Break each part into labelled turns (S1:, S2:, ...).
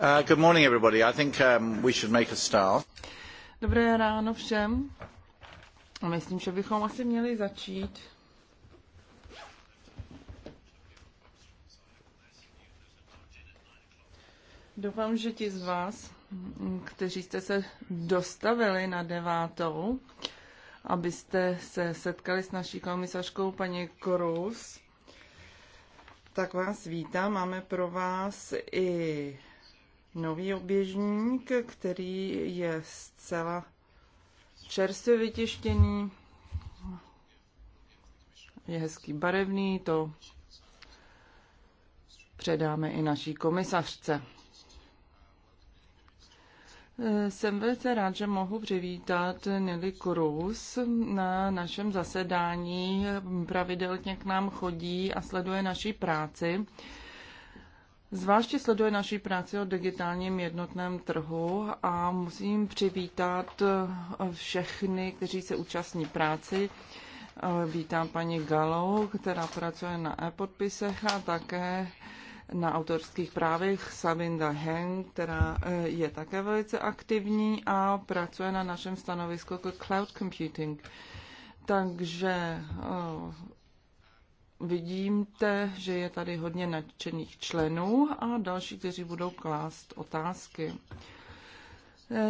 S1: Uh, good morning everybody. I think um, we should make a start.
S2: Dobré ráno všem. Myslím, že bychom asi měli začít. Doufám, že ti z vás, kteří jste se dostavili na devátou, abyste se setkali s naší komisařkou paní Korus, tak vás vítám. Máme pro vás i nový oběžník, který je zcela čerstvě vytištěný, je hezký barevný, to předáme i naší komisařce. Jsem velice rád, že mohu přivítat Nelly Cruz na našem zasedání. Pravidelně k nám chodí a sleduje naší práci. Zvláště sleduje naší práci o digitálním jednotném trhu a musím přivítat eh, všechny, kteří se účastní práci. Eh, vítám paní Galou, která pracuje na e-podpisech a také na autorských právech Savinda Heng, která eh, je také velice aktivní a pracuje na našem stanovisku k cloud computing. Takže Vidíte, že je tady hodně nadšených členů a další, kteří budou klást otázky.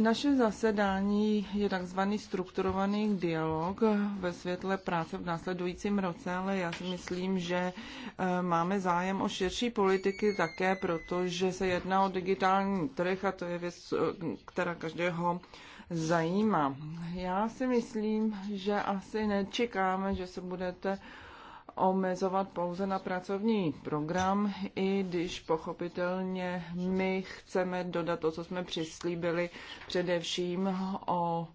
S2: Naše zasedání je takzvaný strukturovaný dialog ve světle práce v následujícím roce, ale já si myslím, že eh, máme zájem o širší politiky také, protože se jedná o digitální trh a to je věc, eh, která každého zajímá. Já si myslím, že asi nečekáme, že se budete omezovat pouze na pracovní program, i když pochopitelně my chceme dodat to, co jsme přislíbili, především o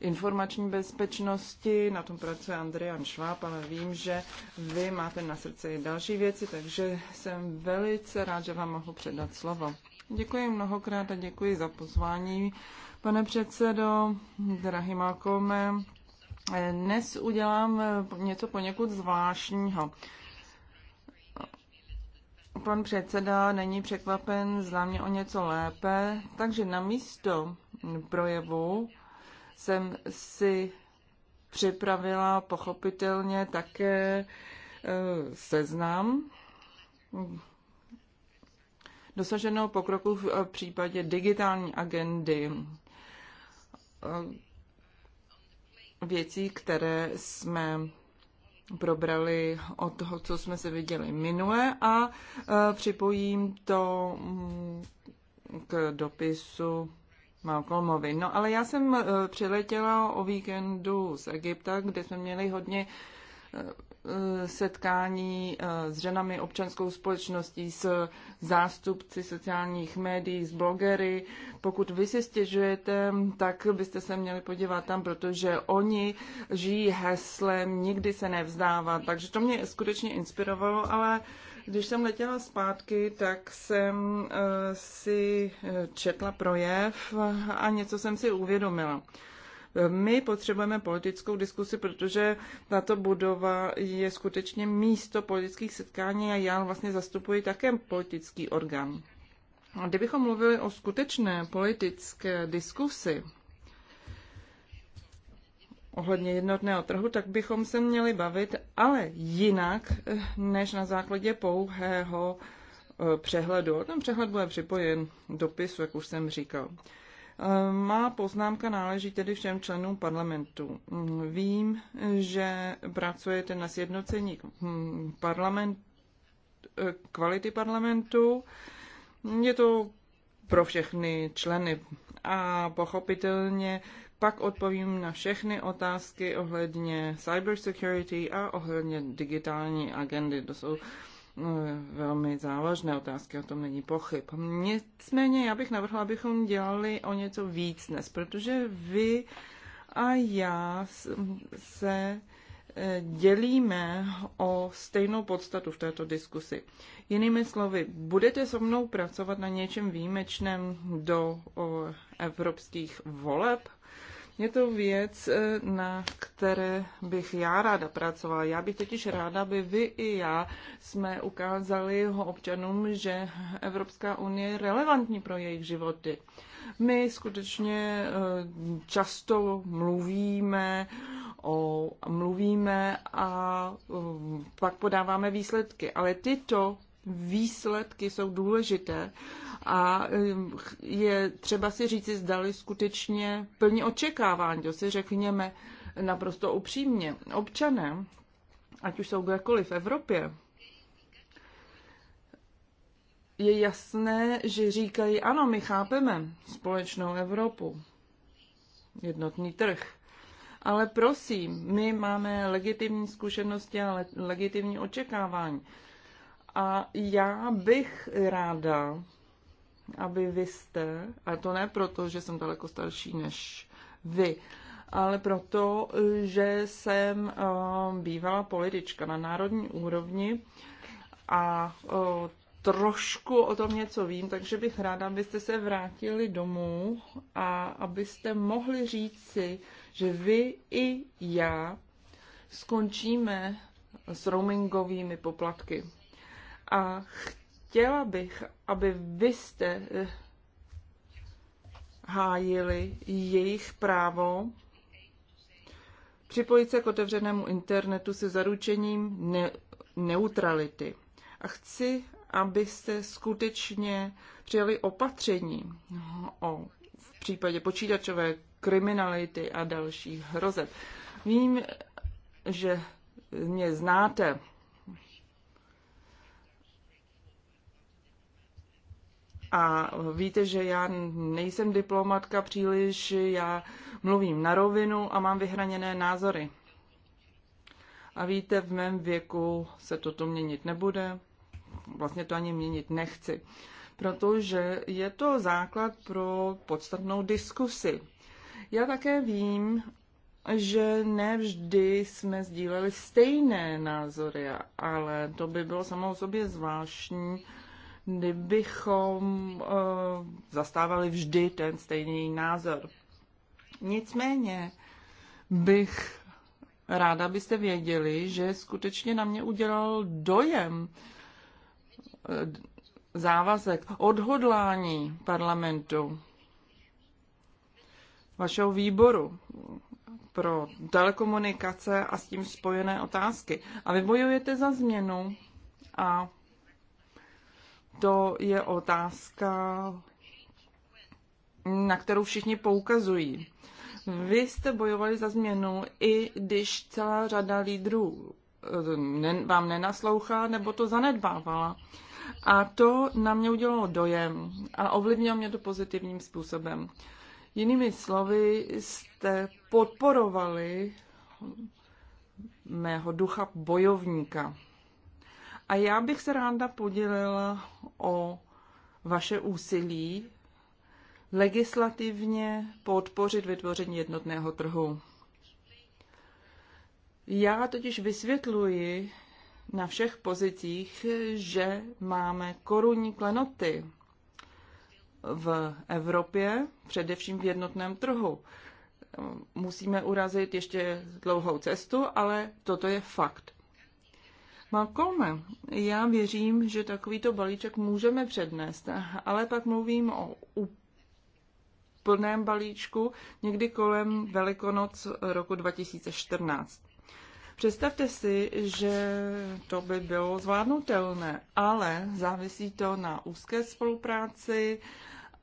S2: informační bezpečnosti, na tom pracuje Andrian Šváb, ale vím, že vy máte na srdci i další věci, takže jsem velice rád, že vám mohu předat slovo. Děkuji mnohokrát a děkuji za pozvání, pane předsedo, drahý Malcolme. Dnes udělám eh, něco poněkud zvláštního. Pan předseda není překvapen, zná mě o něco lépe, takže na místo projevu jsem si připravila pochopitelně také eh, seznam dosaženého pokroku v eh, případě digitální agendy věcí, které jsme probrali od toho, co jsme se viděli minule a e, připojím to mm, k dopisu Malcolmovi. No ale já jsem e, přiletěla o víkendu z Egypta, kde jsme měli hodně e, Eh, setkání eh, s ženami, občanskou společností, s zástupci sociálních médií, s blogery. Pokud vy si stěžujete, tak byste se měli podívat tam, protože oni žijí heslem nikdy se nevzdávat. Takže to mě skutečně inspirovalo, ale když jsem letěla zpátky, tak jsem eh, si četla projev a něco jsem si uvědomila. My potřebujeme politickou diskusi, protože tato budova je skutečně místo politických setkání a já vlastně zastupuji také politický orgán. A kdybychom mluvili o skutečné politické diskusi, ohledně jednotného trhu, tak bychom se měli bavit, ale jinak eh, než na základě pouhého eh, přehledu. Ten přehled bude připojen dopisu, jak už jsem říkal. Eh, má poznámka náleží tedy všem členům parlamentu. Mm, vím, že pracujete na sjednocení hm, parlament, eh, kvality parlamentu. Je to pro všechny členy a pochopitelně pak odpovím na všechny otázky ohledně cybersecurity a ohledně digitální agendy. To jsou No, velmi závažné otázky, o tom není pochyb. Nicméně já bych navrhla, abychom dělali o něco víc dnes, protože vy a já se eh, dělíme o stejnou podstatu v této diskusi. Jinými slovy, budete so mnou pracovat na něčem výjimečném do evropských voleb? Je to věc, eh, na které bych já ráda pracovala. Já bych totiž ráda, aby vy i já jsme ukázali jeho občanům, že Evropská unie je relevantní pro jejich životy. My skutečně eh, často mluvíme o, mluvíme a eh, pak podáváme výsledky, ale tyto výsledky jsou důležité a je třeba si říci, zdali skutečně plně očekávání, to si řekněme naprosto upřímně. Občané, ať už jsou kdekoliv v Evropě, je jasné, že říkají, ano, my chápeme společnou Evropu, jednotný trh. Ale prosím, my máme legitimní zkušenosti a legitimní očekávání. A já bych ráda aby vy jste, a to ne proto, že jsem daleko starší než vy, ale proto, že jsem eh, bývala politička na národní úrovni a eh, trošku o tom něco vím, takže bych ráda, abyste se vrátili domů a abyste mohli říct si, že vy i já skončíme s roamingovými poplatky. A chtěla bych, aby vy jste eh, hájili jejich právo připojit se k otevřenému internetu se zaručením ne- neutrality. A chci, abyste skutečně přijali opatření o, v případě počítačové kriminality a dalších hrozeb. Vím, že mě znáte A víte, že já nejsem diplomatka příliš, já mluvím na rovinu a mám vyhraněné názory. A víte, v mém věku se toto měnit nebude, vlastně to ani měnit nechci, protože je to základ pro podstatnou diskusi. Já také vím, že nevždy jsme sdíleli stejné názory, ale to by bylo samo o sobě zvláštní, kdybychom eh, zastávali vždy ten stejný názor. Nicméně bych ráda, byste věděli, že skutečně na mě udělal dojem eh, závazek, odhodlání parlamentu, vašeho výboru pro telekomunikace a s tím spojené otázky. A vy bojujete za změnu a to je otázka, na kterou všichni poukazují. Vy jste bojovali za změnu, i když celá řada lídrů eh, vám nenaslouchá nebo to zanedbávala. A to na mě udělalo dojem a ovlivnilo mě to pozitivním způsobem. Jinými slovy, jste podporovali mého ducha bojovníka. A já bych se ráda podělila o vaše úsilí legislativně podpořit vytvoření jednotného trhu. Já totiž vysvětluji na všech pozicích, že máme korunní klenoty v Evropě, především v jednotném trhu. Musíme urazit ještě dlouhou cestu, ale toto je fakt. Malcolme, já věřím, že takovýto balíček můžeme přednést, ale pak mluvím o úplném balíčku někdy kolem Velikonoc roku 2014. Představte si, že to by bylo zvládnutelné, ale závisí to na úzké spolupráci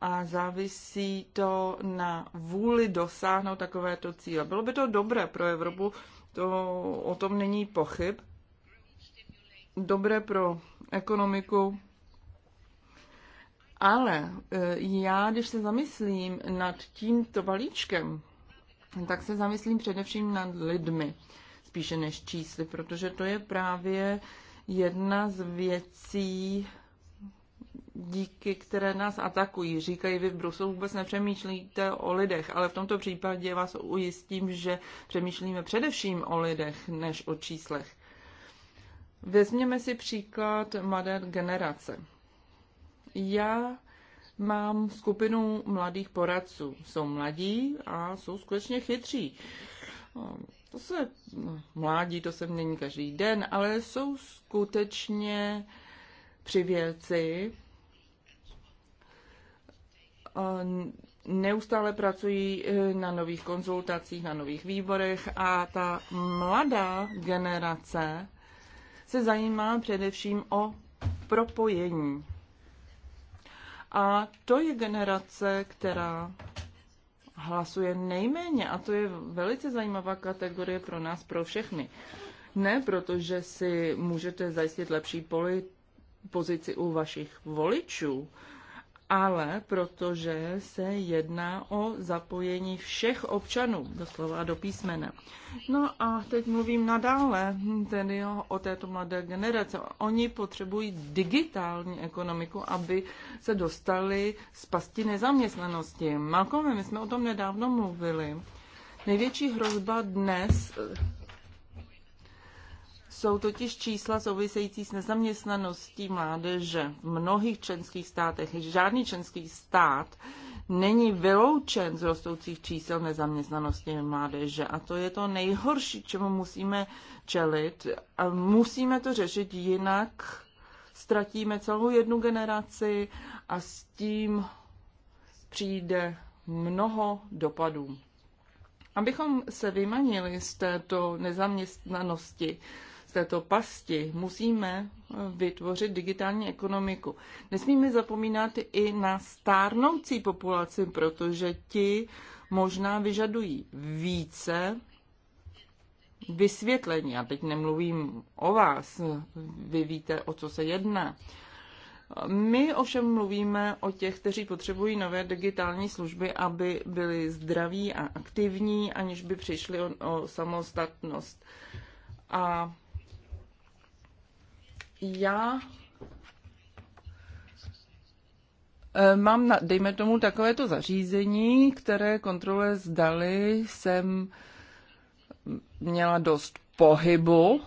S2: a závisí to na vůli dosáhnout takovéto cíle. Bylo by to dobré pro Evropu, to o tom není pochyb, dobré pro ekonomiku. Ale e, já, když se zamyslím nad tímto balíčkem, tak se zamyslím především nad lidmi, spíše než čísly, protože to je právě jedna z věcí, díky které nás atakují. Říkají, vy v Bruselu vůbec nepřemýšlíte o lidech, ale v tomto případě vás ujistím, že přemýšlíme především o lidech než o číslech. Vezměme si příklad mladé generace. Já mám skupinu mladých poradců. Jsou mladí a jsou skutečně chytří. To se no, mládí, to se mění každý den, ale jsou skutečně věci. Neustále pracují eh, na nových konzultacích, na nových výborech a ta mladá generace se zajímá především o propojení. A to je generace, která hlasuje nejméně a to je velice zajímavá kategorie pro nás, pro všechny. Ne protože si můžete zajistit lepší poli, pozici u vašich voličů, ale protože se jedná o zapojení všech občanů, doslova do písmene. No a teď mluvím nadále tedy o, o této mladé generace. Oni potřebují digitální ekonomiku, aby se dostali z pasti nezaměstnanosti. Malcolm, my jsme o tom nedávno mluvili. Největší hrozba dnes jsou totiž čísla související s nezaměstnaností mládeže v mnohých členských státech. Žádný členský stát není vyloučen z rostoucích čísel nezaměstnanosti mládeže. A to je to nejhorší, čemu musíme čelit. A musíme to řešit jinak. Ztratíme celou jednu generaci a s tím přijde mnoho dopadů. Abychom se vymanili z této nezaměstnanosti, z této pasti, musíme eh, vytvořit digitální ekonomiku. Nesmíme zapomínat i na stárnoucí populaci, protože ti možná vyžadují více vysvětlení. A teď nemluvím o vás, vy víte, o co se jedná. My ovšem mluvíme o těch, kteří potřebují nové digitální služby, aby byli zdraví a aktivní, aniž by přišli o, o samostatnost. A já eh, mám, na, dejme tomu, takovéto zařízení, které kontroluje zdali jsem měla dost pohybu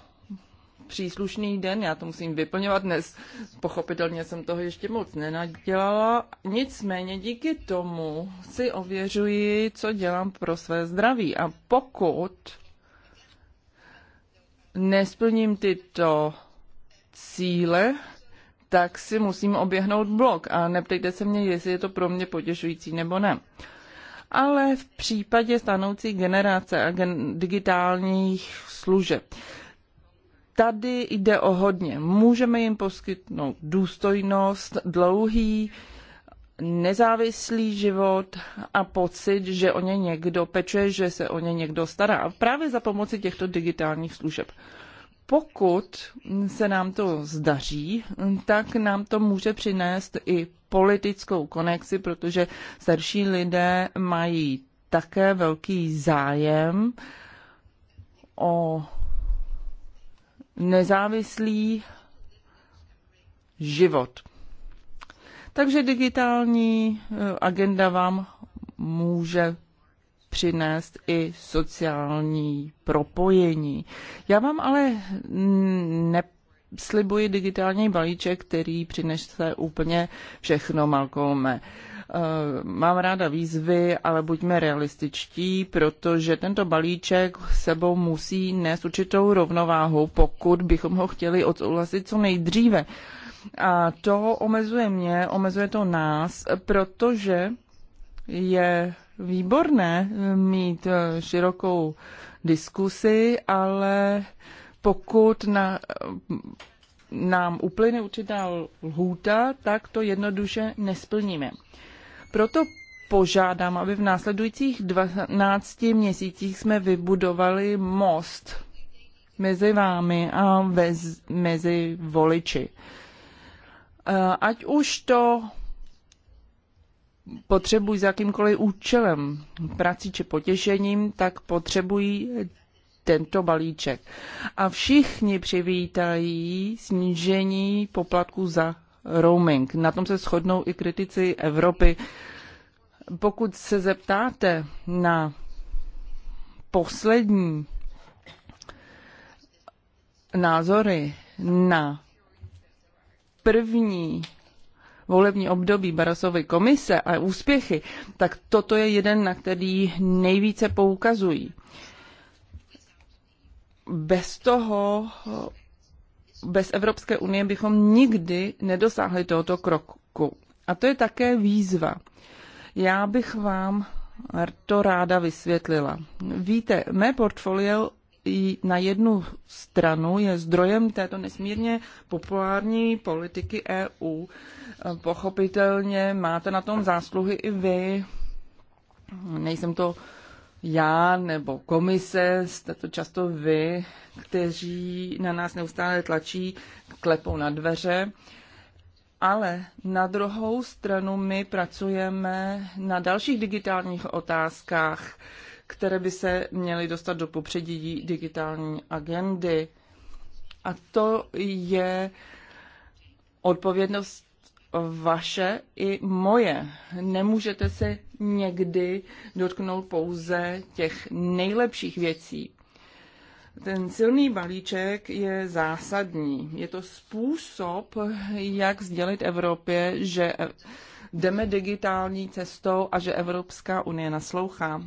S2: příslušný den, já to musím vyplňovat dnes, pochopitelně jsem toho ještě moc nenadělala, nicméně díky tomu si ověřuji, co dělám pro své zdraví a pokud nesplním tyto cíle, tak si musím oběhnout blok a neptejte se mě, jestli je to pro mě potěšující nebo ne. Ale v případě stanoucí generace a gen- digitálních služeb, tady jde o hodně. Můžeme jim poskytnout důstojnost, dlouhý, nezávislý život a pocit, že o ně někdo peče, že se o ně někdo stará. A Právě za pomoci těchto digitálních služeb pokud se nám to zdaří, tak nám to může přinést i politickou konexi, protože starší lidé mají také velký zájem o nezávislý život. Takže digitální eh, agenda vám může přinést i sociální propojení. Já vám ale ne slibuji digitální balíček, který přinese úplně všechno, Malcolme. Eh, mám ráda výzvy, ale buďme realističtí, protože tento balíček sebou musí nést určitou rovnováhu, pokud bychom ho chtěli odsouhlasit co nejdříve. A to omezuje mě, omezuje to nás, protože je výborné mít eh, širokou diskusi, ale pokud na, nám uplyne určitá lhůta, tak to jednoduše nesplníme. Proto požádám, aby v následujících 12 měsících jsme vybudovali most mezi vámi a vez, mezi voliči. Eh, ať už to potřebují za jakýmkoliv účelem, prací či potěšením, tak potřebují tento balíček. A všichni přivítají snížení poplatků za roaming. Na tom se shodnou i kritici Evropy. Pokud se zeptáte na poslední názory na první volební období Barosovy komise a úspěchy, tak toto je jeden, na který nejvíce poukazují. Bez toho, bez Evropské unie bychom nikdy nedosáhli tohoto kroku. A to je také výzva. Já bych vám to ráda vysvětlila. Víte, mé portfolio na jednu stranu je zdrojem této nesmírně populární politiky EU, Pochopitelně máte na tom zásluhy i vy. Nejsem to já nebo komise, jste to často vy, kteří na nás neustále tlačí, klepou na dveře. Ale na druhou stranu my pracujeme na dalších digitálních otázkách, které by se měly dostat do popředí digitální agendy. A to je odpovědnost vaše i moje. Nemůžete se někdy dotknout pouze těch nejlepších věcí. Ten silný balíček je zásadní. Je to způsob, jak sdělit Evropě, že jdeme digitální cestou a že Evropská unie naslouchá.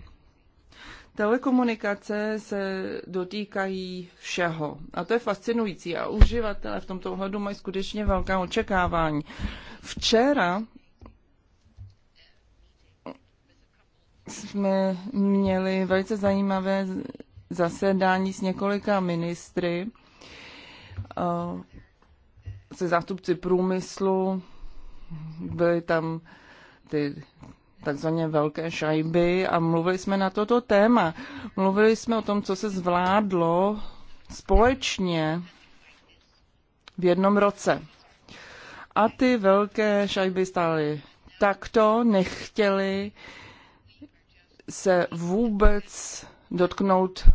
S2: Telekomunikace se dotýkají všeho a to je fascinující a uživatelé v tomto ohledu mají skutečně velká očekávání. Včera jsme měli velice zajímavé zasedání s několika ministry, eh, se zástupci průmyslu, byly tam ty takzvaně velké šajby a mluvili jsme na toto téma. Mluvili jsme o tom, co se zvládlo společně v jednom roce. A ty velké šajby stály takto, nechtěli se vůbec dotknout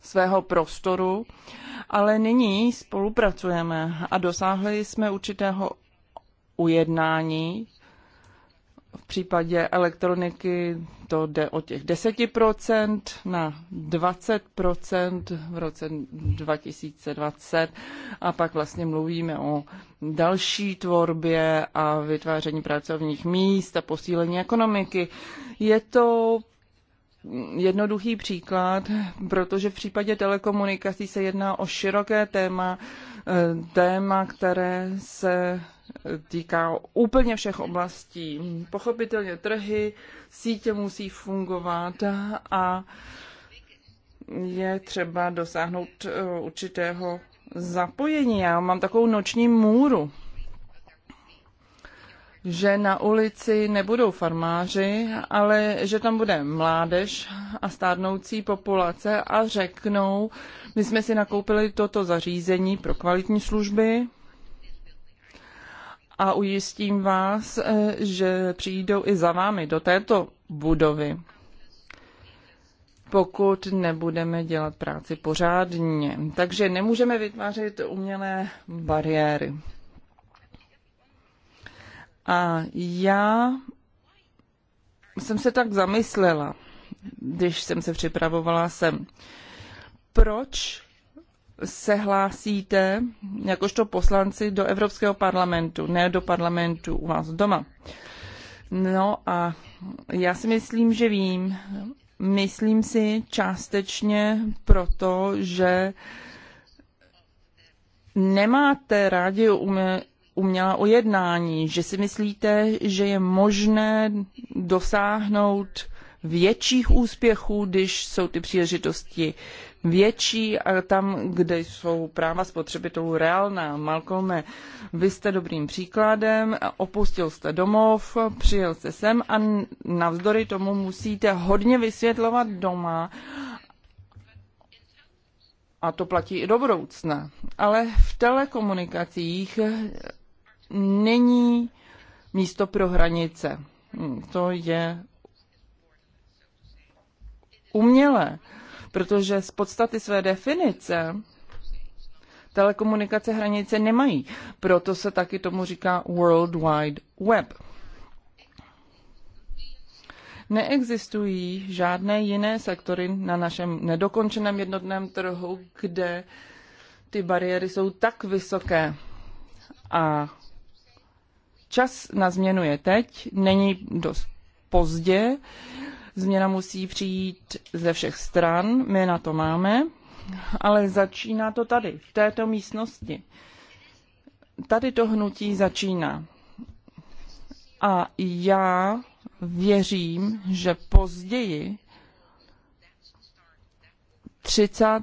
S2: svého prostoru, ale nyní spolupracujeme a dosáhli jsme určitého ujednání, v případě elektroniky to jde o těch 10% na 20% v roce 2020 a pak vlastně mluvíme o další tvorbě a vytváření pracovních míst a posílení ekonomiky. Je to jednoduchý příklad, protože v případě telekomunikací se jedná o široké téma, eh, téma, které se týká úplně všech oblastí. Pochopitelně trhy, sítě musí fungovat a je třeba dosáhnout eh, určitého zapojení. Já mám takovou noční můru, že na ulici nebudou farmáři, ale že tam bude mládež a stárnoucí populace a řeknou, my jsme si nakoupili toto zařízení pro kvalitní služby, a ujistím vás, eh, že přijdou i za vámi do této budovy, pokud nebudeme dělat práci pořádně. Takže nemůžeme vytvářet umělé bariéry. A já jsem se tak zamyslela, když jsem se připravovala sem. Proč se hlásíte jakožto poslanci do Evropského parlamentu, ne do parlamentu u vás doma. No a já si myslím, že vím. Myslím si částečně proto, že nemáte rádi umělá ujednání, že si myslíte, že je možné dosáhnout větších úspěchů, když jsou ty příležitosti větší a tam, kde jsou práva spotřebitelů reálná. Malcolme, vy jste dobrým příkladem, opustil jste domov, přijel jste sem a navzdory tomu musíte hodně vysvětlovat doma, a to platí i do budoucna. Ale v telekomunikacích není místo pro hranice. To je umělé protože z podstaty své definice telekomunikace hranice nemají. Proto se taky tomu říká World Wide Web. Neexistují žádné jiné sektory na našem nedokončeném jednotném trhu, kde ty bariéry jsou tak vysoké. A čas na změnu je teď, není dost pozdě. Změna musí přijít ze všech stran, my na to máme, ale začíná to tady, v této místnosti. Tady to hnutí začíná. A já věřím, že později 30.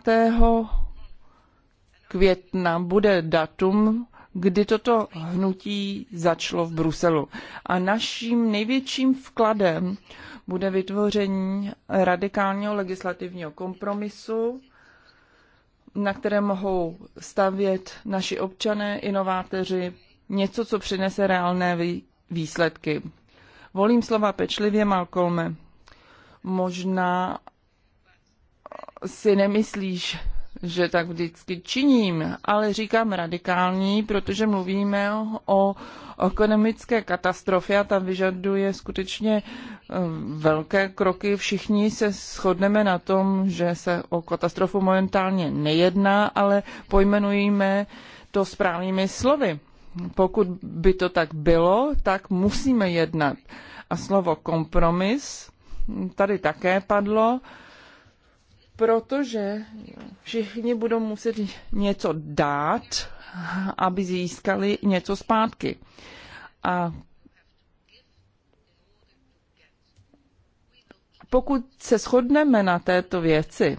S2: května bude datum, kdy toto hnutí začalo v Bruselu. A naším největším vkladem bude vytvoření radikálního legislativního kompromisu, na které mohou stavět naši občané, inovátoři, něco, co přinese reálné výsledky. Volím slova pečlivě, Malcolme. Možná si nemyslíš, že tak vždycky činím, ale říkám radikální, protože mluvíme o ekonomické katastrofě a tam vyžaduje skutečně eh, velké kroky. Všichni se shodneme na tom, že se o katastrofu momentálně nejedná, ale pojmenujeme to správnými slovy. Pokud by to tak bylo, tak musíme jednat. A slovo kompromis tady také padlo protože všichni budou muset něco dát, aby získali něco zpátky. A pokud se shodneme na této věci,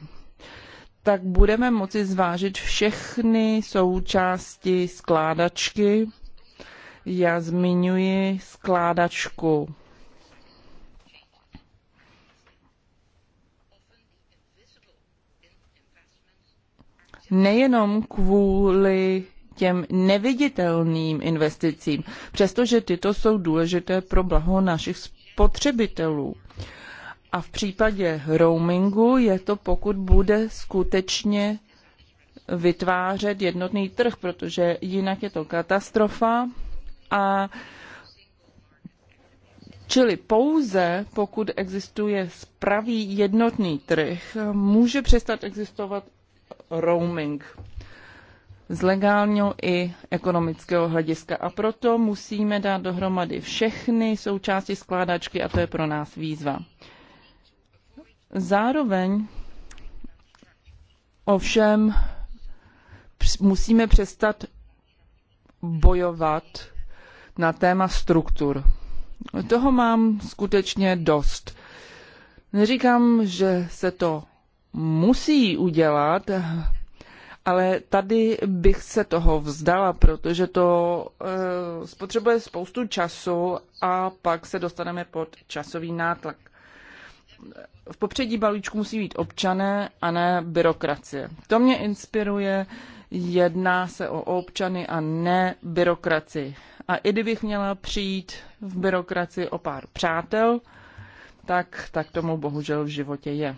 S2: tak budeme moci zvážit všechny součásti skládačky. Já zmiňuji skládačku nejenom kvůli těm neviditelným investicím, přestože tyto jsou důležité pro blaho našich spotřebitelů. A v případě roamingu je to, pokud bude skutečně vytvářet jednotný trh, protože jinak je to katastrofa. A Čili pouze pokud existuje spravý jednotný trh, může přestat existovat roaming z legálního i ekonomického hlediska. A proto musíme dát dohromady všechny součásti skládačky a to je pro nás výzva. Zároveň ovšem musíme přestat bojovat na téma struktur. Toho mám skutečně dost. Neříkám, že se to musí udělat, ale tady bych se toho vzdala, protože to e, spotřebuje spoustu času a pak se dostaneme pod časový nátlak. V popředí balíčku musí být občané a ne byrokracie. To mě inspiruje, jedná se o občany a ne byrokracii. A i kdybych měla přijít v byrokracii o pár přátel, tak, tak tomu bohužel v životě je.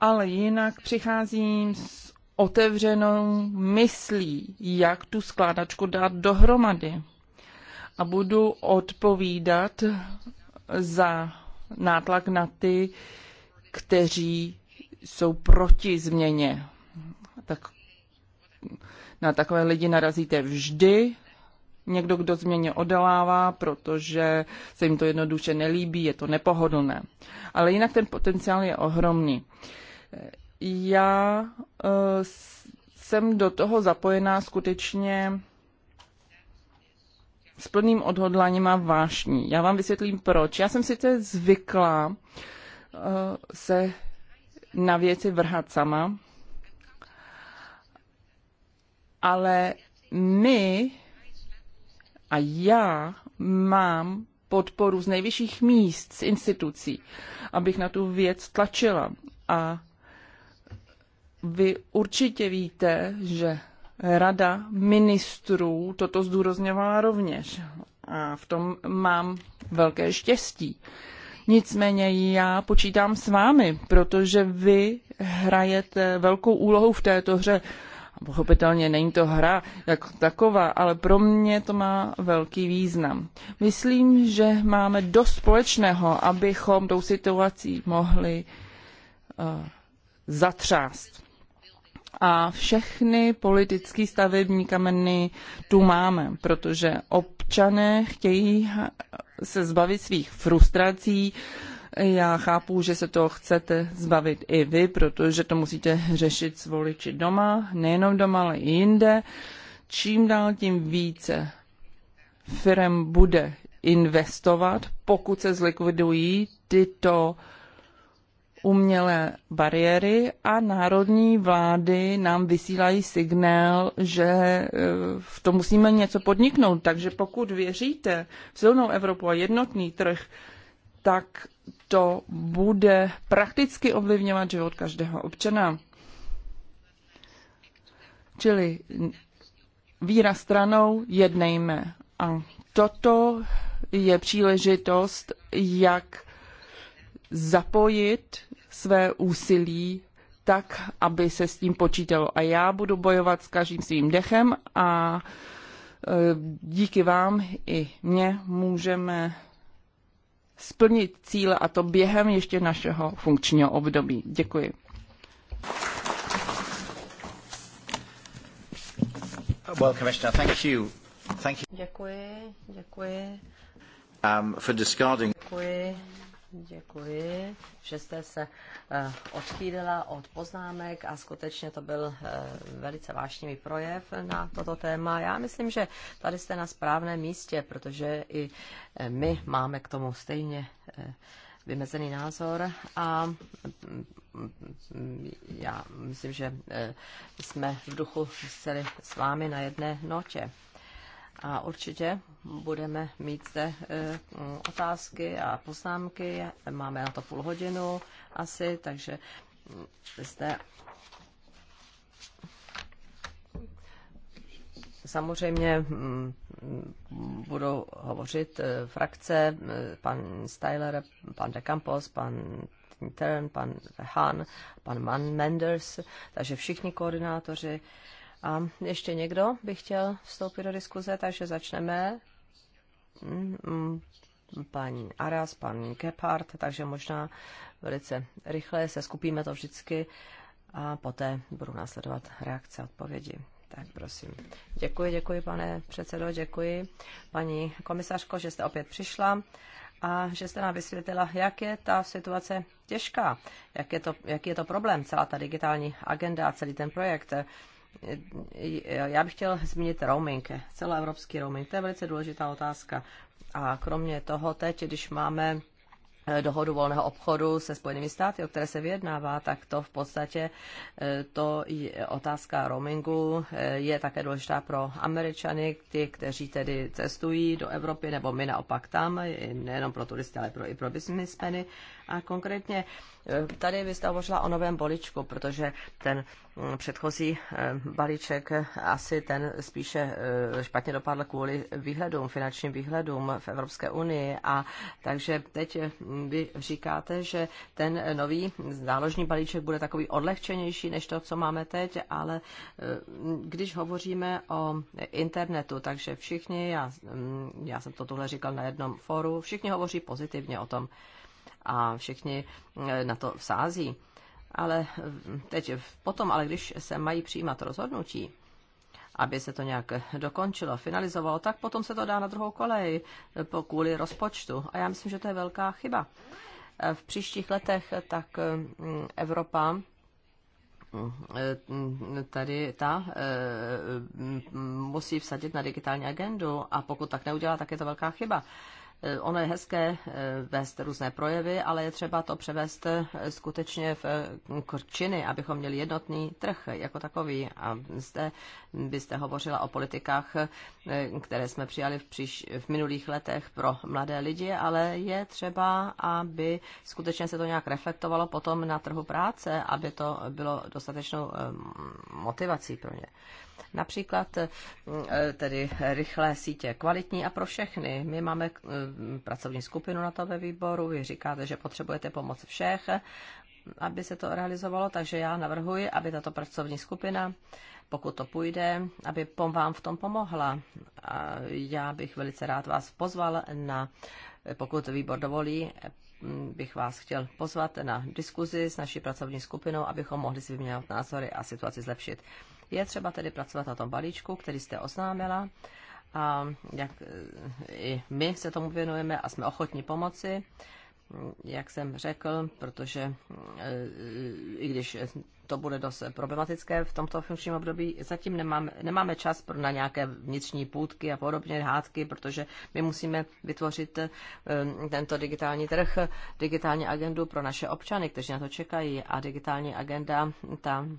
S2: Ale jinak přicházím s otevřenou myslí, jak tu skládačku dát dohromady. A budu odpovídat za nátlak na ty, kteří jsou proti změně. Tak na takové lidi narazíte vždy, někdo, kdo změně odolává, protože se jim to jednoduše nelíbí, je to nepohodlné. Ale jinak ten potenciál je ohromný. Já eh, jsem do toho zapojená skutečně s plným odhodláním a vášní. Já vám vysvětlím proč. Já jsem sice zvykla eh, se na věci vrhat sama, ale my a já mám podporu z nejvyšších míst, z institucí, abych na tu věc tlačila. A vy určitě víte, že Rada ministrů toto zdůrazňovala rovněž. A v tom mám velké štěstí. Nicméně já počítám s vámi, protože vy hrajete velkou úlohu v této hře. A pochopitelně není to hra jako taková, ale pro mě to má velký význam. Myslím, že máme dost společného, abychom tou situací mohli uh, zatřást. A všechny politické stavební kameny tu máme, protože občané chtějí se zbavit svých frustrací, uh, já chápu, že se toho chcete zbavit i vy, protože to musíte řešit s voliči doma, nejenom doma, ale i jinde. Čím dál tím více firm bude investovat, pokud se zlikvidují tyto umělé bariéry a národní vlády nám vysílají signál, že e, v tom musíme něco podniknout. Takže pokud věříte v silnou Evropu a jednotný trh, tak to bude prakticky ovlivňovat život každého občana. Čili víra stranou jednejme. A toto je příležitost, jak zapojit své úsilí tak, aby se s tím počítalo. A já budu bojovat s každým svým dechem a e, díky vám i mě můžeme splnit cíle a to během ještě našeho funkčního období. Děkuji.
S1: Well, Commissioner, thank you.
S3: Thank you. Děkuji, děkuji.
S1: Um, for discarding.
S4: Děkuji Děkuji, že jste se eh, odchýlila od poznámek a skutečně to byl eh, velice vášnivý projev na toto téma. Já myslím, že tady jste na správném místě, protože i eh, my máme k tomu stejně vymezený názor a mm, já myslím, že jsme v duchu s vámi na jedné notě. A určitě budeme mít zde e, otázky a poznámky. Máme na to půl hodinu asi, takže mm, zde Samozřejmě mm, budou hovořit e, frakce, e, pan Styler, pan De Campos, pan Tintern, pan Han, pan Man Menders, takže všichni koordinátoři a ještě někdo by chtěl vstoupit do diskuze, takže začneme. Mm, paní Aras, pan Gephardt, takže možná velice rychle se skupíme to vždycky a poté budou následovat reakce a odpovědi. Tak prosím. Děkuji, děkuji, pane předsedo, děkuji, paní komisařko, že jste opět přišla a že jste nám vysvětlila, jak je ta situace těžká, jak je to, jaký je to problém, celá ta digitální agenda, celý ten projekt. Eh, já bych chtěl zmínit roaming, celoevropský roaming. To je velice důležitá otázka. A kromě toho teď, když máme eh, dohodu volného obchodu se Spojenými státy, o které se vyjednává, tak to v podstatě eh, to je otázka roamingu je také důležitá pro Američany, ty, kteří tedy cestují do Evropy, nebo my naopak tam, nejenom pro turisty, ale pro, i pro businessmeny. A konkrétně eh, tady byste hovořila o novém balíčku, protože ten mm, předchozí eh, balíček eh, asi ten spíše špatně dopadl kvůli výhledům, finančním výhledům v Evropské unii. A takže teď mm, vy říkáte, že ten nový záložní balíček bude takový odlehčenější než to, co máme teď, ale když hovoříme o internetu, takže všichni, já, mm, já jsem to tuhle říkal na jednom foru, všichni hovoří pozitivně o tom, a všichni eh, na to vsází. Ale eh, teď potom, ale když se mají přijímat rozhodnutí, aby se to nějak dokončilo, finalizovalo, tak potom se to dá na druhou kolej eh, kvůli rozpočtu. A já myslím, že to je velká chyba. V příštích letech tak mm, Evropa mm, tady ta mm, musí vsadit na digitální agendu a pokud tak neudělá, tak je to velká chyba. Eh, ono je hezké eh, vést různé projevy, ale je třeba to převést eh, skutečně v činy, abychom měli jednotný trh jako takový. A zde byste hovořila o politikách, které jsme přijali v, příš, v minulých letech pro mladé lidi, ale je třeba, aby skutečně se to nějak reflektovalo potom na trhu práce, aby to bylo dostatečnou motivací pro ně. Například eh, tedy rychlé sítě, kvalitní a pro všechny. My máme eh, pracovní skupinu na to ve výboru, vy říkáte, že potřebujete pomoc všech, aby se to realizovalo, takže já navrhuji, aby tato pracovní skupina, pokud to půjde, aby vám v tom pomohla. A já bych velice rád vás pozval na, pokud výbor dovolí, bych vás chtěl pozvat na diskuzi s naší pracovní skupinou, abychom mohli si vyměnit názory a situaci zlepšit. Je třeba tedy pracovat na tom balíčku, který jste oznámila a jak eh, i my se tomu věnujeme a jsme ochotní pomoci, jak jsem řekl, protože eh, i když to bude dost problematické v tomto funkčním období, zatím nemáme, nemáme čas pro na nějaké vnitřní půdky a podobně hádky, protože my musíme vytvořit eh, tento digitální trh, digitální agendu pro naše občany, kteří na to čekají a digitální agenda tam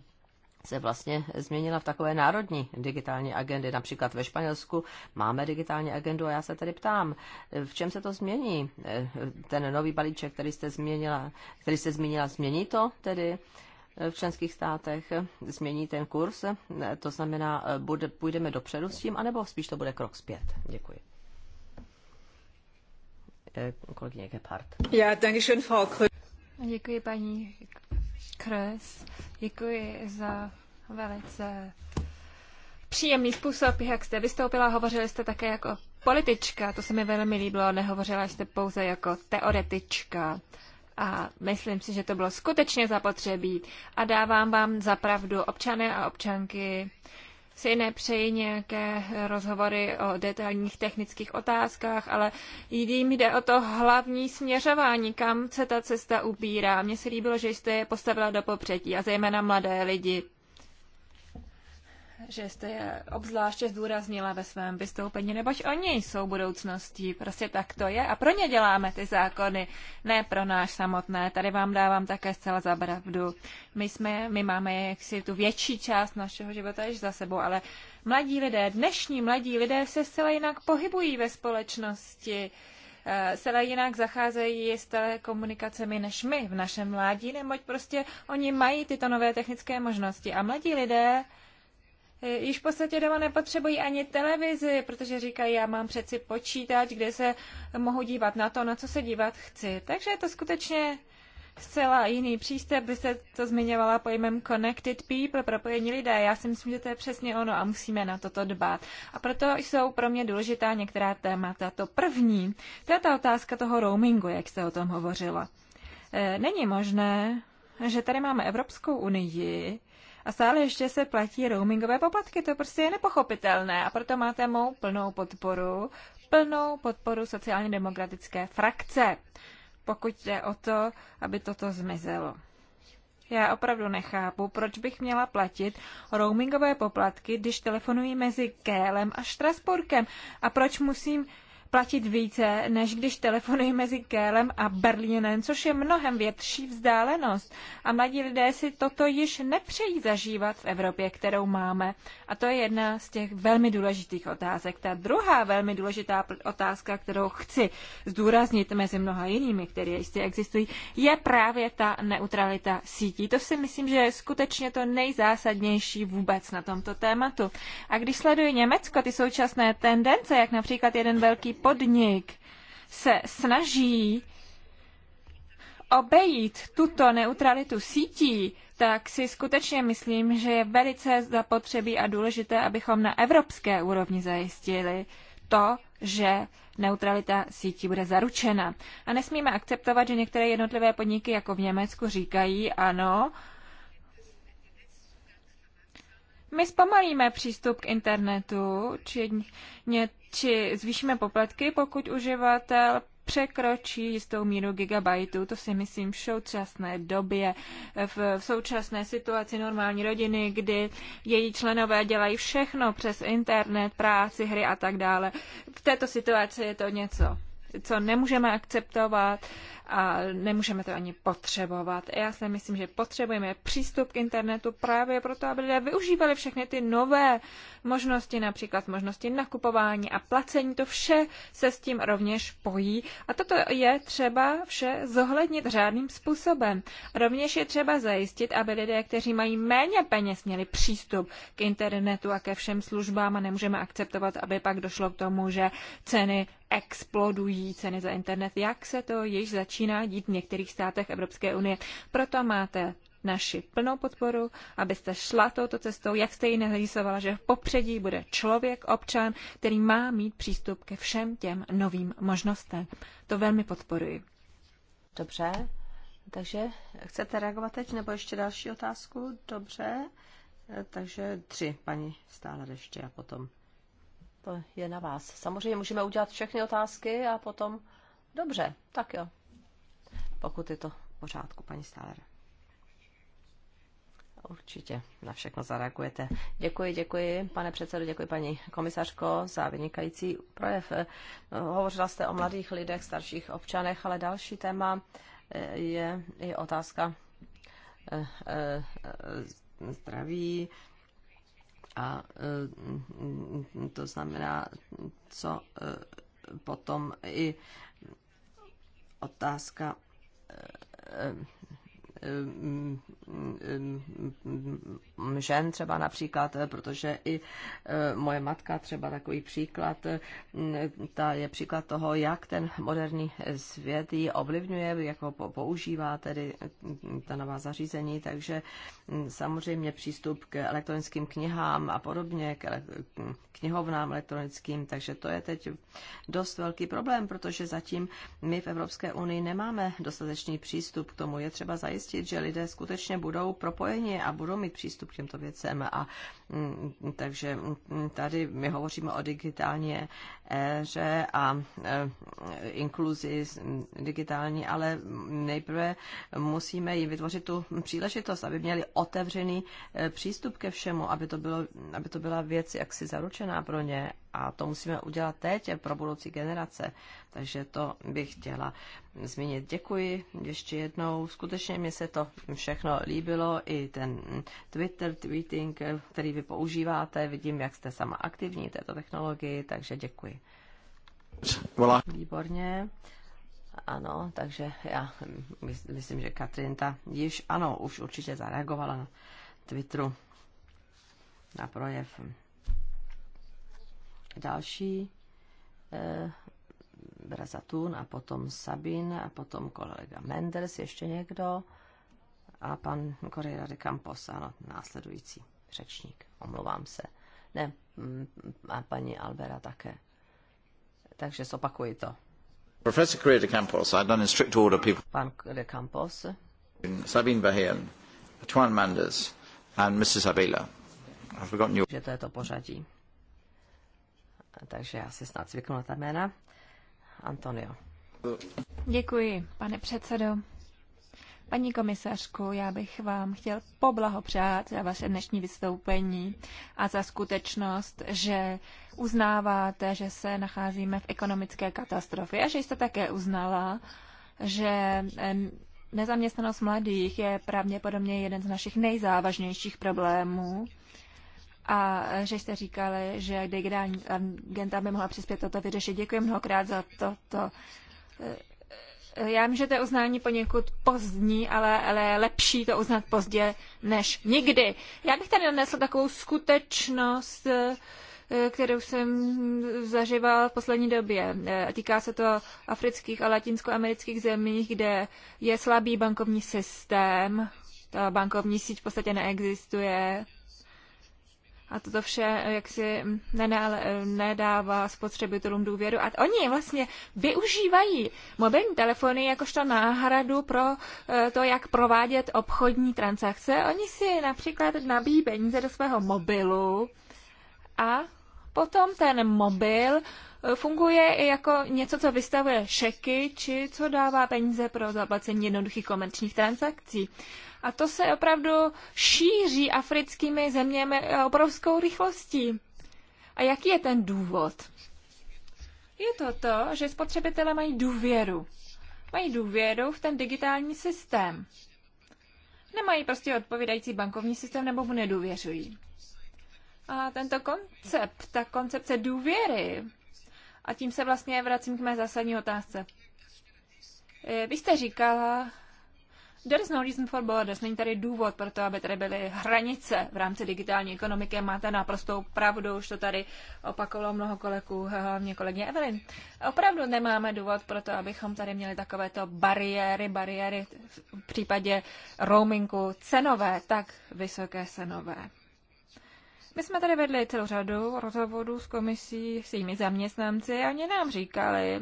S4: se vlastně změnila v takové národní digitální agendy. Například ve Španělsku máme digitální agendu a já se tedy ptám, v čem se to změní? Eh, ten nový balíček, který jste, změnila, který jste zmínila, změní to tedy? Eh, v členských státech změní ten kurz, eh, to znamená, bude, půjdeme dopředu s tím, anebo spíš to bude krok zpět. Děkuji. Kolegyně Gebhardt.
S5: Já, Děkuji paní Kres. Děkuji za velice příjemný způsob, jak jste vystoupila. Hovořili jste také jako politička, to se mi velmi líbilo. Nehovořila jste pouze jako teoretička. A myslím si, že to bylo skutečně zapotřebí. A dávám vám zapravdu občany a občanky si nepřeji nějaké rozhovory o detailních technických otázkách, ale jim jde o to hlavní směřování, kam se ta cesta ubírá. Mně se líbilo, že jste je postavila do popředí a zejména mladé lidi že jste je obzvláště zdůraznila ve svém vystoupení, neboť oni jsou budoucností, prostě tak to je a pro ně děláme ty zákony, ne pro náš samotné. Tady vám dávám také zcela za pravdu. My, jsme, my máme jaksi tu větší část našeho života již za sebou, ale mladí lidé, dnešní mladí lidé se zcela jinak pohybují ve společnosti eh, zcela jinak zacházejí s telekomunikacemi než my v našem mládí, neboť prostě oni mají tyto nové technické možnosti. A mladí lidé Eh, již v podstatě doma nepotřebují ani televizi, protože říkají, já mám přeci počítač, kde se mohu dívat na to, na co se dívat chci. Takže je to skutečně zcela jiný přístup. Vy to zmiňovala pojmem connected people, propojení lidé. Já si myslím, že to je přesně ono a musíme na toto dbát. A proto jsou pro mě důležitá některá témata. To první, to je ta otázka toho roamingu, jak jste o tom hovořila. Eh, není možné, že tady máme Evropskou unii, a stále ještě se platí roamingové poplatky. To prostě je nepochopitelné a proto máte mou plnou podporu, plnou podporu sociálně demokratické frakce, pokud jde o to, aby toto zmizelo. Já opravdu nechápu, proč bych měla platit roamingové poplatky, když telefonuji mezi Kélem a Štrasburkem a proč musím platit více, než když telefonují mezi Kélem a Berlínem, což je mnohem větší vzdálenost. A mladí lidé si toto již nepřejí zažívat v Evropě, kterou máme. A to je jedna z těch velmi důležitých otázek. Ta druhá velmi důležitá otázka, kterou chci zdůraznit mezi mnoha jinými, které jistě existují, je právě ta neutralita sítí. To si myslím, že je skutečně to nejzásadnější vůbec na tomto tématu. A když sleduji Německo, ty současné tendence, jak například jeden velký podnik se snaží obejít tuto neutralitu sítí, tak si skutečně myslím, že je velice zapotřebí a důležité, abychom na evropské úrovni zajistili to, že neutralita sítí bude zaručena. A nesmíme akceptovat, že některé jednotlivé podniky, jako v Německu, říkají, ano, my zpomalíme přístup k internetu, či, ně, či zvýšíme poplatky, pokud uživatel překročí jistou míru gigabajtů. To si myslím v současné době, v, v současné situaci normální rodiny, kdy její členové dělají všechno přes internet, práci, hry a tak dále. V této situaci je to něco, co nemůžeme akceptovat a nemůžeme to ani potřebovat. Já si myslím, že potřebujeme přístup k internetu právě proto, aby lidé využívali všechny ty nové možnosti, například možnosti nakupování a placení. To vše se s tím rovněž pojí. A toto je třeba vše zohlednit řádným způsobem. Rovněž je třeba zajistit, aby lidé, kteří mají méně peněz, měli přístup k internetu a ke všem službám a nemůžeme akceptovat, aby pak došlo k tomu, že ceny explodují, ceny za internet, jak se to již začíná začíná dít v některých státech Evropské unie. Proto máte naši plnou podporu, abyste šla touto cestou, jak jste ji narýsovala, že v popředí bude člověk, občan, který má mít přístup ke všem těm novým možnostem. To velmi podporuji. Dobře, takže chcete reagovat
S4: teď nebo ještě další otázku? Dobře, e, takže tři, paní stále ještě a potom. To je na vás. Samozřejmě můžeme udělat všechny otázky a potom. Dobře, tak jo pokud je to v pořádku, paní Stáler. Určitě na všechno zareagujete. Děkuji, děkuji, pane předsedo, děkuji paní komisařko za vynikající projev. Hovořila jste o mladých lidech, starších občanech, ale další téma eh, je i otázka eh, eh, zdraví a to znamená, co potom i otázka Um, um, um, um, um, um, um, um, um žen třeba například, eh, protože i eh, moje matka třeba takový příklad, eh, ta je příklad toho, jak ten moderní svět ji ovlivňuje, jak ho používá tedy mm, ta nová zařízení, takže mm, samozřejmě přístup k elektronickým knihám a podobně, k mm, knihovnám elektronickým, takže to je teď dost velký problém, protože zatím my v Evropské unii nemáme dostatečný přístup k tomu. Je třeba zajistit, že lidé skutečně budou propojeni a budou mít přístup přístup k těmto věcem. A, mm, takže mm, tady my hovoříme o digitálně éře a eh, inkluzi mm, digitální, ale nejprve musíme jim vytvořit tu příležitost, aby měli otevřený eh, přístup ke všemu, aby to, bylo, aby to byla věc jaksi zaručená pro ně a to musíme udělat teď pro budoucí generace. Takže to bych chtěla zmínit. Děkuji ještě jednou. Skutečně mi se to všechno líbilo, i ten mm, Twitter, tweeting, eh, který vy používáte. Vidím, jak jste sama aktivní této technologii, takže děkuji. Výborně. Ano, takže já myslím, že ta již, ano, už určitě zareagovala na Twitteru na projev. Další eh, Brazatun a potom Sabin a potom kolega Menders, ještě někdo a pan Correa de Campos, ano, následující řečník, omlouvám se. Ne, mm, a paní Albera také. Takže zopakuji to.
S1: Professor Correa de Campos, I've done in strict order people.
S4: Pan de Campos.
S1: Sabine Bahien, Tuan Manders and Mrs. Avila. I've forgotten you.
S4: Že to je to pořadí. Takže já si snad zvyknu na ta jména. Antonio.
S5: Děkuji, pane předsedo. Paní komisařko, já bych vám chtěl poblahopřát za vaše dnešní vystoupení a za skutečnost, že uznáváte, že se nacházíme v ekonomické katastrofě a že jste také uznala, že nezaměstnanost mladých je pravděpodobně jeden z našich nejzávažnějších problémů a že jste říkali, že digitální agenta by mohla přispět toto vyřešit. Děkuji mnohokrát za toto. To já vím, že to je uznání poněkud pozdní, ale, ale je lepší to uznat pozdě než nikdy. Já bych tady odnesl takovou skutečnost, eh, kterou jsem zažíval v poslední době. Eh, týká se to afrických a latinskoamerických zemí, kde je slabý bankovní systém, ta bankovní síť v podstatě neexistuje a toto vše eh, jaksi mm, eh, nedává spotřebitelům důvěru. A oni vlastně využívají mobilní telefony jakožto náhradu pro eh, to, jak provádět obchodní transakce. Oni si například nabíjí peníze do svého mobilu a potom ten mobil funguje i jako něco, co vystavuje šeky, či co dává peníze pro zaplacení jednoduchých komerčních transakcí. A to se opravdu šíří africkými zeměmi eh, obrovskou rychlostí. A jaký je ten důvod? Je to to, že spotřebitelé mají důvěru. Mají důvěru v ten digitální systém. Nemají prostě odpovídající bankovní systém nebo mu nedůvěřují. A tento koncept, ta koncepce důvěry, a tím se vlastně vracím k mé zásadní otázce. Eh, vy jste říkala, There is no reason for borders. Není tady důvod pro to, aby tady byly hranice v rámci digitální ekonomiky. Máte naprostou pravdu, už to tady opakovalo mnoho kolegů, hlavně kolegyně Evelyn. Opravdu nemáme důvod pro to, abychom tady měli takovéto bariéry, bariéry v případě roamingu cenové, tak vysoké cenové. My jsme tady vedli celou řadu rozhovorů s komisí, s jejími zaměstnanci a oni nám říkali,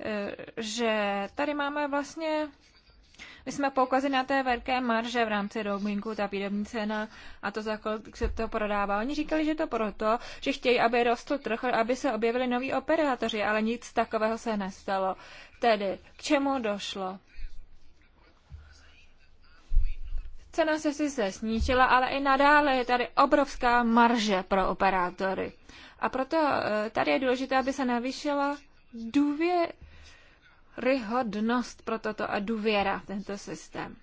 S5: eh, že tady máme vlastně my jsme poukazili na té velké marže v rámci roamingu, ta výrobní cena a to, za kolik se to prodává. Oni říkali, že to proto, že chtějí, aby rostl trh, aby se objevili noví operátoři, ale nic takového se nestalo. Tedy, k čemu došlo? Cena se sice snížila, ale i nadále je tady obrovská marže pro operátory. A proto eh, tady je důležité, aby se navýšila důvěra ryhodnost pro toto a důvěra v tento systém.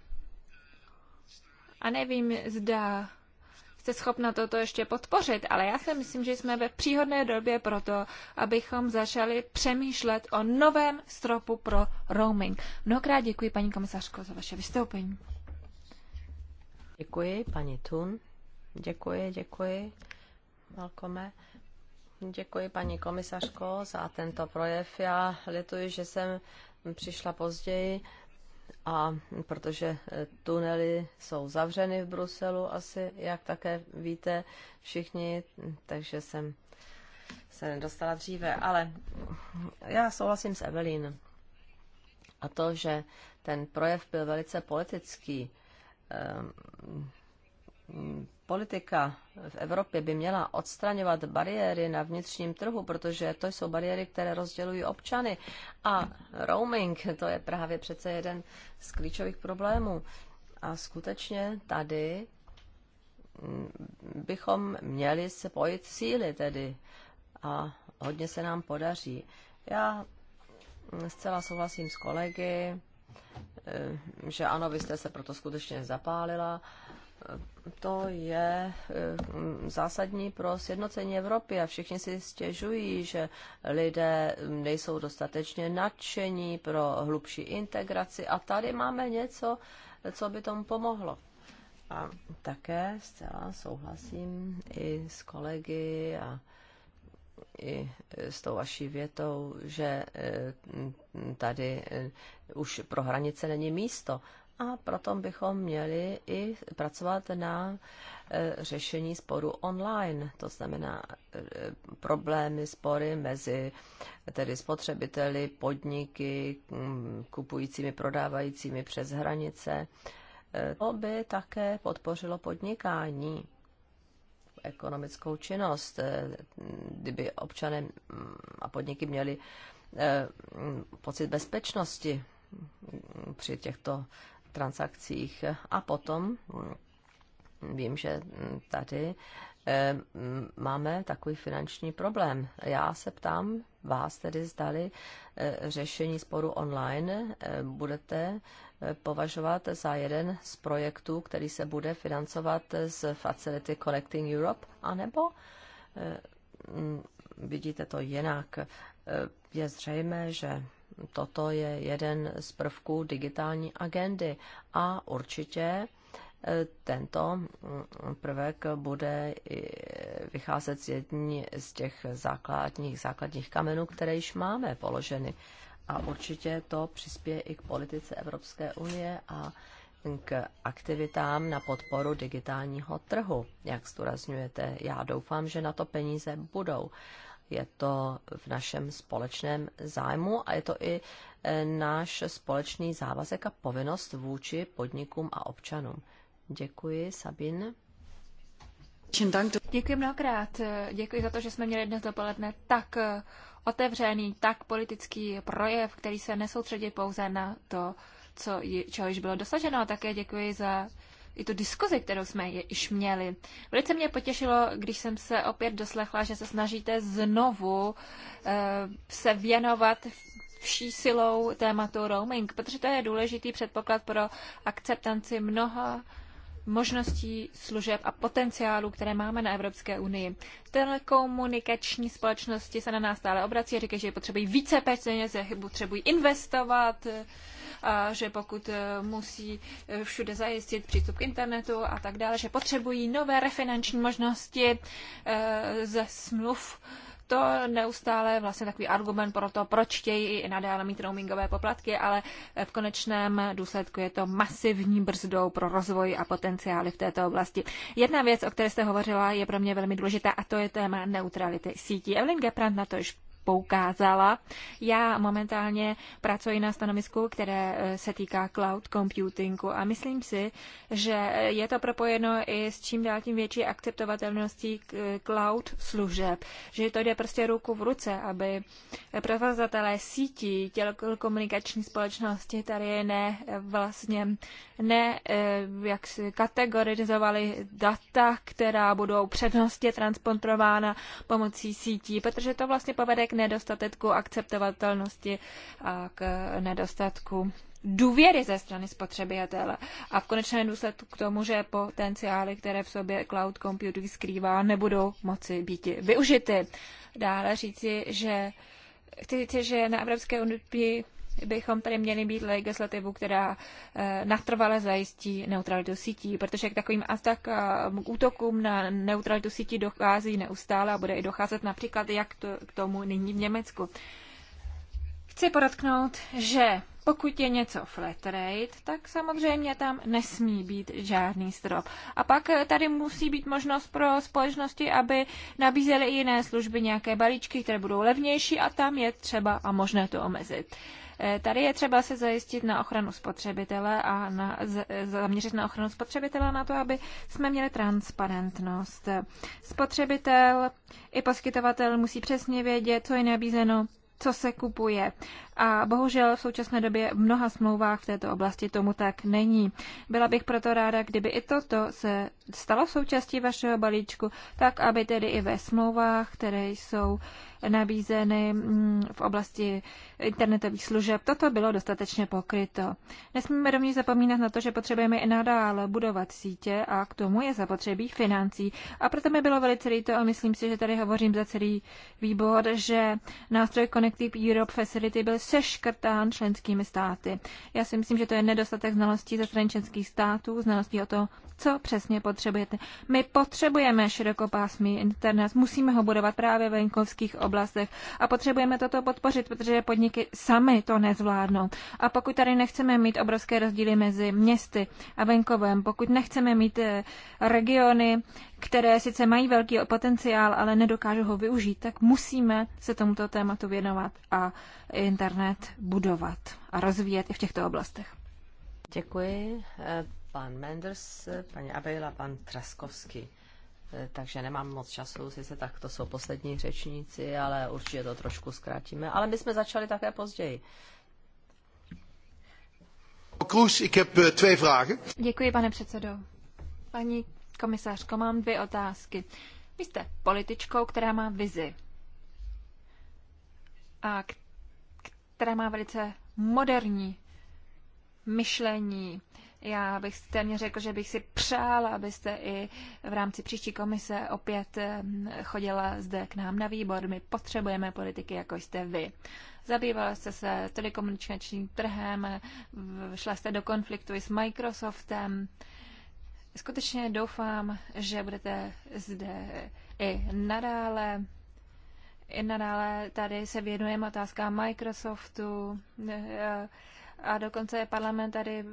S5: A nevím, zda jste schopna toto ještě podpořit, ale já si myslím, že jsme ve příhodné době pro to, abychom začali přemýšlet o novém stropu pro roaming. Mnohokrát děkuji, paní komisařko, za vaše vystoupení.
S4: Děkuji, paní Tun. Děkuji, děkuji, Malkome. Děkuji paní komisařko za tento projev. Já lituji, že jsem přišla později, a protože tunely jsou zavřeny v Bruselu asi, jak také víte všichni, takže jsem se nedostala dříve. Ale já souhlasím s Evelyn. A to, že ten projev byl velice politický, ehm, politika v Evropě by měla odstraňovat bariéry na vnitřním trhu, protože to jsou bariéry, které rozdělují občany. A roaming, to je právě přece jeden z klíčových problémů. A skutečně tady mm, bychom měli spojit síly tedy a hodně se nám podaří. Já mm, zcela souhlasím s kolegy, mm, že ano, vy jste se proto skutečně zapálila to je eh, zásadní pro sjednocení Evropy a všichni si stěžují, že lidé nejsou dostatečně nadšení pro hlubší integraci a tady máme něco, co by tomu pomohlo. A také zcela souhlasím i s kolegy a i s tou vaší větou, že eh, tady eh, už pro hranice není místo a proto bychom měli i pracovat na e, řešení sporu online, to znamená e, problémy, spory mezi tedy spotřebiteli, podniky, mm, kupujícími, prodávajícími přes hranice. E, to by také podpořilo podnikání ekonomickou činnost, kdyby občané mm, a podniky měli mm, pocit bezpečnosti při těchto transakcích. A potom vím, že tady eh, máme takový finanční problém. Já se ptám vás tedy, zdali eh, řešení sporu online eh, budete považovat za jeden z projektů, který se bude financovat z Facility Collecting Europe, anebo vidíte to jinak. Je zřejmé, že toto je jeden z prvků digitální agendy a určitě eh, tento mm, prvek bude vycházet z jední z těch základních, základních kamenů, které již máme položeny. A určitě to přispěje i k politice Evropské unie a k aktivitám na podporu digitálního trhu. Jak zdůrazňujete, já doufám, že na to peníze budou je to v našem společném zájmu a je to i e, náš společný závazek a povinnost vůči podnikům a občanům. Děkuji, Sabin.
S5: Děkuji mnohokrát. Děkuji za to, že jsme měli dnes dopoledne tak e, otevřený, tak politický projev, který se nesoustředí pouze na to, co, čeho již bylo dosaženo. A také děkuji za i tu diskuzi, kterou jsme již měli. Velice mě potěšilo, když jsem se opět doslechla, že se snažíte znovu uh, se věnovat vší silou tématu roaming, protože to je důležitý předpoklad pro akceptanci mnoha možností služeb a potenciálu, které máme na Evropské unii. Telekomunikační společnosti se na nás stále obrací a říkají, že potřebují více peněz, potřebují investovat, eh, a že pokud eh, musí eh, všude zajistit přístup k internetu a tak dále, že potřebují nové refinanční možnosti ze smluv to neustále vlastně takový argument pro to, proč chtějí i nadále mít roamingové poplatky, ale v konečném důsledku je to masivní brzdou pro rozvoj a potenciály v této oblasti. Jedna věc, o které jste hovořila, je pro mě velmi důležitá a to je téma neutrality sítí. Evelyn Geprand na to již poukázala. Já momentálně pracuji na stanovisku, které eh, se týká cloud computingu a myslím si, že je to propojeno i s čím dál tím větší akceptovatelností eh, cloud služeb, že to jde prostě ruku v ruce, aby provozatelé sítí telekomunikační společnosti tady ne vlastně ne eh, jak si kategorizovali data, která budou přednostně transportována pomocí sítí, protože to vlastně povede k nedostatku akceptovatelnosti a k nedostatku důvěry ze strany spotřebitele a v konečném důsledku k tomu, že potenciály, které v sobě cloud computing skrývá, nebudou moci být využity. Dále říci, že chci říct, že na Evropské unii bychom tady měli být legislativu, která eh, natrvale zajistí neutralitu sítí, protože k takovým a tak eh, útokům na neutralitu sítí dochází neustále a bude i docházet například jak to, k tomu nyní v Německu. Chci podotknout, že pokud je něco flat rate, tak samozřejmě tam nesmí být žádný strop. A pak eh, tady musí být možnost pro společnosti, aby nabízely i jiné služby, nějaké balíčky, které budou levnější a tam je třeba a možné to omezit. Eh, tady je třeba se zajistit na ochranu spotřebitele a na, zaměřit na ochranu spotřebitele na to, aby jsme měli transparentnost. Spotřebitel i poskytovatel musí přesně vědět, co je nabízeno, co se kupuje. A bohužel v současné době v mnoha smlouvách v této oblasti tomu tak není. Byla bych proto ráda, kdyby i toto se stalo součástí vašeho balíčku, tak aby tedy i ve smlouvách, které jsou nabízeny mm, v oblasti internetových služeb, toto bylo dostatečně pokryto. Nesmíme rovněž zapomínat na to, že potřebujeme i nadále budovat sítě a k tomu je zapotřebí financí. A proto mi bylo velice líto a myslím si, že tady hovořím za celý výbor, že nástroj Connective Europe Facility byl seškrtán členskými státy. Já si myslím, že to je nedostatek znalostí ze strany členských států, znalostí o to co přesně potřebujete. My potřebujeme širokopásmý internet, musíme ho budovat právě v venkovských oblastech a potřebujeme toto podpořit, protože podniky sami to nezvládnou. A pokud tady nechceme mít obrovské rozdíly mezi městy a venkovem, pokud nechceme mít eh, regiony, které sice mají velký potenciál, ale nedokážou ho využít, tak musíme se tomuto tématu věnovat a internet budovat a rozvíjet i v těchto oblastech. Děkuji.
S4: Eh, pan Menders, paní Abejla, pan Traskovský. Eh, takže nemám moc času, sice tak to jsou poslední řečníci, ale určitě to trošku zkrátíme. Ale my jsme začali také později.
S1: Kroes, ik heb eh, vragen.
S5: Děkuji, pane předsedo. Paní komisářko, mám dvě otázky. Vy jste političkou, která má vizi a která má velice moderní myšlení, já bych téměř řekl, že bych si přál, abyste i v rámci příští komise opět chodila zde k nám na výbor. My potřebujeme politiky, jako jste vy. Zabývala jste se telekomunikačním trhem, šla jste do konfliktu i s Microsoftem. Skutečně doufám, že budete zde i nadále. I nadále tady se věnujeme otázkám Microsoftu eh, a dokonce parlament tady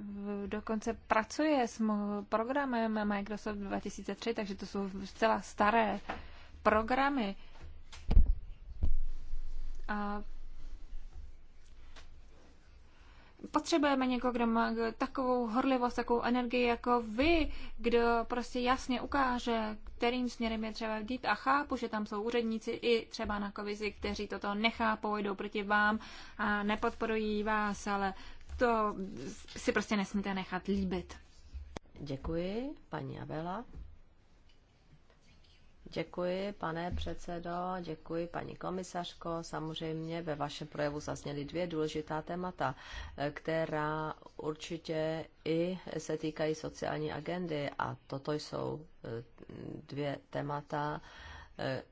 S5: dokonce pracuje s programem Microsoft 2003, takže to jsou zcela staré programy. A potřebujeme někoho, kdo má takovou horlivost, takovou energii jako vy, kdo prostě jasně ukáže, kterým směrem je třeba dít a chápu, že tam jsou úředníci i třeba na kovizi, kteří toto nechápou, jdou proti vám a nepodporují vás, ale to si prostě nesmíte nechat líbit.
S4: Děkuji,
S5: paní Abela. Děkuji, pane
S4: předsedo, děkuji, paní komisařko. Samozřejmě ve vašem projevu zazněly dvě důležitá témata, která určitě i se týkají sociální agendy a toto jsou eh, dvě témata, eh,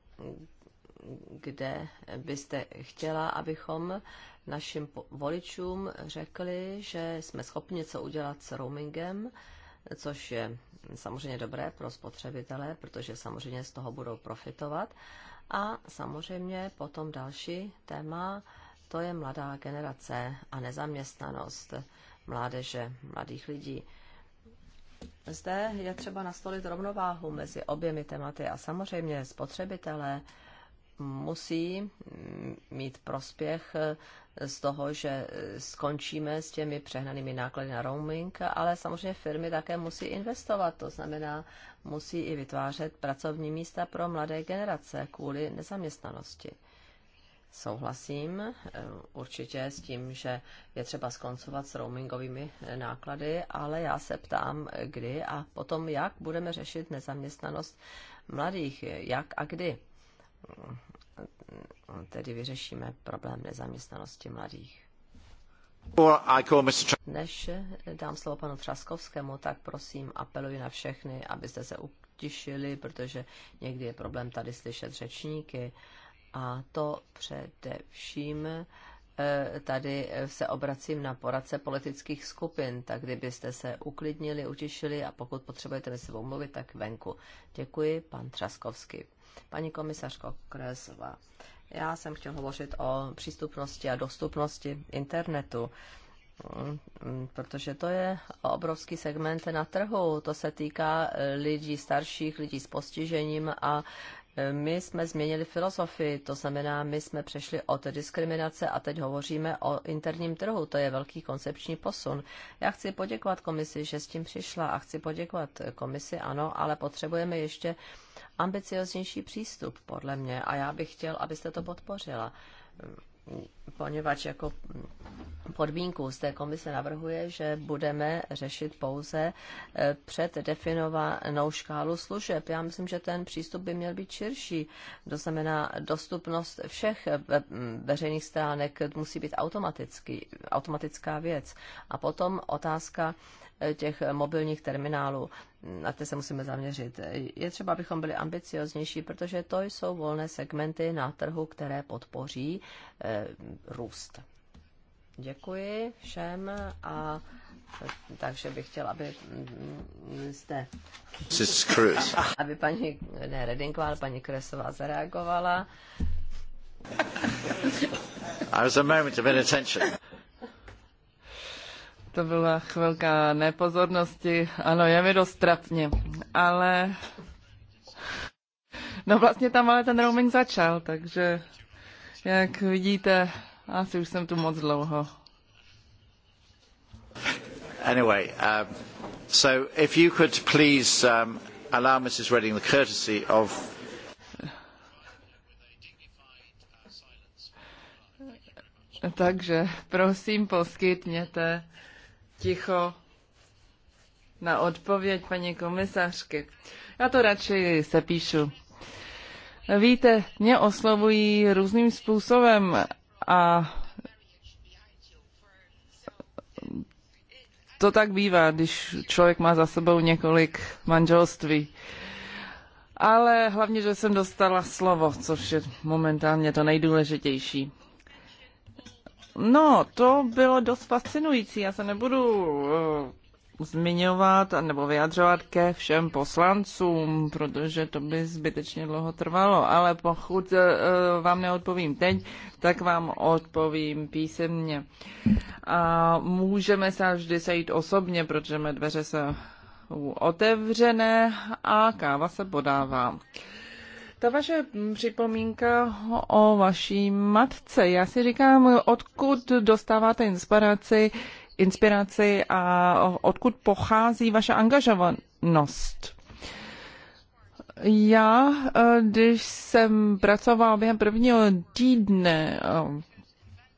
S4: kde byste chtěla, abychom našim voličům řekli, že jsme schopni něco udělat s roamingem, což je samozřejmě dobré pro spotřebitele, protože samozřejmě z toho budou profitovat. A samozřejmě potom další téma, to je mladá generace a nezaměstnanost mládeže, mladých lidí. Zde je třeba nastolit rovnováhu mezi oběmi tématy a samozřejmě spotřebitelé musí mít prospěch z toho, že skončíme s těmi přehnanými náklady na roaming, ale samozřejmě firmy také musí investovat, to znamená, musí i vytvářet pracovní místa pro mladé generace kvůli nezaměstnanosti. Souhlasím eh, určitě s tím, že je třeba skoncovat s roamingovými eh, náklady, ale já se ptám, kdy a potom jak budeme řešit nezaměstnanost mladých, jak a kdy tedy vyřešíme problém nezaměstnanosti mladých. Než dám slovo panu Třaskovskému, tak prosím apeluji na všechny, abyste se utišili, protože někdy je problém tady slyšet řečníky. A to především eh, tady se obracím na poradce politických skupin, tak kdybyste se uklidnili, utišili a pokud potřebujete mezi sebou tak venku. Děkuji, pan Třaskovský. Paní komisařko Kresová, já jsem chtěl hovořit o přístupnosti a dostupnosti internetu, mm, protože to je obrovský segment na trhu. To se týká lidí starších, lidí s postižením a my jsme změnili filozofii, to znamená, my jsme přešli od diskriminace a teď hovoříme o interním trhu. To je velký koncepční posun. Já chci poděkovat komisi, že s tím přišla a chci poděkovat komisi, ano, ale potřebujeme ještě ambicioznější přístup, podle mě, a já bych chtěl, abyste to podpořila poněvadž jako podmínku z té komise navrhuje, že budeme řešit pouze e, předdefinovanou škálu služeb. Já myslím, že ten přístup by měl být širší. To znamená, dostupnost všech e, veřejných stránek musí být automatický, automatická věc. A potom otázka těch mobilních terminálů. Na ty se musíme zaměřit. Je třeba, abychom byli ambicioznější, protože to jsou volné segmenty na trhu, které podpoří eh, růst. Děkuji všem a eh, takže bych chtěla, aby jste, mm, aby paní, ne Redinková, ale paní Kresová zareagovala.
S2: I
S1: was a moment of inattention.
S2: To byla chvilka nepozornosti. Ano, je mi dost trapně, ale... No vlastně tam ale ten roaming začal, takže jak vidíte, asi už jsem tu moc dlouho.
S1: Anyway, um, so if you could please um, allow Mrs. Redding the courtesy of
S2: Takže prosím, poskytněte ticho na odpověď paní komisařky. Já to radši sepíšu. Víte, mě oslovují různým způsobem a to tak bývá, když člověk má za sebou několik manželství. Ale hlavně, že jsem dostala slovo, což je momentálně to nejdůležitější. No, to bylo dost fascinující. Já se nebudu uh, zmiňovat nebo vyjadřovat ke všem poslancům, protože to by zbytečně dlouho trvalo, ale pokud uh, vám neodpovím teď, tak vám odpovím písemně. A můžeme se vždy sejít osobně, protože mé dveře se otevřené a káva se podává. Ta vaše připomínka o vaší matce, já si říkám, odkud dostáváte inspiraci, inspiraci a odkud pochází vaše angažovanost? Já, eh, když jsem pracoval během prvního týdne eh,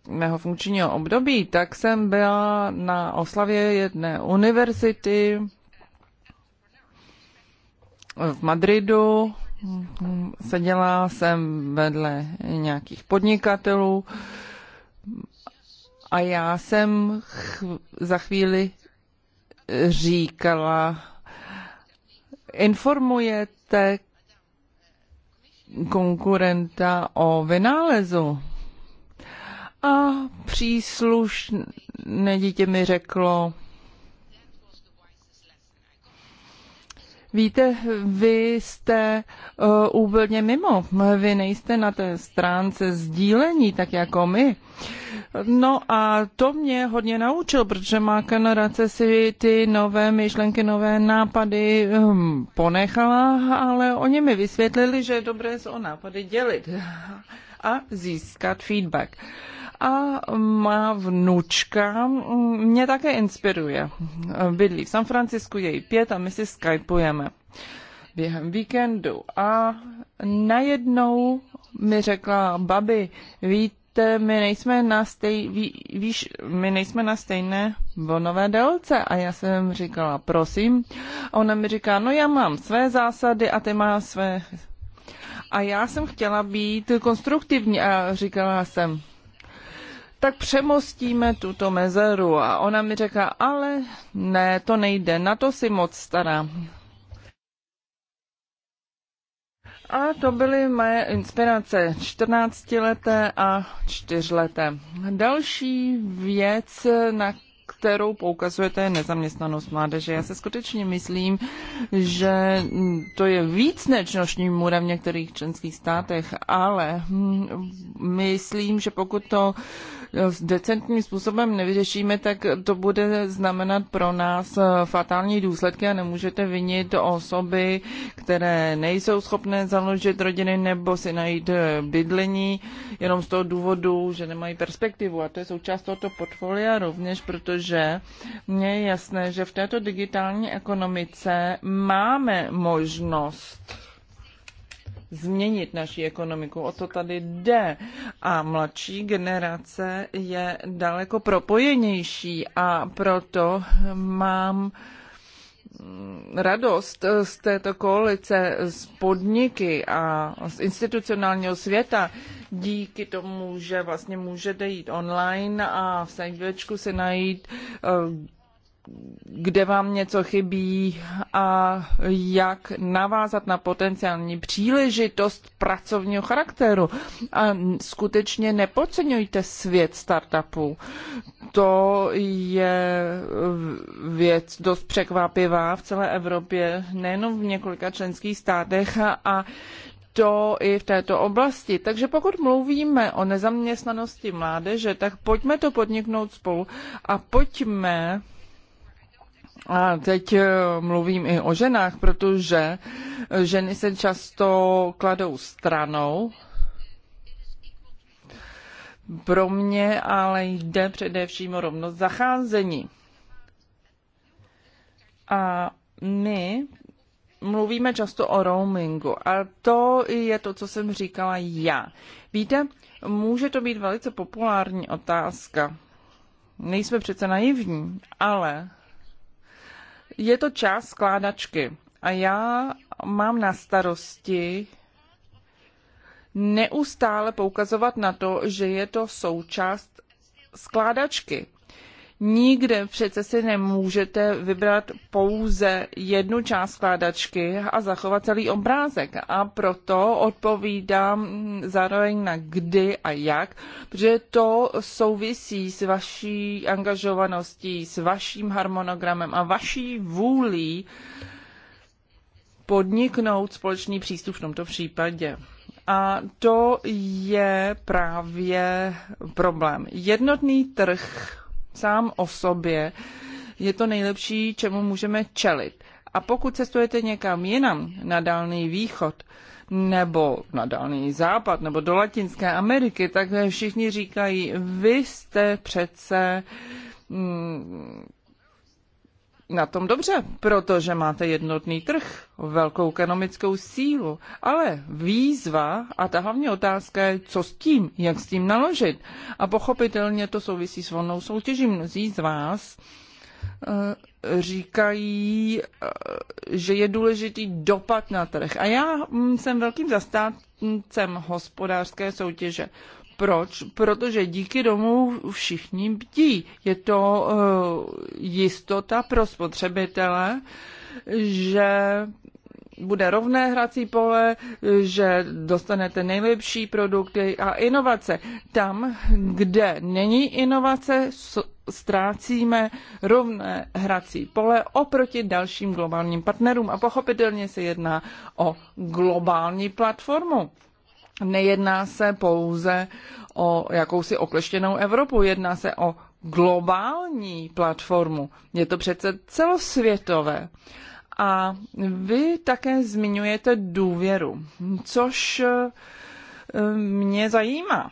S2: mého funkčního období, tak jsem byla na oslavě jedné univerzity v Madridu seděla jsem vedle nějakých podnikatelů a já jsem ch- za chvíli říkala, informujete konkurenta o vynálezu. A příslušné dítě mi řeklo, Víte, vy jste uh, úplně mimo. Vy nejste na té stránce sdílení, tak jako my. No a to mě hodně naučil, protože má generace si ty nové myšlenky, nové nápady um, ponechala, ale oni mi vysvětlili, že je dobré se o nápady dělit a získat feedback. Uh, a má vnučka mm, mě také inspiruje. Bydlí v San Francisku, její pět a my si skypujeme během víkendu. A najednou mi řekla, babi, víte, my nejsme na, stej, ví, víš, my nejsme na stejné vlnové délce. A já jsem říkala, prosím. A ona mi říká, no já mám své zásady a ty má své. A já jsem chtěla být konstruktivní a říkala jsem, tak přemostíme tuto mezeru. A ona mi řekla, ale ne, to nejde, na to si moc starám. A to byly moje inspirace 14-leté a 4-leté. Další věc, na kterou poukazujete, je nezaměstnanost mládeže. Já se skutečně myslím, že to je víc než noční můra v některých členských státech, ale hm, myslím, že pokud to decentním způsobem nevyřešíme, tak to bude znamenat pro nás eh, fatální důsledky a nemůžete vinit osoby, které nejsou schopné založit rodiny nebo si najít eh, bydlení jenom z toho důvodu, že nemají perspektivu. A to je součást tohoto portfolia rovněž, protože mně je jasné, že v této digitální ekonomice máme možnost změnit naši ekonomiku. O to tady jde. A mladší generace je daleko propojenější a proto mám mm, radost z této koalice, z podniky a z institucionálního světa díky tomu, že vlastně můžete jít online a v Sandvičku se najít eh, kde vám něco chybí a jak navázat na potenciální příležitost pracovního charakteru. A skutečně nepodceňujte svět startupů. To je věc dost překvapivá v celé Evropě, nejenom v několika členských státech a, a to i v této oblasti. Takže pokud mluvíme o nezaměstnanosti mládeže, tak pojďme to podniknout spolu a pojďme a teď eh, mluvím i o ženách, protože eh, ženy se často kladou stranou. Pro mě ale jde především o rovnost zacházení. A my mluvíme často o roamingu a to je to, co jsem říkala já. Víte, může to být velice populární otázka. Nejsme přece naivní, ale je to část skládačky a já mám na starosti neustále poukazovat na to, že je to součást skládačky. Nikde přece si nemůžete vybrat pouze jednu část skládačky a zachovat celý obrázek. A proto odpovídám zároveň na kdy a jak, protože to souvisí s vaší angažovaností, s vaším harmonogramem a vaší vůlí podniknout společný přístup v tomto případě. A to je právě problém. Jednotný trh sám o sobě je to nejlepší, čemu můžeme čelit. A pokud cestujete někam jinam, na Dálný východ, nebo na Dálný západ, nebo do Latinské Ameriky, tak všichni říkají, vy jste přece mm, na tom dobře, protože máte jednotný trh, velkou ekonomickou sílu, ale výzva a ta hlavní otázka je, co s tím, jak s tím naložit. A pochopitelně to souvisí s volnou soutěží. Mnozí z vás eh, říkají, eh, že je důležitý dopad na trh. A já mm, jsem velkým zastáncem hospodářské soutěže. Proč? Protože díky domů všichni bdí. Je to eh, jistota pro spotřebitele, že bude rovné hrací pole, že dostanete nejlepší produkty a inovace. Tam, kde není inovace, ztrácíme rovné hrací pole oproti dalším globálním partnerům a pochopitelně se jedná o globální platformu. Nejedná se pouze o jakousi okleštěnou Evropu, jedná se o globální platformu. Je to přece celosvětové. A vy také zmiňujete důvěru, což eh, mě zajímá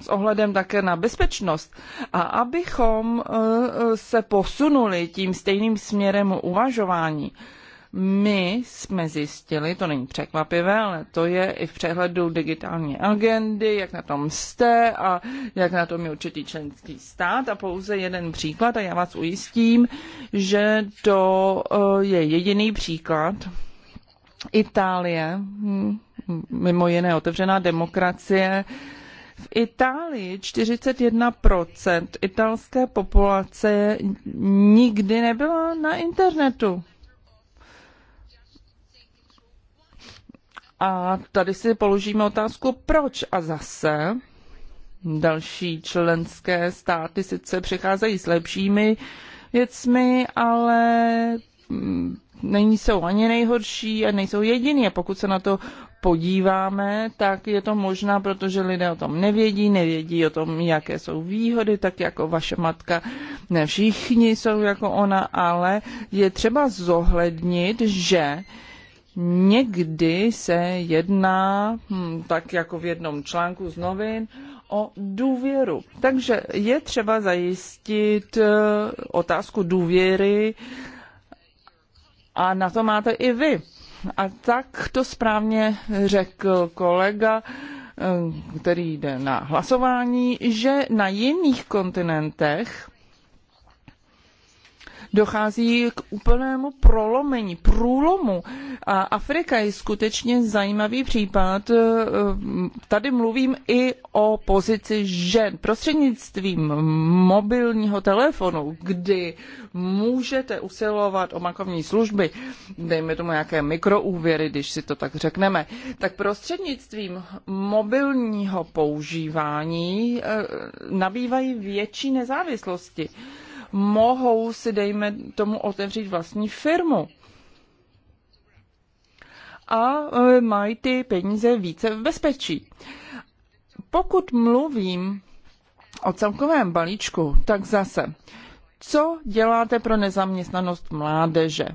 S2: s ohledem také na bezpečnost. A abychom eh, se posunuli tím stejným směrem uvažování, my jsme zjistili, to není překvapivé, ale to je i v přehledu digitální agendy, jak na tom jste a jak na tom je určitý členský stát. A pouze jeden příklad a já vás ujistím, že to eh, je jediný příklad. Itálie, hm, mimo jiné otevřená demokracie, v Itálii 41% italské populace nikdy nebyla na internetu. A tady si položíme otázku, proč a zase další členské státy sice přicházejí s lepšími věcmi, ale mm, nejsou ani nejhorší a nejsou jediný. A pokud se na to podíváme, tak je to možná, protože lidé o tom nevědí, nevědí o tom, jaké jsou výhody, tak jako vaše matka, ne všichni jsou jako ona, ale je třeba zohlednit, že Někdy se jedná, hm, tak jako v jednom článku z novin, o důvěru. Takže je třeba zajistit eh, otázku důvěry a na to máte i vy. A tak to správně řekl kolega, eh, který jde na hlasování, že na jiných kontinentech dochází k úplnému prolomení, průlomu. A Afrika je skutečně zajímavý případ. Eh, Tady mluvím i o pozici žen. Prostřednictvím mobilního telefonu, kdy můžete usilovat o bankovní služby, dejme tomu nějaké mikroúvěry, když si to tak řekneme, tak prostřednictvím mobilního používání eh, nabývají větší nezávislosti mohou si, dejme tomu, otevřít vlastní firmu. A e, mají ty peníze více v bezpečí. Pokud mluvím o celkovém balíčku, tak zase, co děláte pro nezaměstnanost mládeže?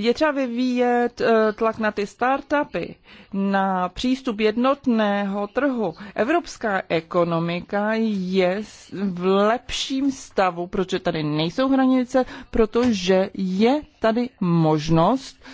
S2: Je třeba vyvíjet eh, tlak na ty startupy, na přístup jednotného trhu. Evropská ekonomika je v lepším stavu, protože tady nejsou hranice, protože je tady možnost uh,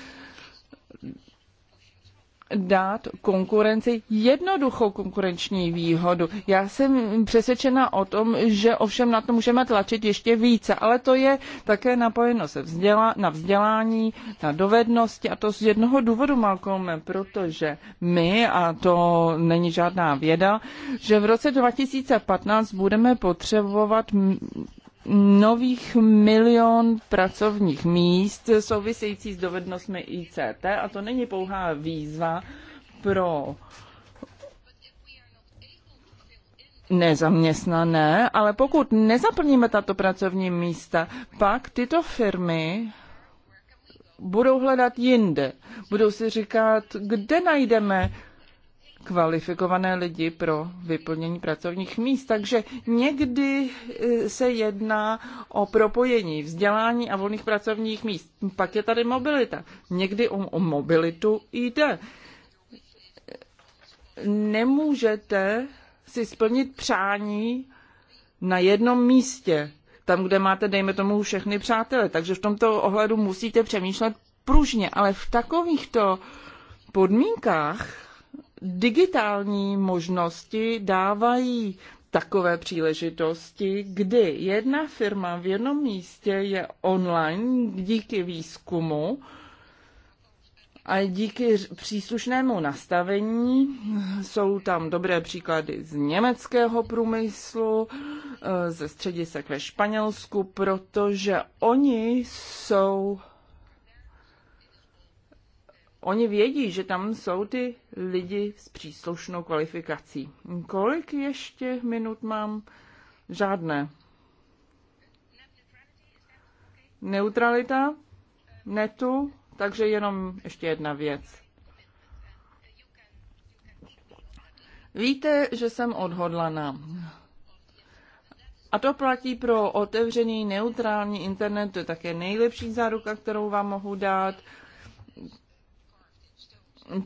S2: dát konkurenci jednoduchou konkurenční výhodu. Já jsem přesvědčena o tom, že ovšem na to můžeme tlačit ještě více, ale to je také napojeno se vzděla, na vzdělání, na dovednosti a to z jednoho důvodu, Malcolm, protože my, a to není žádná věda, že v roce 2015 budeme potřebovat nových milion pracovních míst související s dovednostmi ICT a to není pouhá výzva pro nezaměstnané, ale pokud nezaplníme tato pracovní místa, pak tyto firmy budou hledat jinde. Budou si říkat, kde najdeme kvalifikované lidi pro vyplnění pracovních míst. Takže někdy e, se jedná o propojení vzdělání a volných pracovních míst. Pak je tady mobilita. Někdy o, o mobilitu jde. Nemůžete si splnit přání na jednom místě, tam, kde máte, dejme tomu, všechny přátele. Takže v tomto ohledu musíte přemýšlet pružně, ale v takovýchto podmínkách digitální možnosti dávají takové příležitosti, kdy jedna firma v jednom místě je online díky výzkumu a díky příslušnému nastavení jsou tam dobré příklady z německého průmyslu, eh, ze středisek ve Španělsku, protože oni jsou Oni vědí, že tam jsou ty lidi s příslušnou kvalifikací. Kolik ještě minut mám? Žádné. Neutralita netu, takže jenom ještě jedna věc. Víte, že jsem odhodlaná. A to platí pro otevřený neutrální internet, to je také nejlepší záruka, kterou vám mohu dát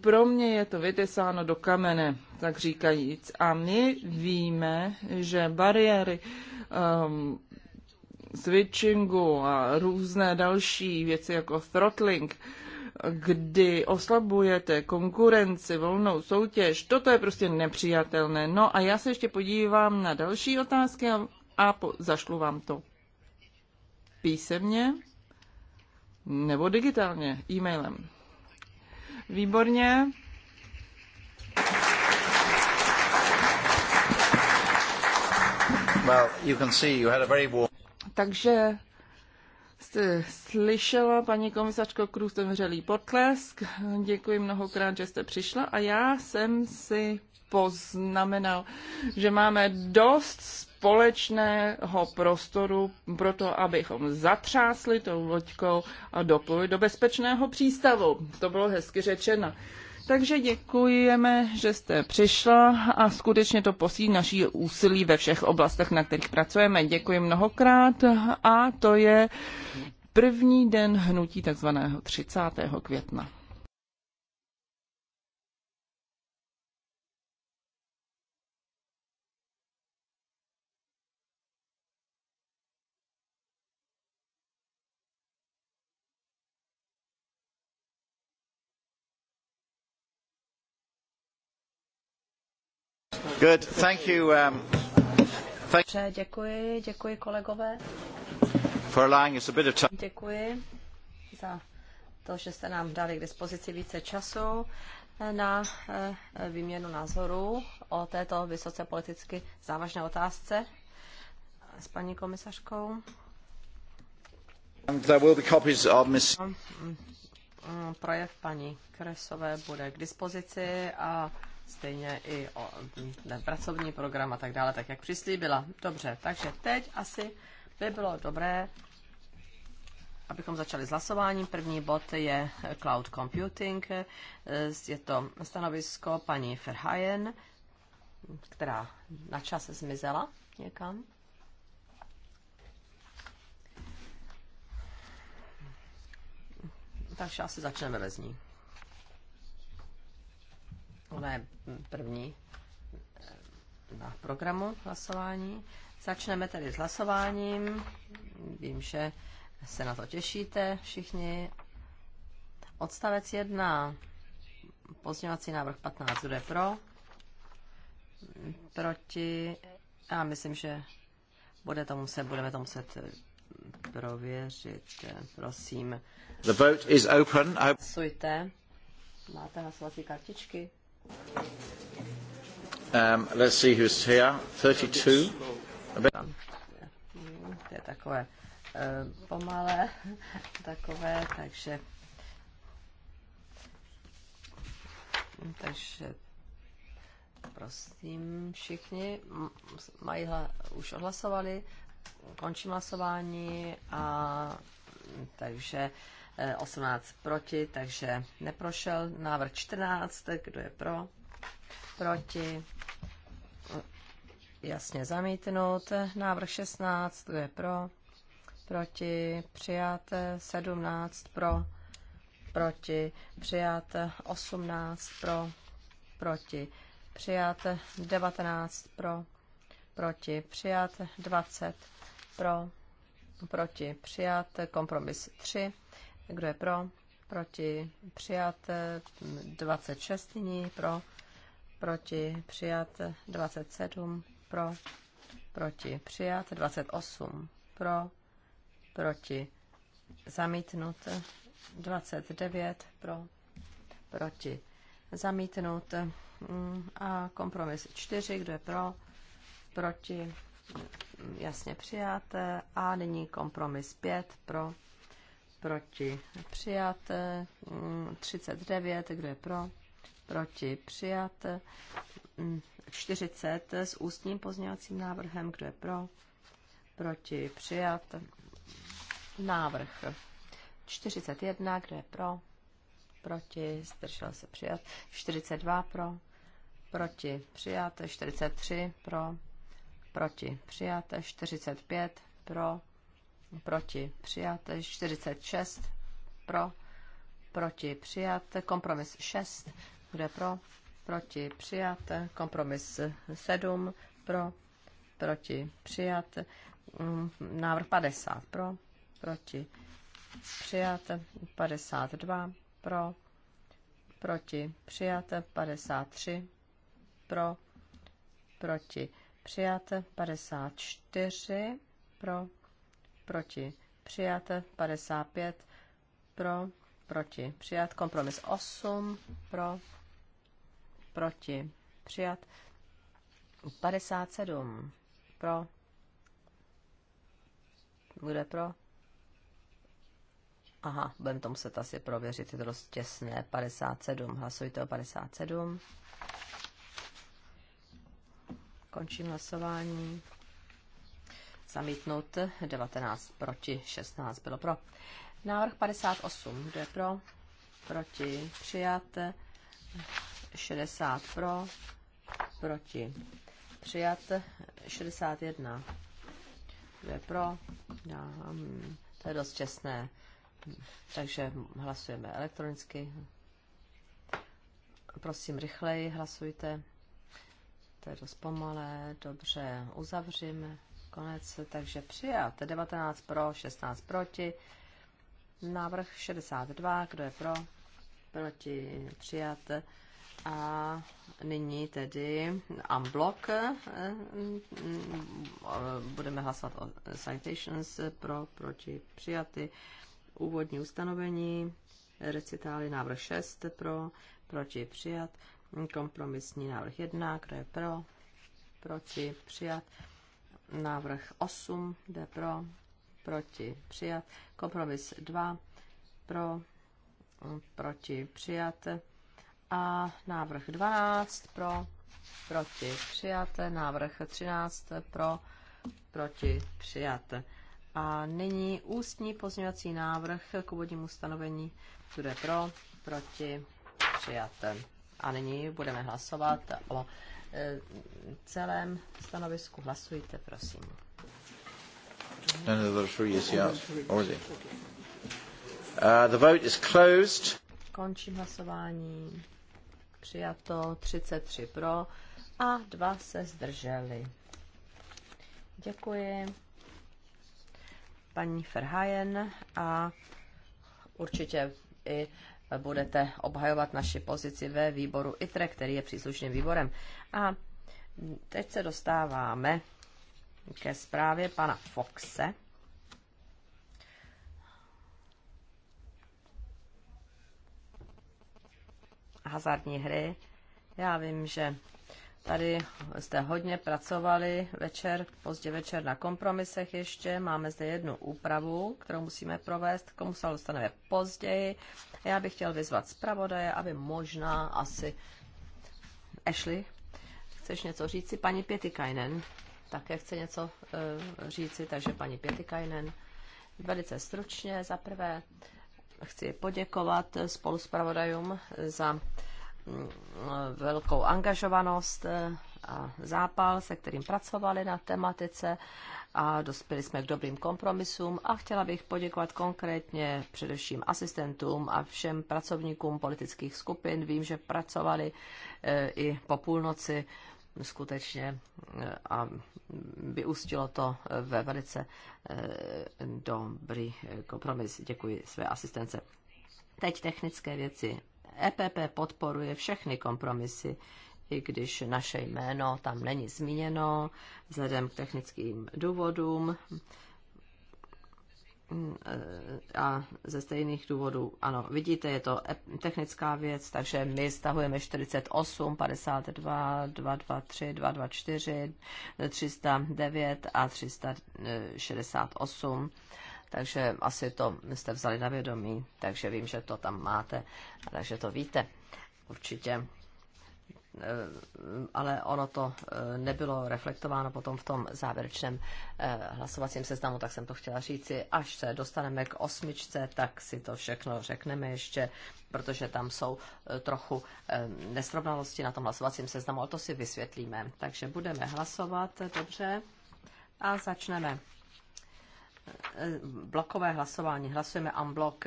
S2: pro mě je to vytesáno do kamene, tak říkajíc. A my víme, že bariéry um, switchingu a různé další věci jako throttling, kdy oslabujete konkurenci, volnou soutěž, toto je prostě nepřijatelné. No a já se ještě podívám na další otázky a, a po, zašlu vám to písemně nebo digitálně, e-mailem. Výborně.
S1: Well, you can see you had a very warm...
S2: Takže jste slyšela, paní komisařko Krůz, ten vřelý potlesk. Děkuji mnohokrát, že jste přišla a já jsem si poznamenal, že máme dost společného prostoru pro to, abychom zatřásli tou loďkou a dopluli do bezpečného přístavu. To bylo hezky řečeno. Takže děkujeme, že jste přišla a skutečně to posílí naší úsilí ve všech oblastech, na kterých pracujeme. Děkuji mnohokrát a to je první den hnutí takzvaného 30. května.
S1: Um,
S4: děkuji, děkuji kolegové. allowing Děkuji za to, že jste nám dali k dispozici více času na eh, výměnu názorů o této vysoce politicky závažné otázce s paní komisařkou. Projev paní Kresové bude k dispozici a stejně i o ten pracovní program a tak dále, tak jak přislíbila. Dobře, takže teď asi by bylo dobré, abychom začali s hlasováním. První bod je cloud computing. Je to stanovisko paní Ferhajen, která na čas zmizela někam. Takže asi začneme bez ní. Máme první na eh, programu hlasování. Začneme tedy s hlasováním. Vím, že se na to těšíte všichni. Odstavec 1. Pozměňovací návrh 15. Kdo je pro? Proti? Já myslím, že bude to muset, budeme to muset eh, prověřit. Prosím.
S1: The vote is open. I...
S4: Máte hlasovací kartičky?
S1: Um, let's see who's here. 32. To
S4: je takové eh, pomalé, takové, takže takže prosím všichni, mají už odhlasovali, končím hlasování a takže 18 proti, takže neprošel. Návrh 14, kdo je pro? Proti. Jasně zamítnout. Návrh 16, kdo je pro? Proti. Přijat 17 pro. Proti. Přijat 18 pro. Proti. Přijat 19 pro. Proti. Přijat 20 pro. Proti. Přijat kompromis 3 kdo je pro? Proti? Přijat 26 nyní pro. Proti? Přijat 27 pro. Proti? Přijat 28 pro. Proti? Zamítnut 29 pro. Proti? Zamítnut mm, a kompromis 4, kdo je pro? Proti? jasně přijat. A nyní kompromis 5 pro, proti přijat, 39, mm, kdo je pro, proti přijat, 40 mm, s ústním pozměňovacím návrhem, kdo je pro, proti přijat, návrh 41, kdo je pro, proti, zdržel se přijat, 42 pro, proti přijat, 43 pro, proti přijat, 45 pro, proti přijat, 46 pro, proti přijat, kompromis 6, kde pro, proti přijat, kompromis 7 pro, proti přijat, mm, návrh 50 pro, proti přijat, 52 pro, proti přijat, 53 pro, proti přijat, 54 pro, proti, přijat 55, pro, proti, přijat kompromis 8, pro, proti, přijat 57, pro, bude pro, Aha, budeme to muset asi prověřit, je to dost těsné. 57, hlasujte o 57. Končím hlasování zamítnut, 19 proti, 16 bylo pro. Návrh 58, kdo je pro, proti, přijat, 60 pro, proti, přijat, 61, kdo je pro, já, hm, to je dost čestné, takže hlasujeme elektronicky. Prosím, rychleji hlasujte. To je dost pomalé, dobře, uzavřeme konec, takže přijat. 19 pro, 16 proti. Návrh 62, kdo je pro, proti, přijat. A nyní tedy unblock. Budeme hlasovat o citations pro, proti, přijaty. Úvodní ustanovení, recitály návrh 6 pro, proti, přijat. Kompromisní návrh 1, kdo je pro, proti, přijat. Návrh 8, jde pro, proti přijat. Kompromis 2, pro, proti přijat. A návrh 12, pro, proti přijat. Návrh 13, pro, proti přijat. A nyní ústní pozměňovací návrh k úvodnímu stanovení. Bude pro, proti, přijat. A nyní budeme hlasovat o Eh, celém stanovisku. Hlasujte, prosím.
S1: Uh, the vote is closed.
S4: Končím hlasování. Přijato 33 pro a dva se zdrželi. Děkuji paní Ferhajen a určitě i budete obhajovat naši pozici ve výboru ITRE, který je příslušným výborem. A teď se dostáváme ke zprávě pana Foxe. Hazardní hry. Já vím, že Tady jste hodně pracovali večer, pozdě večer na kompromisech ještě. Máme zde jednu úpravu, kterou musíme provést. Komu se dostaneme později. Já bych chtěl vyzvat zpravodaje, aby možná asi... Ashley, chceš něco říci? Paní Pětikajnen také chce něco uh, říci, takže paní Pětikajnen. Velice stručně za prvé chci poděkovat spolu spoluspravodajům za velkou angažovanost eh, a zápal, se kterým pracovali na tematice a dospěli jsme k dobrým kompromisům a chtěla bych poděkovat konkrétně především asistentům a všem pracovníkům politických skupin. Vím, že pracovali eh, i po půlnoci skutečně eh, a vyústilo to ve velice dobrý kompromis. Děkuji své asistence. Teď technické věci. EPP podporuje všechny kompromisy, i když naše jméno tam není zmíněno, vzhledem k technickým důvodům a ze stejných důvodů, ano, vidíte, je to e- technická věc, takže my stahujeme 48, 52, 223, 224, 309 a 368 takže asi to jste vzali na vědomí, takže vím, že to tam máte, takže to víte určitě. Eh, ale ono to eh, nebylo reflektováno potom v tom závěrečném eh, hlasovacím seznamu, tak jsem to chtěla říci. Až se dostaneme k osmičce, tak si to všechno řekneme ještě, protože tam jsou trochu nesrovnalosti na tom hlasovacím seznamu, ale to si vysvětlíme. Takže budeme hlasovat, dobře, a začneme blokové hlasování. Hlasujeme unblock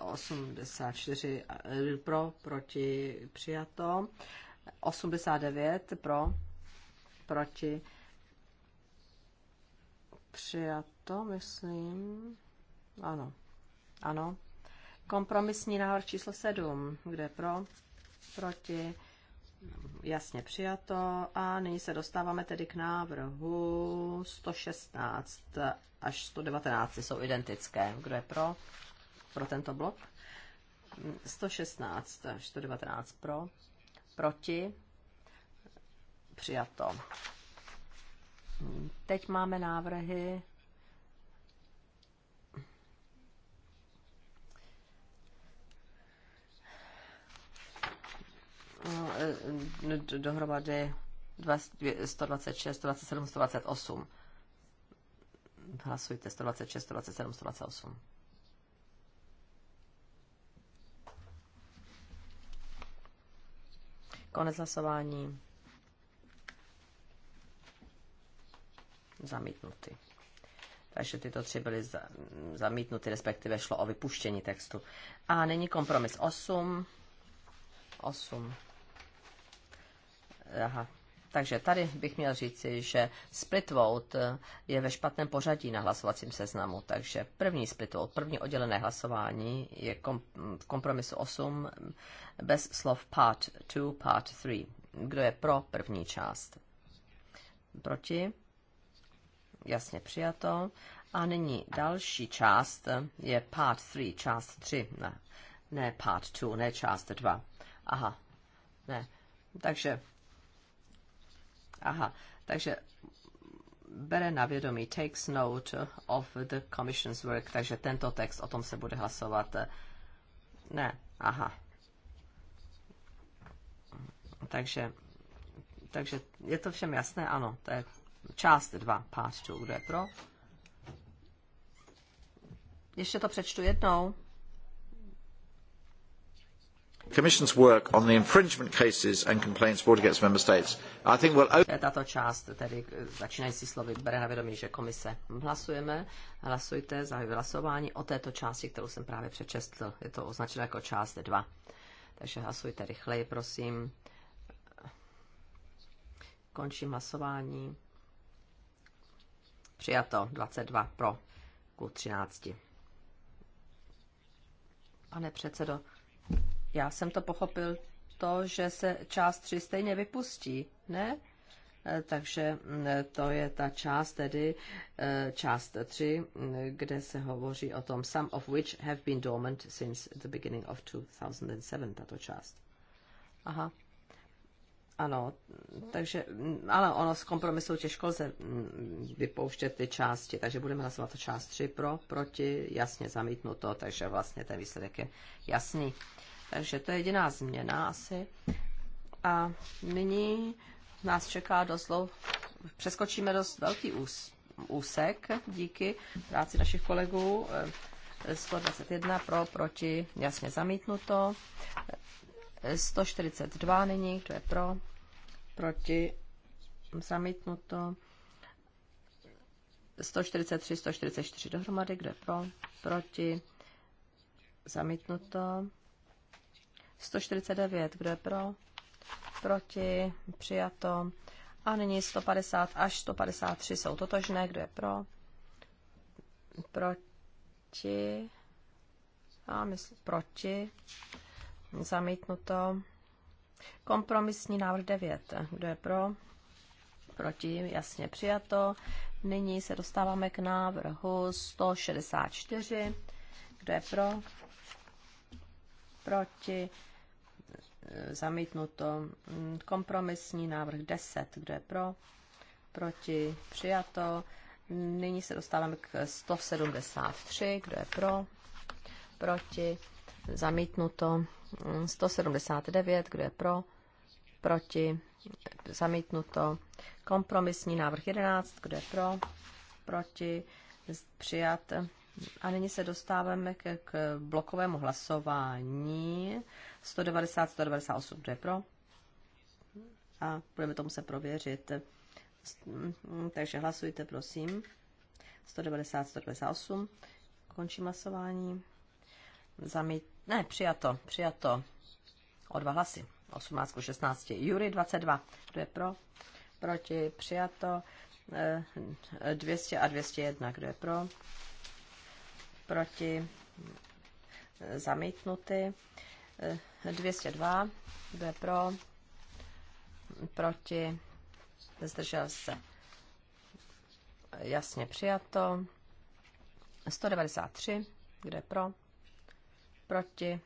S4: 84 eh, eh, eh, pro, proti přijato. 89 pro, proti přijato, myslím. Ano, ano. Kompromisní návrh číslo 7, kde pro, proti jasně přijato. A nyní se dostáváme tedy k návrhu 116 až 119 jsou identické. Kdo je pro? Pro tento blok? 116 až 119 pro. Proti? Přijato. Teď máme návrhy Eh, eh, dohromady 126, 127, 128. Hlasujte 126, 127, 128. Konec hlasování. Zamítnuty. Takže tyto tři byly za, zamítnuty, respektive šlo o vypuštění textu. A nyní kompromis 8. 8. Aha. Takže tady bych měl říci, že split vote je ve špatném pořadí na hlasovacím seznamu. Takže první split vote, první oddělené hlasování je kom, v kompromisu 8 bez slov part 2, part 3. Kdo je pro první část? Proti? Jasně přijato. A nyní další část je part 3, část 3. Ne, ne part 2, ne část 2. Aha, ne. Takže Aha, takže bere na vědomí, takes note of the commission's work, takže tento text, o tom se bude hlasovat. Ne, aha. Takže, takže je to všem jasné? Ano, to je část 2, part 2, kdo je pro? Ještě to přečtu jednou. Tato část, tedy eh, začínající slovy, bere na vědomí, že komise hlasujeme. Hlasujte za hlasování o této části, kterou jsem právě přečetl. Je to označeno jako část 2. Takže hlasujte rychleji, prosím. Končím hlasování. Přijato 22 pro ku 13. Pane předsedo, já jsem to pochopil to, že se část 3 stejně vypustí, ne? E, takže to je ta část, tedy e, část 3, kde se hovoří o tom, some of which have been dormant since the beginning of 2007, tato část. Aha. Ano, takže, ale ono z kompromisu těžko lze vypouštět ty části, takže budeme hlasovat o část 3 pro, proti, jasně zamítnuto, takže vlastně ten výsledek je jasný. Takže to je jediná změna asi. A nyní nás čeká doslov, přeskočíme dost velký ús, úsek díky práci našich kolegů. 121 eh, pro, proti, jasně zamítnuto. 142 eh, nyní, kdo je pro, proti, zamítnuto. 143, 144 dohromady, kdo je pro, proti, zamítnuto. 149, kdo je pro? Proti? Přijato. A nyní 150 až 153 jsou totožné, kdo je pro? Proti? A myslím, proti? Zamítnuto. Kompromisní návrh 9, kdo je pro? Proti? Jasně přijato. Nyní se dostáváme k návrhu 164. Kdo je pro? proti, zamítnuto. Kompromisní návrh 10, kdo je pro, proti, přijato. Nyní se dostáváme k 173, kdo je pro, proti, zamítnuto. 179, kdo je pro, proti, zamítnuto. Kompromisní návrh 11, kdo je pro, proti, přijat. A nyní se dostáváme k, k blokovému hlasování 190, 198, kdo je pro? A budeme to muset prověřit. Takže hlasujte, prosím. 190, 198. Končí hlasování. Zamít... Ne, přijato, přijato. O dva hlasy. 18 ku 16. Jury 22. Kdo je pro? Proti, přijato. 200 eh, a 201. Kdo je pro? proti, zamítnuty. 202, kdo je pro, proti, zdržel se, jasně přijato. 193, kdo je pro, proti,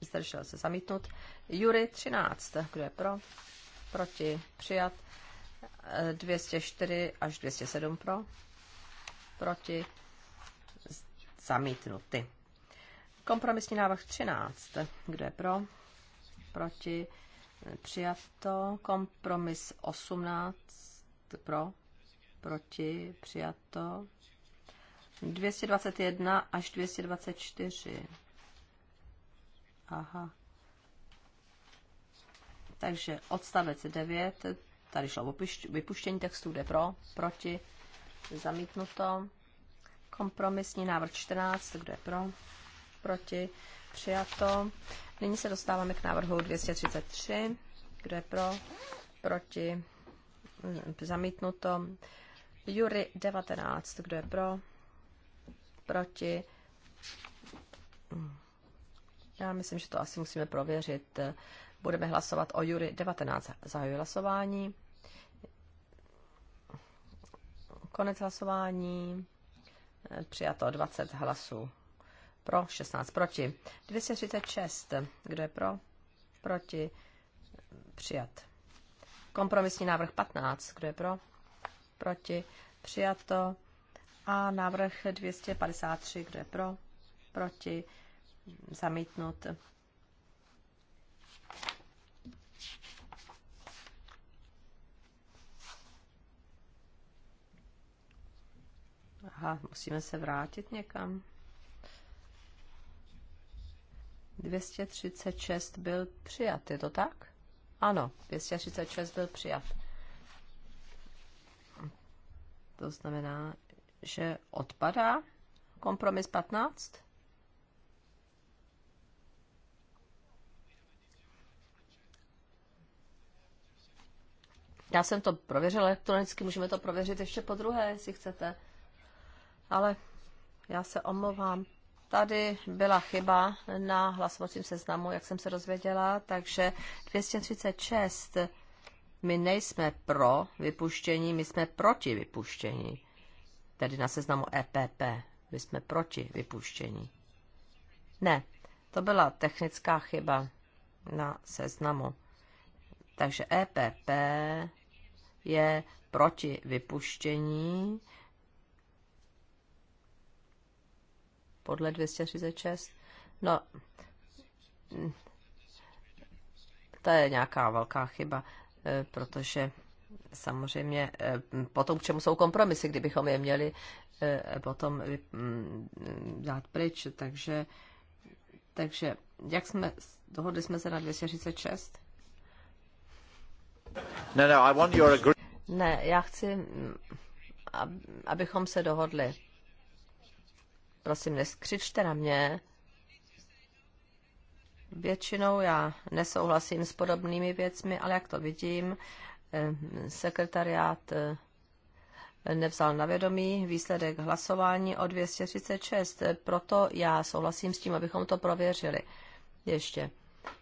S4: zdržel se, zamítnut. Jury 13, kdo je pro, proti, přijat. 204 až 207 pro, proti, zamítnuty. Kompromisní návrh 13. Kdo je pro? Proti? Přijato. Kompromis 18. Pro? Proti? Přijato. 221 až 224. Aha. Takže odstavec 9, tady šlo o vypuštění textu, jde pro, proti, zamítnuto. Kompromisní návrh 14, kdo je pro? Proti? Přijato. Nyní se dostáváme k návrhu 233. Kdo je pro? Proti? Zamítnuto. Jury 19. Kdo je pro? Proti? Já myslím, že to asi musíme prověřit. Budeme hlasovat o Jury 19. Zahajuji hlasování. Konec hlasování. Přijato 20 hlasů pro, 16 proti. 236. Kdo je pro? Proti. Přijat. Kompromisní návrh 15. Kdo je pro? Proti. Přijato. A návrh 253. Kdo je pro? Proti. Zamítnut. Aha, musíme se vrátit někam. 236 byl přijat, je to tak? Ano, 236 byl přijat. To znamená, že odpadá kompromis 15? Já jsem to prověřila elektronicky, můžeme to prověřit ještě po druhé, jestli chcete ale já se omlouvám. Tady byla chyba na hlasovacím seznamu, jak jsem se dozvěděla, takže 236. My nejsme pro vypuštění, my jsme proti vypuštění. Tedy na seznamu EPP. My jsme proti vypuštění. Ne, to byla technická chyba na seznamu. Takže EPP je proti vypuštění podle 236. No, to je nějaká velká chyba, eh, protože samozřejmě eh, potom, k čemu jsou kompromisy, kdybychom je měli eh, potom mm, dát pryč, takže, takže jak jsme, dohodli jsme se na 236?
S1: No, no, I want your
S4: ne, já chci, mm, abychom se dohodli. Prosím, neskřičte na mě. Většinou já nesouhlasím s podobnými věcmi, ale jak to vidím, eh, sekretariát eh, nevzal na vědomí výsledek hlasování o 236, proto já souhlasím s tím, abychom to prověřili. Ještě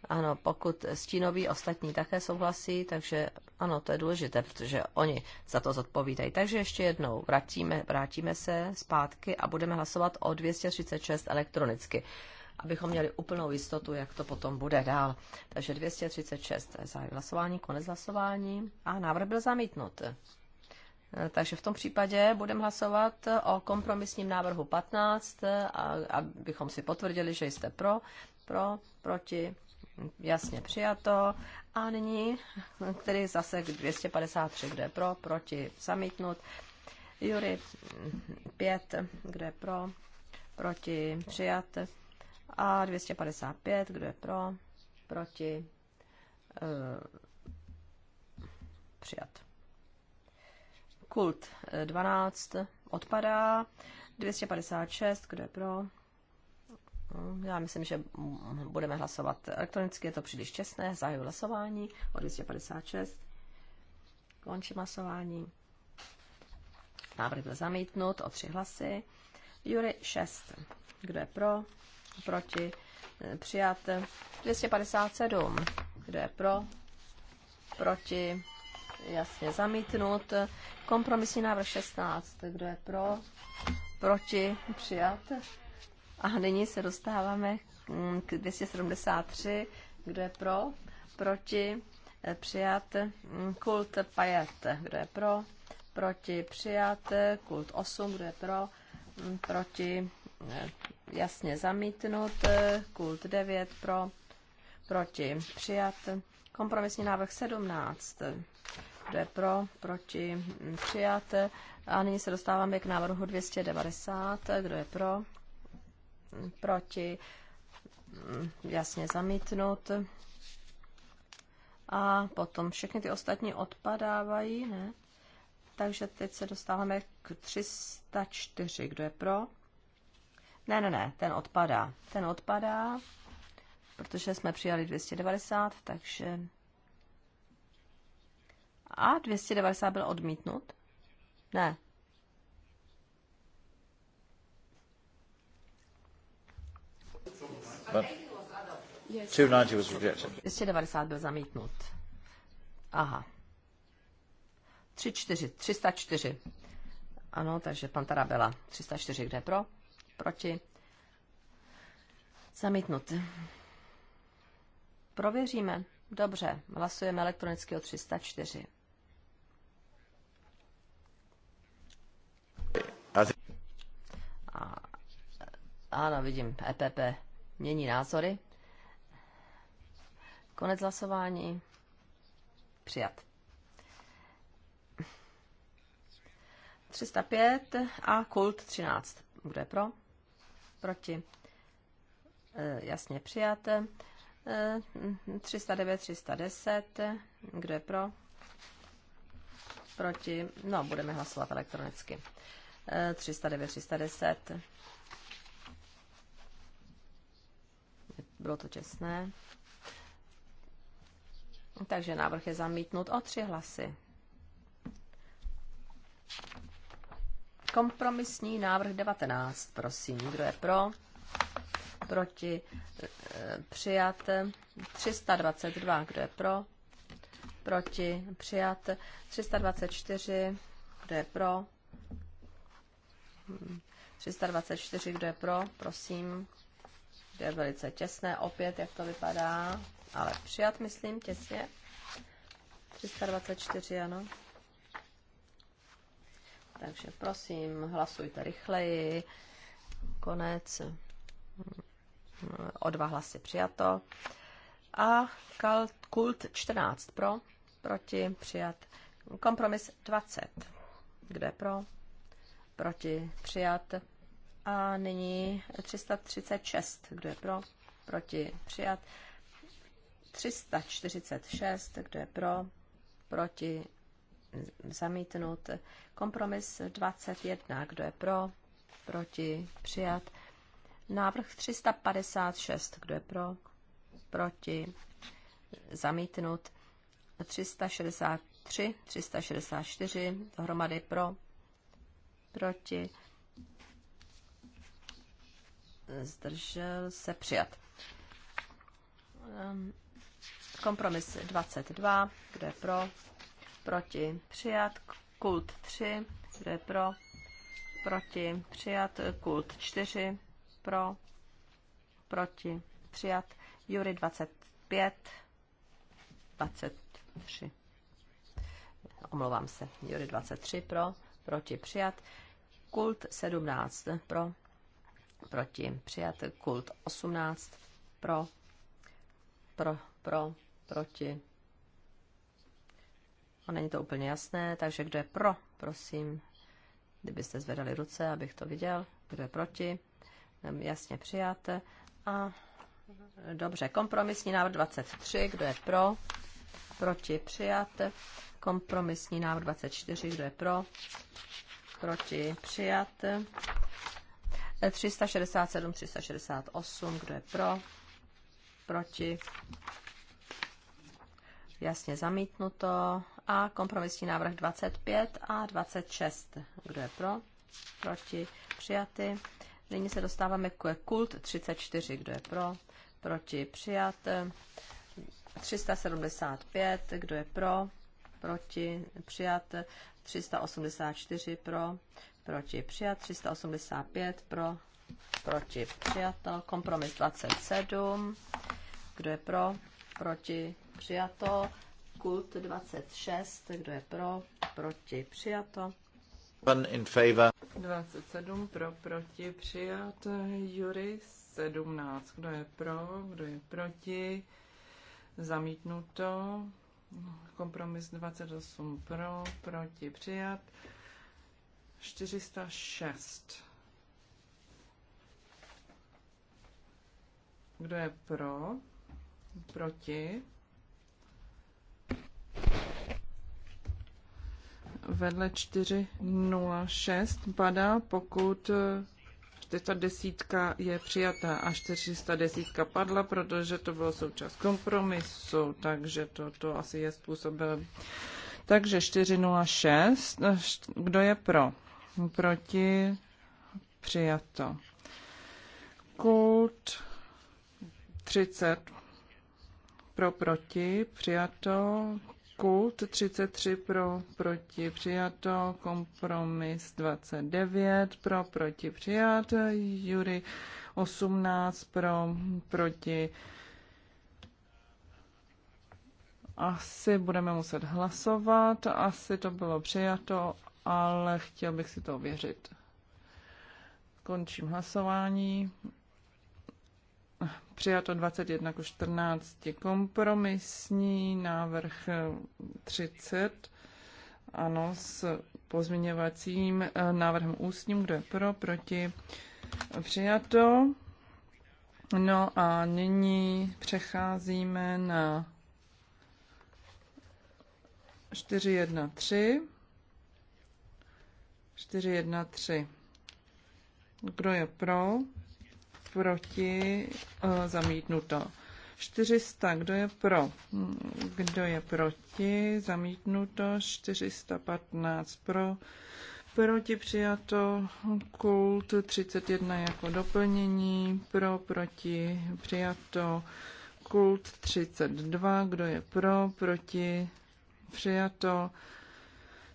S4: ano, pokud stínoví ostatní také souhlasí, takže ano, to je důležité, protože oni za to zodpovídají. Takže ještě jednou vrátíme, vrátíme se zpátky a budeme hlasovat o 236 elektronicky, abychom měli úplnou jistotu, jak to potom bude dál. Takže 236 za hlasování, konec hlasování a návrh byl zamítnut. Takže v tom případě budeme hlasovat o kompromisním návrhu 15, a, abychom si potvrdili, že jste pro, pro, proti, jasně přijato. A nyní, který zase 253, kde je pro, proti, zamítnut. Jury 5, kde je pro, proti, přijat. A 255, kde je pro, proti, uh, přijat. Kult 12 odpadá. 256, kde je pro, já myslím, že budeme hlasovat elektronicky, je to příliš čestné. Zahajuji hlasování o 256. Končím hlasování. Návrh byl zamítnut o tři hlasy. Jury 6. Kdo je pro? Proti? Přijat 257. Kdo je pro? Proti? Jasně zamítnut. Kompromisní návrh 16. Kdo je pro? Proti? Přijat a nyní se dostáváme k 273. Kdo je pro? Proti? Eh, přijat mm, kult Pajet. Kdo je pro? Proti? Přijat kult 8. Kdo je pro? Mm, proti? Eh, jasně zamítnut. Eh, kult 9 pro? Proti? Přijat. Kompromisní návrh 17. Kdo je pro? Proti? Mm, přijat. A nyní se dostáváme k návrhu 290. Kdo je pro? proti, mm, jasně zamítnut. A potom všechny ty ostatní odpadávají, ne? Takže teď se dostáváme k 304. Kdo je pro? Ne, ne, ne, ten odpadá. Ten odpadá, protože jsme přijali 290, takže... A 290 byl odmítnut? Ne,
S3: 290
S1: was rejected.
S4: 290 byl zamítnut. Aha. 304, 304. Ano, takže pan Tarabela. 304, kde pro? Proti? Zamítnut. Prověříme. Dobře, hlasujeme elektronicky o 304. A, ano, vidím, EPP mění názory. Konec hlasování. Přijat. 305 a kult 13. Bude pro? Proti. E, jasně přijat. E, 309, 310. Kdo je pro? Proti. No, budeme hlasovat elektronicky. E, 309, 310. Bylo to těsné. Takže návrh je zamítnut o tři hlasy. Kompromisní návrh 19, prosím. Kdo je pro? Proti? Eh, přijat 322. Kdo je pro? Proti? Přijat 324. Kdo je pro? 324. Hm. Kdo je pro? Prosím. To je velice těsné, opět, jak to vypadá, ale přijat, myslím, těsně. 324, ano. Takže prosím, hlasujte rychleji. Konec. O dva hlasy přijato. A kult 14 pro, proti, přijat. Kompromis 20. Kde pro? Proti, přijat. A nyní 336. Kdo je pro? Proti? Přijat. 346. Kdo je pro? Proti? Zamítnut. Kompromis 21. Kdo je pro? Proti? Přijat. Návrh 356. Kdo je pro? Proti? Zamítnut. 363, 364, dohromady pro, proti, zdržel se přijat. Ehm, kompromis 22, kdo je pro, proti přijat, kult 3, kdo je pro, proti přijat, kult 4, pro, proti přijat, Jury 25, 23. Omlouvám se. Jury 23 pro, proti přijat. Kult 17 pro, proti, přijat. Kult 18, pro, pro, pro, proti. A není to úplně jasné, takže kdo je pro, prosím, kdybyste zvedali ruce, abych to viděl, kdo je proti, jasně přijat. A dobře, kompromisní návrh 23, kdo je pro, proti, přijat. Kompromisní návrh 24, kdo je pro, proti, přijat. 367, 368, kdo je pro, proti, jasně zamítnuto. A kompromisní návrh 25 a 26, kdo je pro, proti, přijaty. Nyní se dostáváme k kult 34, kdo je pro, proti, přijat. 375, kdo je pro, proti, přijat. 384 pro, proti přijat, 385 pro, proti přijato, kompromis 27, kdo je pro, proti přijato, kult 26,
S2: kdo je pro, proti přijato.
S1: In favor.
S2: 27 pro, proti přijat, Jury 17, kdo je pro, kdo je proti, zamítnuto. Kompromis 28 pro, proti přijat. 406. Kdo je pro? Proti? Vedle 406 padá, pokud 410 je přijatá a 410 padla, protože to bylo součást kompromisu, takže to, to asi je způsobem. Takže 406, kdo je pro? Proti? Přijato. Kult 30 pro proti, přijato Kult 33 pro, proti přijato, kompromis 29 pro, proti přijat, Jury 18 pro, proti asi budeme muset hlasovat, asi to bylo přijato, ale chtěl bych si to věřit. Končím hlasování přijato 21 ku 14. Kompromisní návrh 30. Ano, s pozměňovacím eh, návrhem ústním, kdo je pro, proti, přijato. No a nyní přecházíme na 413. 413. Kdo je pro? proti, uh, zamítnuto. 400, kdo je pro, kdo je proti, zamítnuto, 415 pro, proti přijato, kult 31 jako doplnění, pro, proti přijato, kult 32, kdo je pro, proti přijato,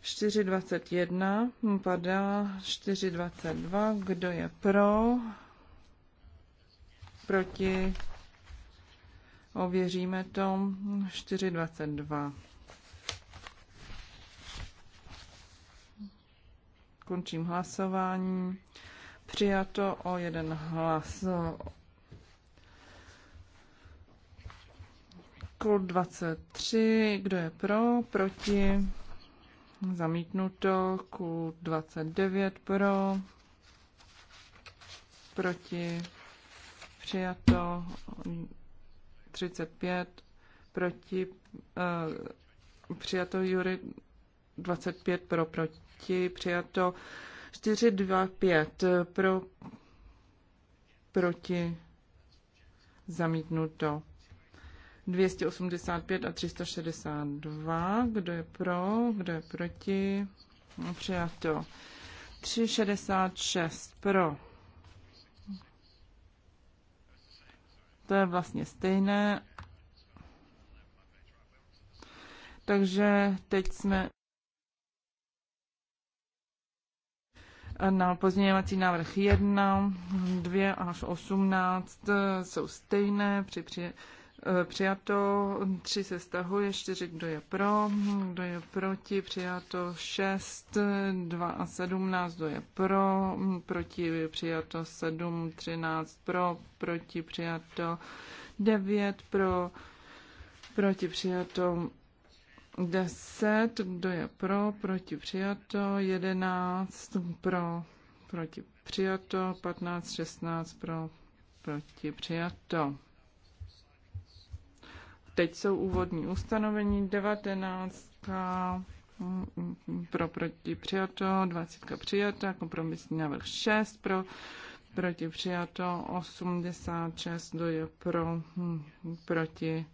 S2: 421 padá 422, kdo je pro, proti, ověříme to, 4,22. Končím hlasování. Přijato o jeden hlas. Kol 23, kdo je pro, proti, zamítnuto, Kol 29 pro, proti, přijato 35, proti, uh, přijato Jury 25 pro, proti, přijato 4, 2, 5 pro, proti, zamítnuto 285 a 362, kdo je pro, kdo je proti, přijato 366 pro, To je vlastně stejné. Takže teď jsme na pozměňovací návrh 1, 2 až 18 jsou stejné při, při Eh, přijato tři se stahuje, čtyři kdo je pro, kdo je proti, přijato šest, dva a sedmnáct, kdo je pro, proti přijato sedm, třináct pro, proti přijato devět pro, proti přijato deset, kdo je pro, proti přijato jedenáct pro, proti přijato patnáct, šestnáct pro, proti přijato. Teď jsou úvodní ustanovení 19 mm, mm, mm, pro proti přijato, 20 přijata, kompromisní návrh 6 pro proti přijato, 86 do je pro proti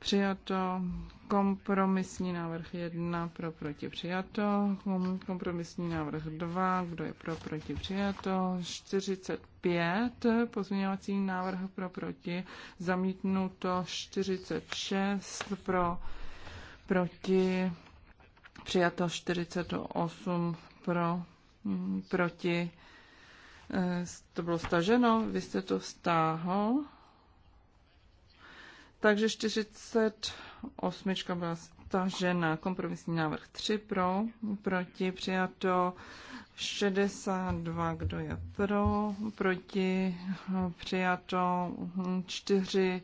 S2: přijato, kompromisní návrh 1 pro proti přijato, kompromisní návrh 2, kdo je pro proti přijato, 45 pozměňovací návrh pro proti, zamítnuto 46 pro proti, přijato 48 pro proti, eh, to bylo staženo, vy jste to stáhl. Takže 48 byla stažena. Kompromisní návrh 3 pro, proti přijato 62, kdo je pro, proti přijato 4,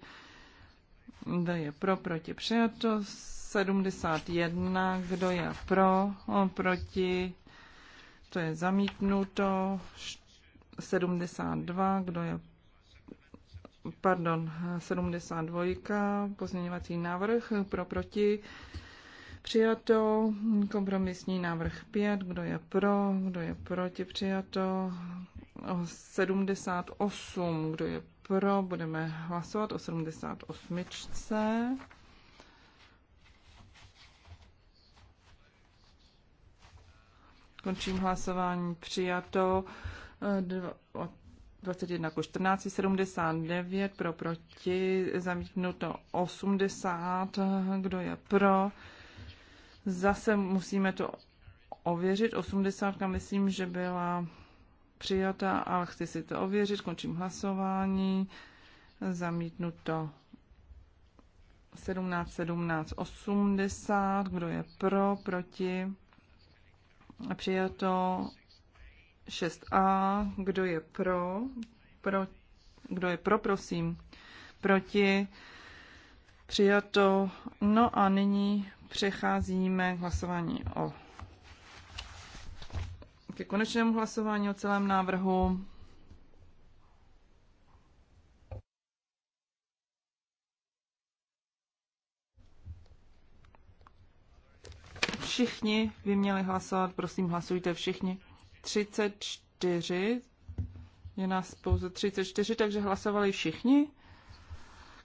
S2: kdo je pro, proti přijato 71, kdo je pro, proti, to je zamítnuto 72, kdo je pardon, 72, pozměňovací návrh pro proti, přijato, kompromisní návrh 5, kdo je pro, kdo je proti, přijato, 78, kdo je pro, budeme hlasovat o 78. Končím hlasování, přijato, 21 ku 14, 79 pro proti, zamítnuto 80, kdo je pro. Zase musíme to ověřit, 80 myslím, že byla přijata, ale chci si to ověřit, končím hlasování, zamítnuto 17, 17, 80, kdo je pro, proti, přijato 6a. Kdo je pro? pro kdo je pro, prosím? Proti? Přijato. No a nyní přecházíme k hlasování o ke konečnému hlasování o celém návrhu. Všichni by měli hlasovat, prosím, hlasujte všichni. 34. Je nás pouze 34, takže hlasovali všichni.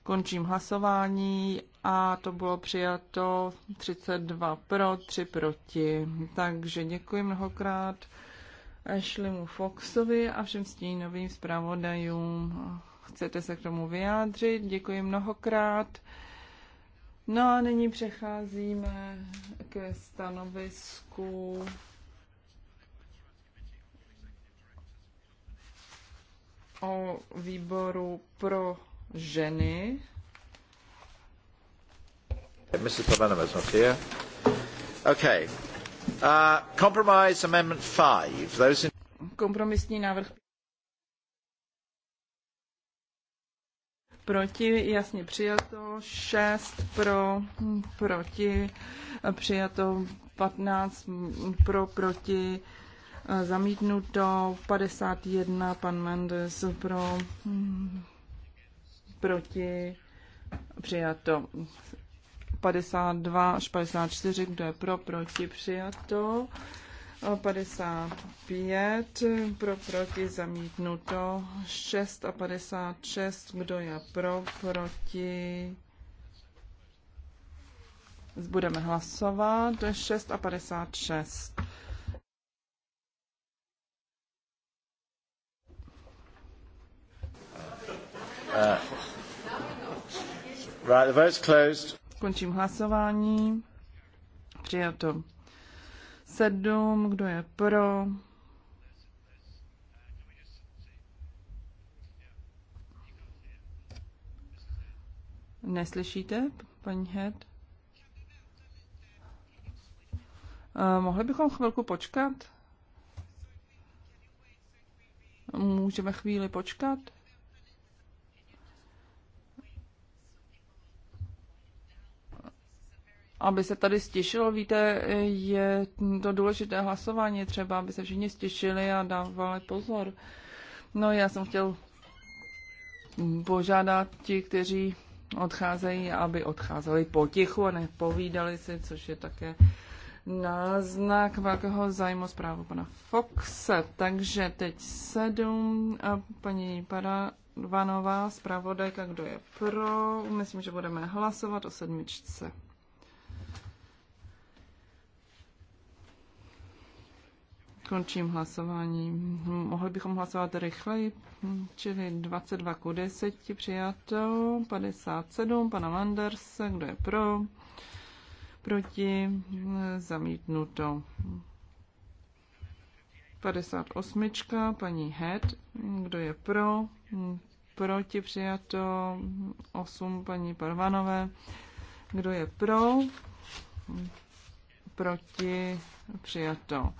S2: Končím hlasování a to bylo přijato 32 pro, 3 proti. Takže děkuji mnohokrát Ashleymu Foxovi a všem stínovým zpravodajům. Chcete se k tomu vyjádřit? Děkuji mnohokrát. No a nyní přecházíme ke stanovisku o výboru pro ženy.
S1: Uh, compromise amendment 5. Those in...
S2: Kompromisní návrh proti, jasně přijato, 6 pro, proti, přijato 15 pro, proti, zamítnuto 51 pan Mendes pro mm, proti přijato 52 až 54 kdo je pro proti přijato 55 pro proti zamítnuto 6 a 56 kdo je pro proti budeme hlasovat 6 a 56
S3: Uh,
S1: right, the vote's closed.
S2: Končím hlasování. Přijato. Sedm, kdo je pro? Neslyšíte, paní Head? Uh, mohli bychom chvilku počkat? Můžeme chvíli počkat? aby se tady stěšilo, Víte, je to důležité hlasování třeba, aby se všichni stěšili a dávali pozor. No já jsem chtěl požádat ti, kteří odcházejí, aby odcházeli potichu a nepovídali si, což je také náznak velkého zájmu zprávu pana Foxe. Takže teď sedm a paní Vanová, zpravodajka, kdo je pro. Myslím, že budeme hlasovat o sedmičce. Končím hlasování. Mohli bychom hlasovat rychleji, čili 22 k 10 přijato, 57 pana Manderse, kdo je pro, proti, zamítnuto. 58. paní Head, kdo je pro, proti přijato, 8 paní Parvanové, kdo je pro, proti přijato.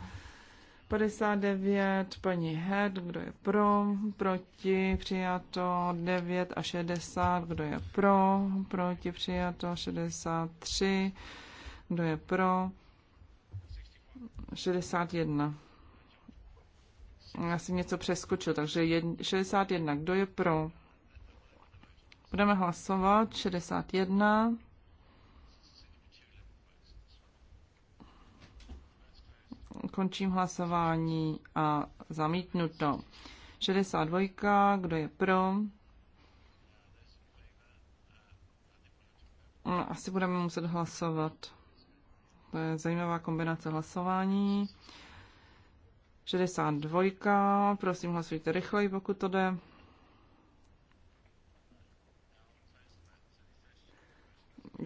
S2: 59, paní Head, kdo je pro, proti, přijato 9 a 60, kdo je pro, proti, přijato 63, kdo je pro, 61. Já jsem něco přeskočil, takže 61, kdo je pro? Budeme hlasovat 61. Končím hlasování a zamítnuto. 62. Kdo je pro? No, asi budeme muset hlasovat. To je zajímavá kombinace hlasování. 62. Prosím, hlasujte rychleji, pokud to jde.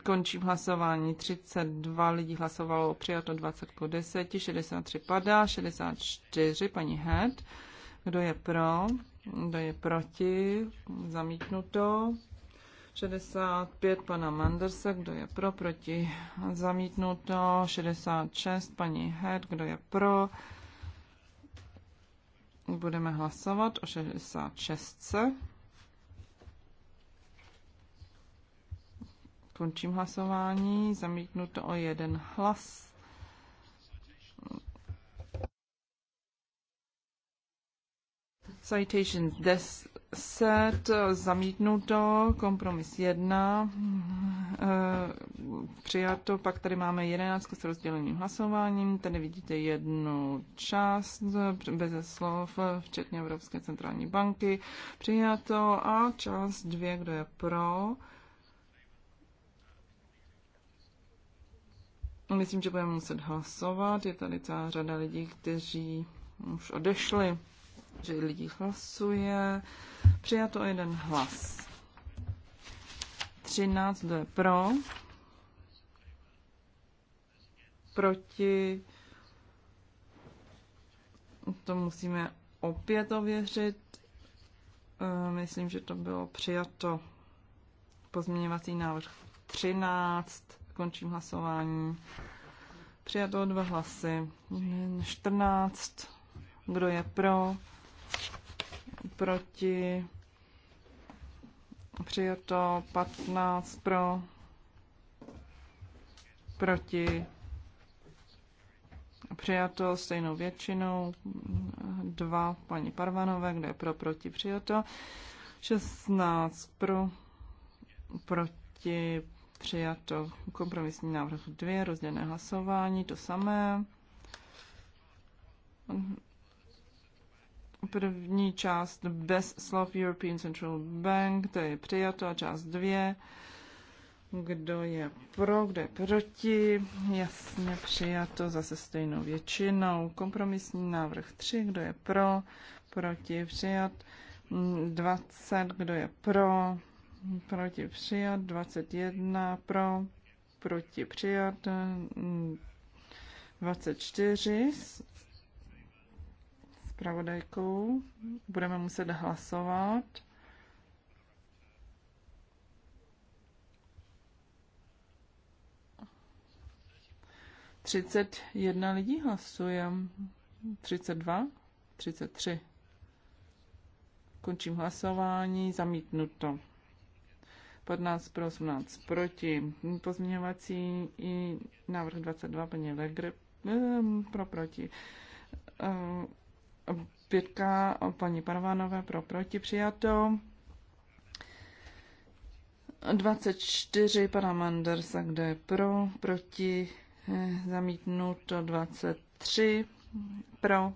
S2: Končím hlasování. 32 lidí hlasovalo přijato 20 po 10, 63 padá, 64 paní Head. Kdo je pro? Kdo je proti? Zamítnuto. 65 pana Manderse, kdo je pro, proti, zamítnuto, 66 paní Head, kdo je pro. Budeme hlasovat o 66. Končím hlasování. Zamítnuto o jeden hlas. Citation 10, zamítnuto, kompromis 1, eh, přijato, pak tady máme 11 s rozděleným hlasováním, tady vidíte jednu část bez slov, včetně Evropské centrální banky, přijato a část 2, kdo je pro, Myslím, že budeme muset hlasovat. Je tady celá řada lidí, kteří už odešli, že lidí hlasuje. Přijato jeden hlas. 13, kdo je pro? Proti? To musíme opět ověřit. Eh, myslím, že to bylo přijato pozměňovací návrh 13. Končím hlasování. Přijato dva hlasy. 14. Kdo je pro? Proti? Přijato 15 pro, proti, přijato stejnou většinou, dva paní Parvanové, kde je pro, proti, přijato, 16 pro, proti, Přijato kompromisní návrh 2, rozdělené hlasování, to samé. První část bez slov European Central Bank, to je přijato, a část 2. Kdo je pro, kdo je proti, jasně přijato zase stejnou většinou. Kompromisní návrh 3, kdo je pro, proti, přijat. 20, kdo je pro, proti přijat, 21 pro, proti přijat, 24 s pravodajkou. Budeme muset hlasovat. Třicet jedna lidí hlasuje. Třicet dva? Třicet tři. Končím hlasování. Zamítnuto. 15 pro 18 proti. Pozměňovací i návrh 22 paní Legre ehm, pro proti. Ehm, pětka paní Parvánové pro proti přijato. 24 pana Mandersa, kde je pro, proti, eh, zamítnuto 23, pro,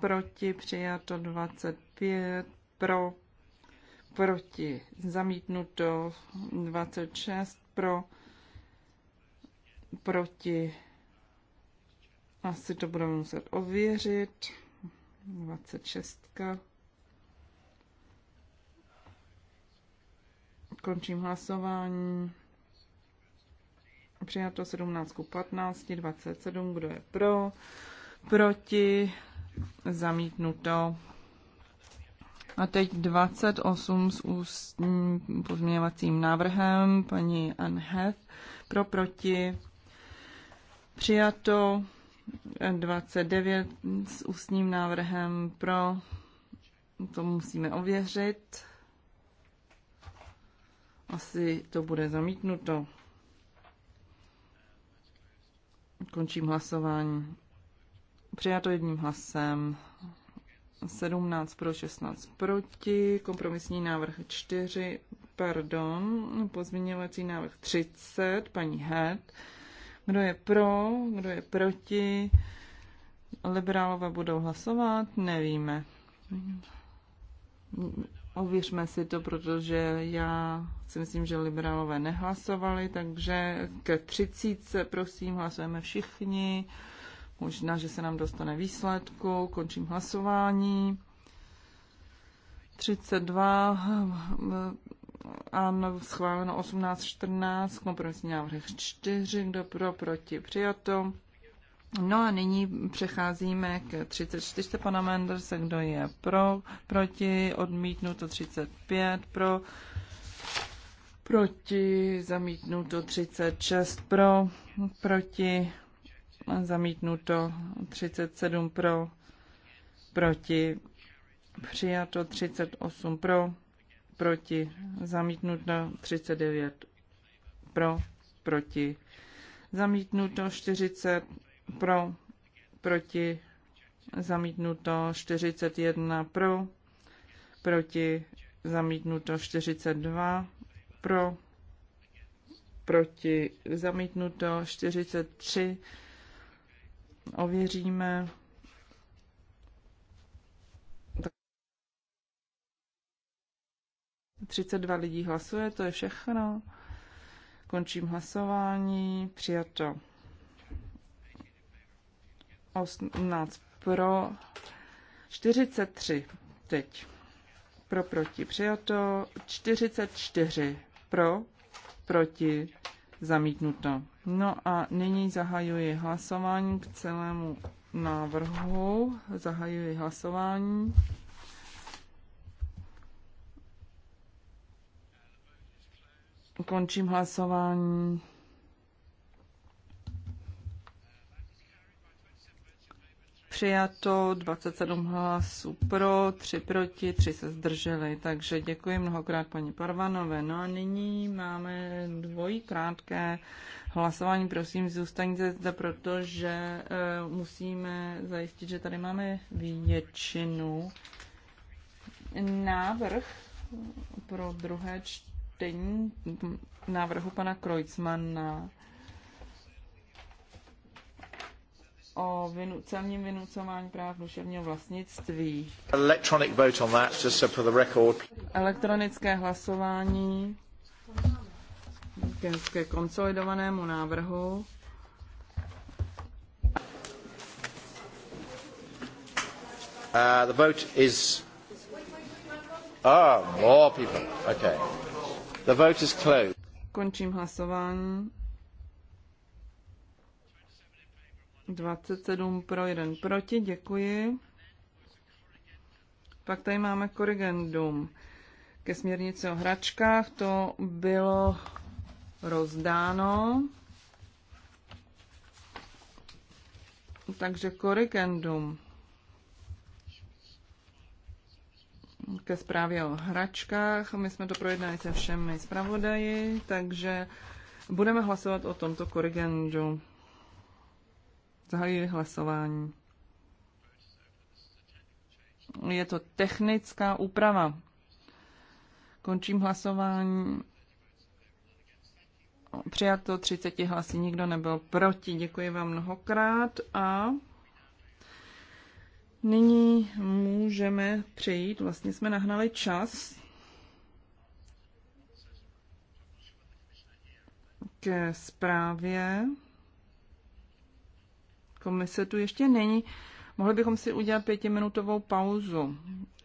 S2: proti, přijato 25, pro, proti, zamítnuto 26 pro, proti, asi to budeme muset ověřit, 26. Končím hlasování. Přijato 17 ku 15, 27, kdo je pro, proti, zamítnuto a teď 28 s ústním pozměňovacím návrhem paní Anheth pro proti přijato 29 s ústním návrhem pro to musíme ověřit. Asi to bude zamítnuto. Končím hlasování. Přijato jedním hlasem. 17 pro 16 proti, kompromisní návrh 4, pardon, pozměňovací návrh 30, paní Hed, Kdo je pro, kdo je proti? Liberálové budou hlasovat? Nevíme. Ověřme si to, protože já si myslím, že liberálové nehlasovali, takže ke 30 prosím hlasujeme všichni. Možná, že se nám dostane výsledku. Končím hlasování. 32 eh, ano, schváleno 18, 14, kompromisní návrh 4, kdo pro, proti, přijato. No a nyní přecházíme k 34 pana Mendersa, kdo je pro, proti, odmítnuto 35, pro, proti, zamítnuto 36, pro, proti, zamítnuto 37 pro, proti, přijato 38 pro, proti, zamítnuto 39 pro, proti, zamítnuto 40 pro, proti, zamítnuto 41 pro, proti, zamítnuto 42 pro, proti, zamítnuto 43 ověříme. Tak 32 lidí hlasuje, to je všechno. Končím hlasování. Přijato. 18 pro, 43 teď. Pro proti přijato, 44 pro, proti zamítnuto. No a nyní zahajuji hlasování k celému návrhu. Zahajuji hlasování. Končím hlasování. Přijato 27 hlasů pro, 3 proti, 3 se zdrželi. Takže děkuji mnohokrát paní Parvanové. No a nyní máme dvojí krátké hlasování. Prosím, zůstaňte zde, protože uh, musíme zajistit, že tady máme většinu. Návrh pro druhé čtení návrhu pana Kreutzmana o vinu, celním vynucování práv duševního vlastnictví.
S1: Electronic vote on that, just so for the record.
S2: Elektronické hlasování ke, ke konsolidovanému návrhu.
S1: Uh, the vote is... Ah, oh, more people. Okay. The vote is closed.
S2: Končím hlasování. 27 pro, 1 proti, děkuji. Pak tady máme korrigendum ke směrnici o hračkách. To bylo rozdáno. Takže korrigendum ke zprávě o hračkách. My jsme to projednali se všemi zpravodaji, takže budeme hlasovat o tomto korrigendu. Zahajuji hlasování. Je to technická úprava. Končím hlasování. Přijato 30 hlasy, nikdo nebyl proti. Děkuji vám mnohokrát a nyní můžeme přejít. Vlastně jsme nahnali čas ke zprávě komise tu ještě není. Mohli bychom si udělat pětiminutovou pauzu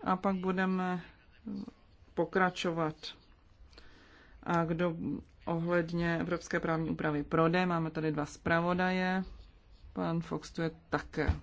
S2: a pak budeme pokračovat. A kdo ohledně evropské právní úpravy prodej, máme tady dva zpravodaje. Pan Fox tu je také.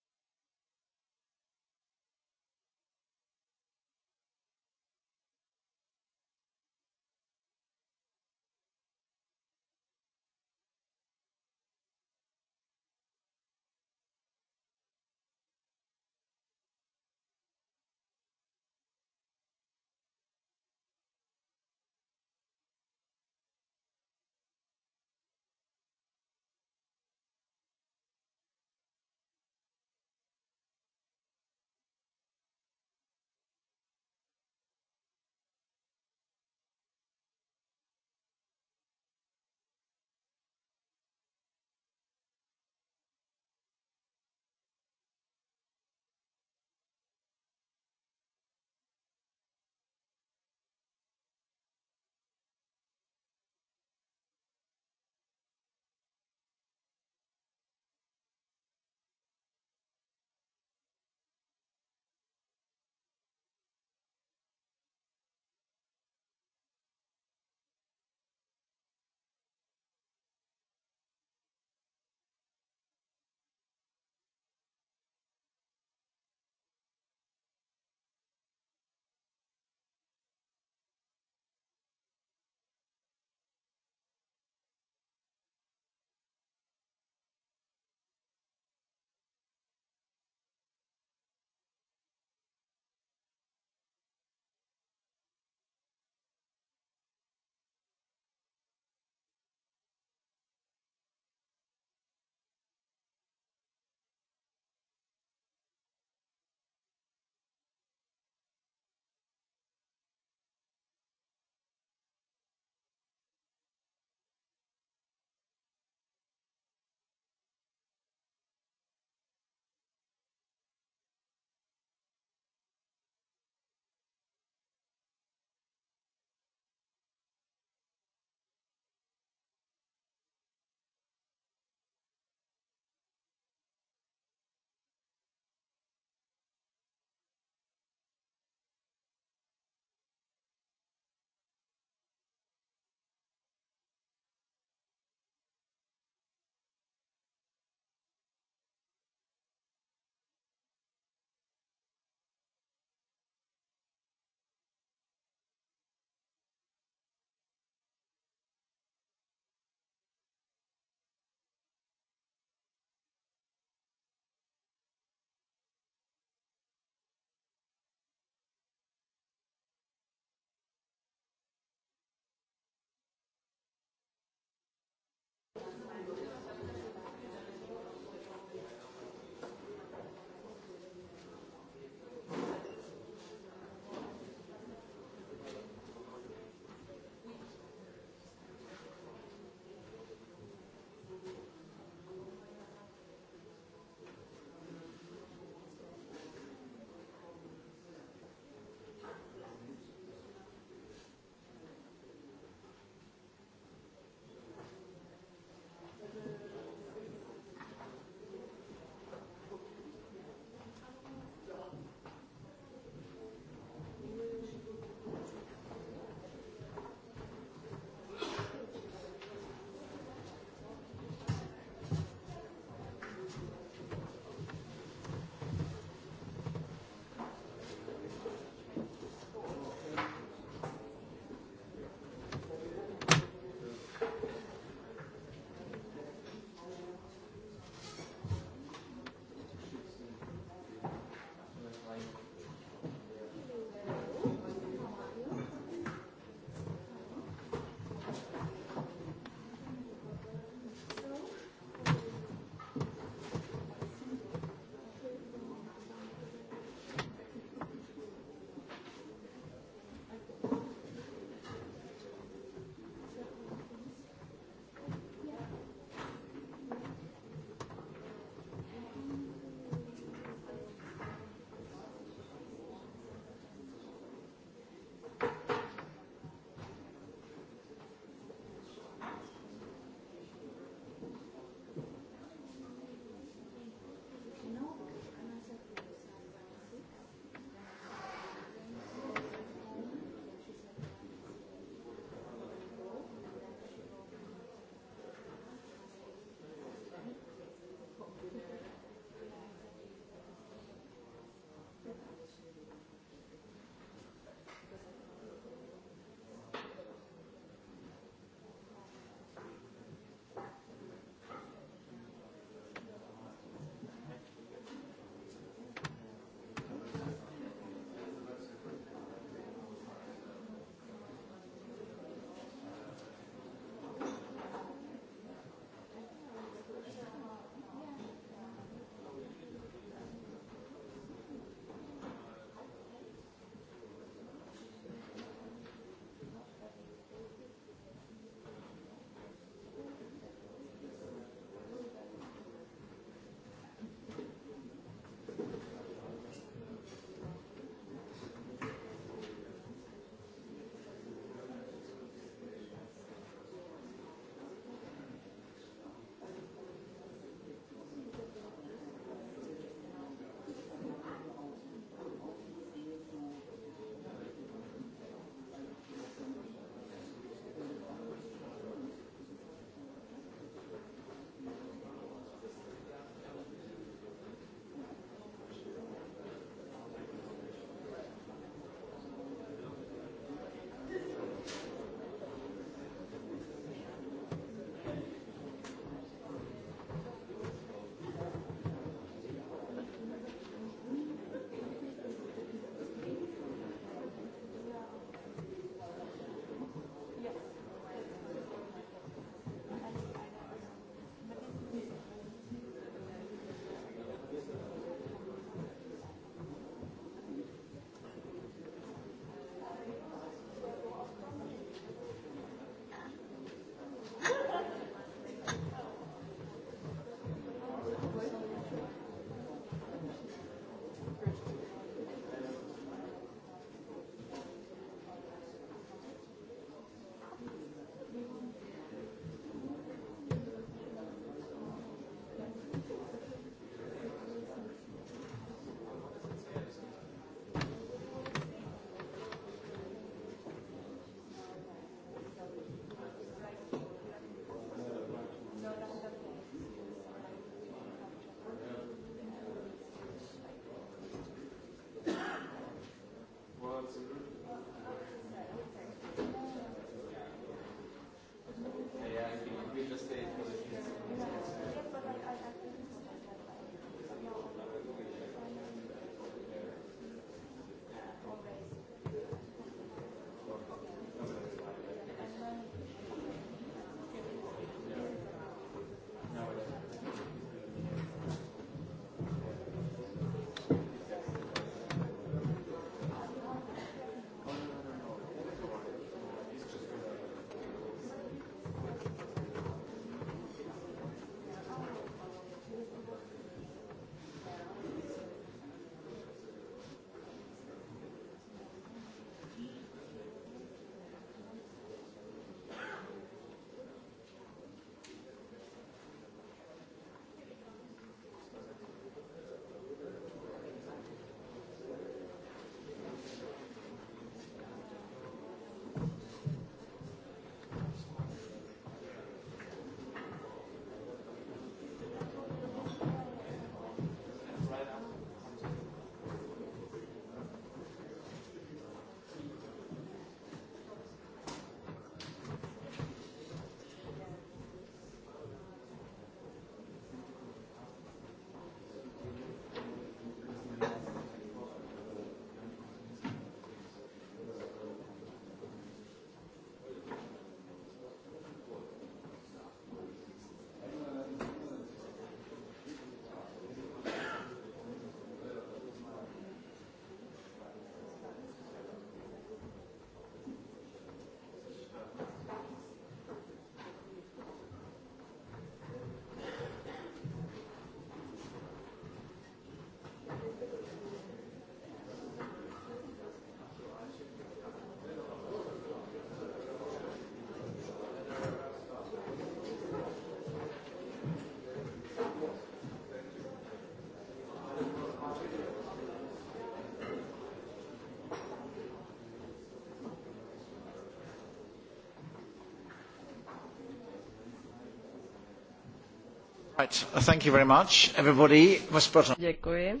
S1: Děkuji.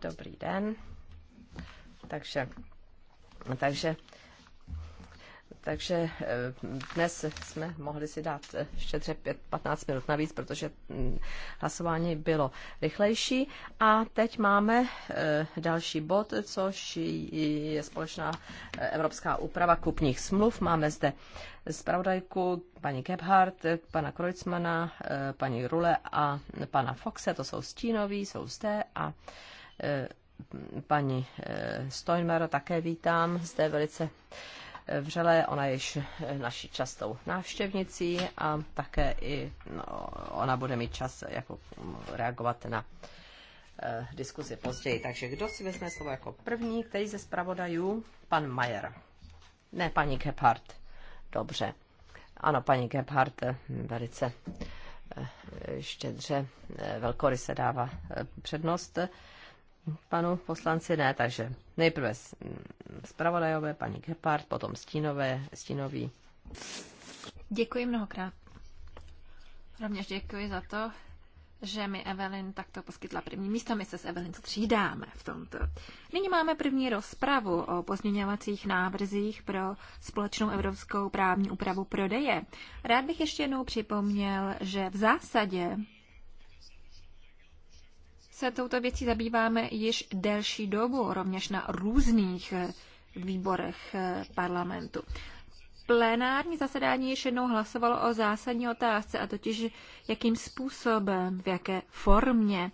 S4: Dobrý den. Takže, takže takže eh, dnes jsme mohli si dát štědře 5, 15 minut navíc, protože mm, hlasování bylo rychlejší. A teď máme eh, další bod, což je společná eh, evropská úprava kupních smluv. Máme zde zpravodajku paní Gebhardt, pana Kreuzmana, paní Rule a pana Foxe, to jsou stínoví, jsou zde a paní Stojnmar také vítám zde velice vřele, ona je eh, naší častou návštěvnicí a také i no, ona bude mít čas jako reagovat na eh, diskuzi později. Takže kdo si vezme slovo jako první, který ze zpravodajů? Pan Majer. Ne, paní Gebhardt. Dobře. Ano, paní Gebhardt eh, velice eh, štědře, velkoryse dává přednost panu poslanci. Ne, takže nejprve zpravodajové, paní Gepard, potom stínové, stínový.
S5: Děkuji mnohokrát. Rovněž děkuji za to, že mi Evelyn takto poskytla první místo. My se s Evelyn střídáme v tomto. Nyní máme první rozpravu o pozměňovacích návrzích pro společnou evropskou právní úpravu prodeje. Rád bych ještě jednou připomněl, že v zásadě se touto věcí zabýváme již delší dobu, rovněž na různých výborech eh, parlamentu. Plenární zasedání ještě jednou hlasovalo o zásadní otázce, a totiž jakým způsobem, v jaké formě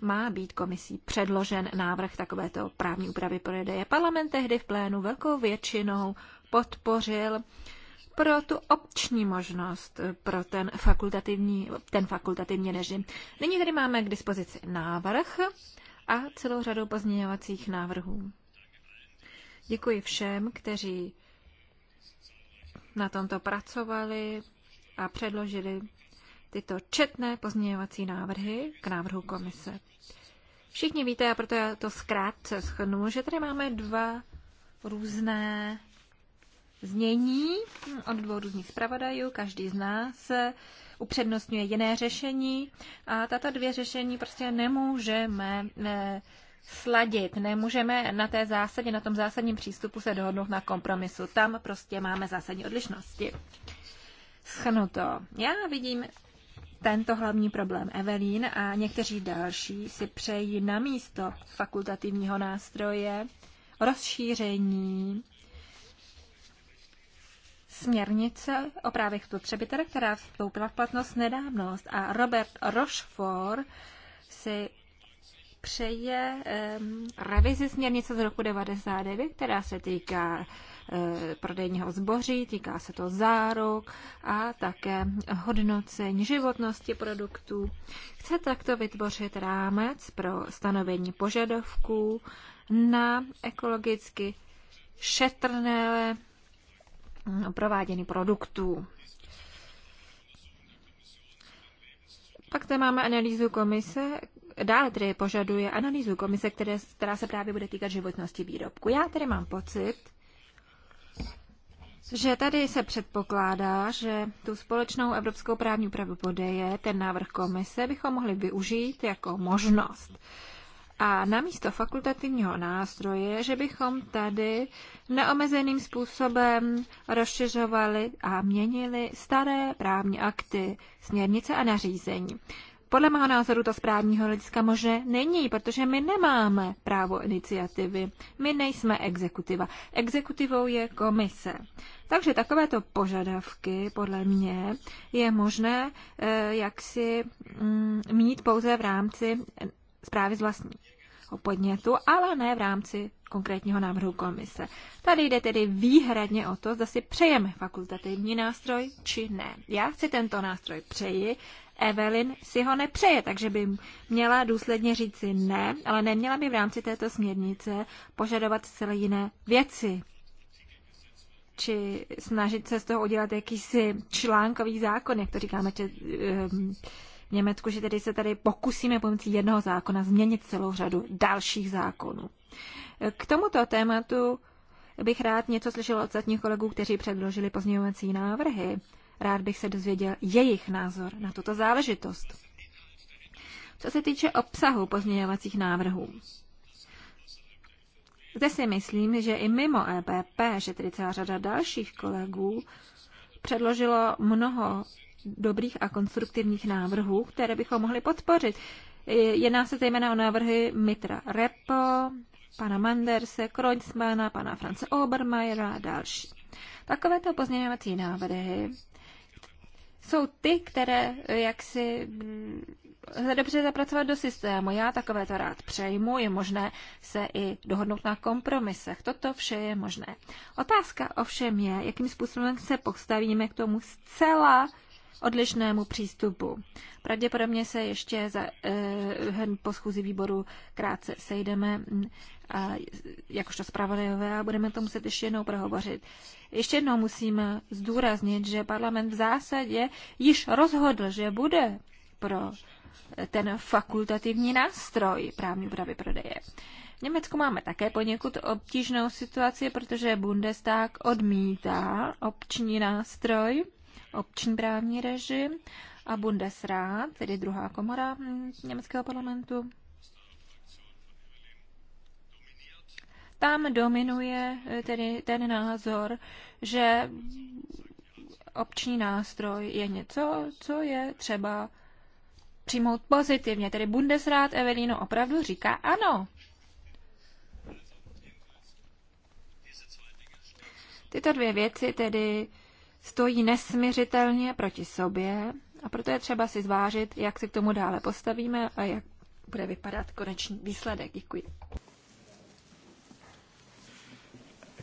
S5: má být komisí předložen návrh takovéto právní úpravy jedeje. Parlament tehdy v plénu velkou většinou podpořil pro tu opční možnost pro ten fakultativní, ten fakultativní režim. Nyní tedy máme k dispozici návrh a celou řadu pozměňovacích návrhů. Děkuji všem, kteří na tomto pracovali a předložili tyto četné pozměňovací návrhy k návrhu komise. Všichni víte, a proto já to zkrátce schrnu, že tady máme dva různé znění od dvou různých zpravodajů. Každý z nás upřednostňuje jiné řešení a tato dvě řešení prostě nemůžeme ne, eh, sladit. Nemůžeme na té zásadě, na tom zásadním přístupu se dohodnout na kompromisu. Tam prostě máme zásadní odlišnosti. Schnuto. Já vidím tento hlavní problém. Evelyn a někteří další si přejí na místo fakultativního nástroje rozšíření směrnice o právech spotřebitele, která vstoupila v platnost nedávnost. A Robert Rochefort si přeje um, revizi směrnice z roku 99, která se týká uh, prodejního zboří, týká se to záruk a také hodnocení životnosti produktů. Chce takto vytvořit rámec pro stanovení požadavků na ekologicky šetrné mm, provádění produktů. Pak tam máme analýzu komise, dále tedy požaduje analýzu komise, které, která se právě bude týkat životnosti výrobku. Já tedy mám pocit, že tady se předpokládá, že tu společnou evropskou právní úpravu podeje, ten návrh komise, bychom mohli využít jako možnost. A namísto fakultativního nástroje, že bychom tady neomezeným způsobem rozšiřovali a měnili staré právní akty, směrnice a nařízení podle mého názoru to z právního hlediska možné není, protože my nemáme právo iniciativy. My nejsme exekutiva. Exekutivou je komise. Takže takovéto požadavky, podle mě, je možné eh, jaksi mm, mít pouze v rámci zprávy z vlastního podnětu, ale ne v rámci konkrétního návrhu komise. Tady jde tedy výhradně o to, zda si přejeme fakultativní nástroj či ne. Já si tento nástroj přeji, Evelyn si ho nepřeje, takže by měla důsledně říci ne, ale neměla by v rámci této směrnice požadovat celé jiné věci či snažit se z toho udělat jakýsi článkový zákon, jak to říkáme tě, ehm, v Německu, že tedy se tady pokusíme pomocí jednoho zákona změnit celou řadu dalších zákonů. K tomuto tématu bych rád něco slyšel od ostatních kolegů, kteří předložili pozměňovací návrhy. Rád bych se dozvěděl jejich názor na tuto záležitost. Co se týče obsahu pozměňovacích návrhů, zde si myslím, že i mimo EPP, že tedy celá řada dalších kolegů předložilo mnoho dobrých a konstruktivních návrhů, které bychom mohli podpořit. Jedná se zejména o návrhy Mitra Repo, pana Manderse, Kreuzmana, pana France Obermeiera a další. Takovéto pozměňovací návrhy jsou ty, které eh, jak si se mm, dobře zapracovat do systému. Já takové to rád přejmu, je možné se i dohodnout na kompromisech. Toto vše je možné. Otázka ovšem je, jakým způsobem se postavíme k tomu zcela odlišnému přístupu. Pravděpodobně se ještě za, eh, po schůzi výboru krátce sejdeme, mm, a, jakožto zpravodajové, a budeme to muset ještě jednou prohovořit. Ještě jednou musím zdůraznit, že parlament v zásadě již rozhodl, že bude pro ten fakultativní nástroj právní úpravy prodeje. V Německu máme také poněkud obtížnou situaci, protože Bundestag odmítá obční nástroj obční právní režim a Bundesrat, tedy druhá komora německého parlamentu. Tam dominuje eh, tedy ten názor, že obční nástroj je něco, co je třeba přijmout pozitivně. Tedy Bundesrat Evelino opravdu říká ano. Tyto dvě věci tedy stojí nesmiřitelně proti sobě a proto je třeba si zvážit, jak se k tomu dále postavíme a jak bude vypadat konečný výsledek. Děkuji.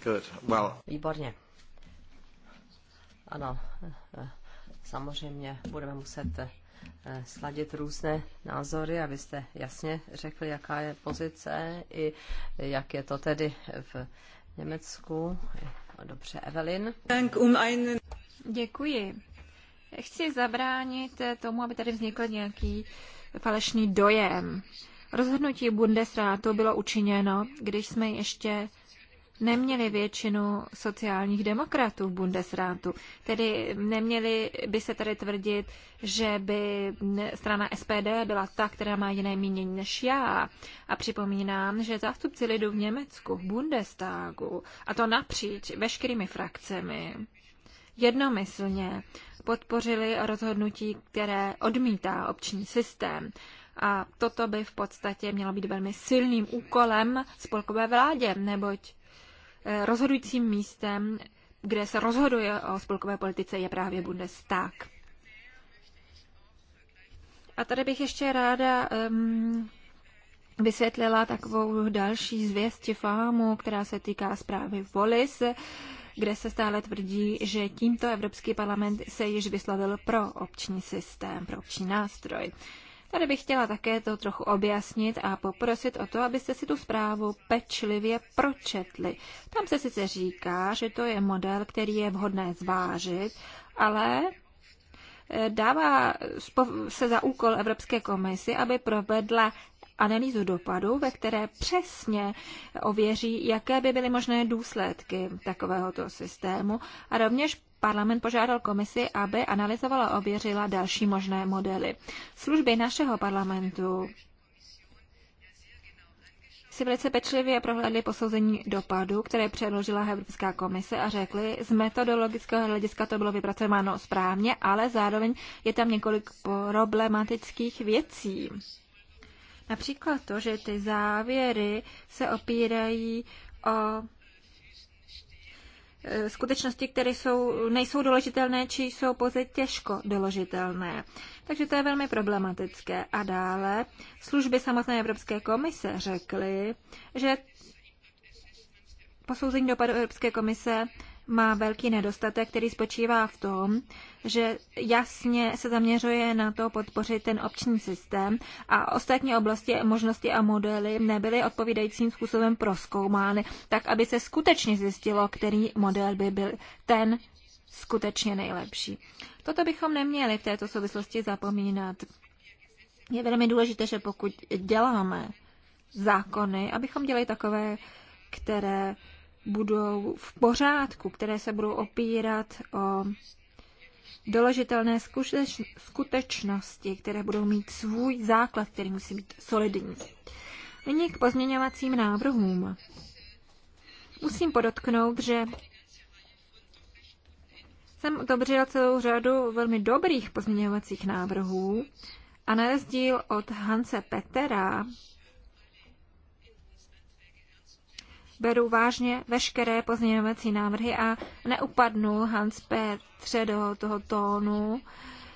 S1: Good. Well.
S4: Výborně. Ano, eh, samozřejmě budeme muset eh, sladit různé názory a jasně řekli, jaká je pozice i jak je to tedy v Německu.
S5: Dobře, Evelyn. Um Děkuji. Chci zabránit tomu, aby tady vznikl nějaký falešný dojem. Rozhodnutí Bundesrátu bylo učiněno, když jsme ještě neměli většinu sociálních demokratů v Bundesrátu. Tedy neměli by se tady tvrdit, že by strana SPD byla ta, která má jiné mínění než já. A připomínám, že zástupci lidu v Německu, v Bundestagu, a to napříč veškerými frakcemi, jednomyslně podpořili rozhodnutí, které odmítá obční systém. A toto by v podstatě mělo být velmi silným úkolem spolkové vládě, neboť rozhodujícím místem, kde se rozhoduje o spolkové politice, je právě Bundestag. A tady bych ještě ráda um, vysvětlila takovou další zvěst fámu, která se týká zprávy Volis, kde se stále tvrdí, že tímto Evropský parlament se již vyslovil pro obční systém, pro obční nástroj. Uh, Tady bych chtěla také to trochu objasnit a poprosit o to, abyste si tu zprávu pečlivě pročetli. Tam se sice říká, že to je model, který je vhodné zvážit, ale eh, dává se za úkol Evropské komisi, aby provedla analýzu dopadu, ve které přesně ověří, jaké by byly možné důsledky takovéhoto systému a rovněž Parlament požádal komisi, aby analyzovala a ověřila další možné modely. Služby našeho parlamentu si velice pečlivě prohlédli posouzení dopadu, které předložila Evropská komise a řekli, z metodologického hlediska to bylo vypracováno správně, ale zároveň je tam několik problematických věcí. Například to, že ty závěry se opírají o Eh, skutečnosti, které jsou, nejsou doložitelné, či jsou pouze těžko doložitelné. Takže to je velmi problematické. A dále služby samotné Evropské komise řekly, že posouzení dopadu Evropské komise má velký nedostatek, který spočívá v tom, že jasně se zaměřuje na to podpořit ten opční systém a ostatní oblasti, možnosti a modely nebyly odpovídajícím způsobem proskoumány, tak aby se skutečně zjistilo, který model by byl ten skutečně nejlepší. Toto bychom neměli v této souvislosti zapomínat. Je velmi důležité, že pokud děláme zákony, abychom dělali takové, které budou v pořádku, které se budou opírat o doložitelné skutečnosti, které budou mít svůj základ, který musí být solidní. Nyní k pozměňovacím návrhům. Musím podotknout, že jsem otevřela celou řadu velmi dobrých pozměňovacích návrhů a na rozdíl od Hanse Petera beru vážně veškeré pozměňovací návrhy a neupadnu Hans Petře do toho tónu,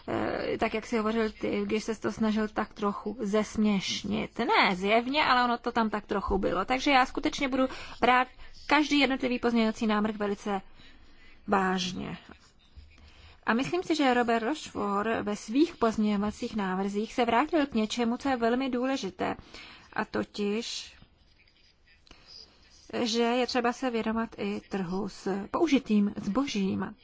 S5: eh, tak jak si hovořil ty, když se to snažil tak trochu zesměšnit. Ne, zjevně, ale ono to tam tak trochu bylo. Takže já skutečně budu brát každý jednotlivý pozměňovací návrh velice vážně. A myslím si, že Robert Rochefort ve svých pozměňovacích návrzích se vrátil k něčemu, co je velmi důležité, a totiž že je třeba se vědomat i trhu s použitým zbožím.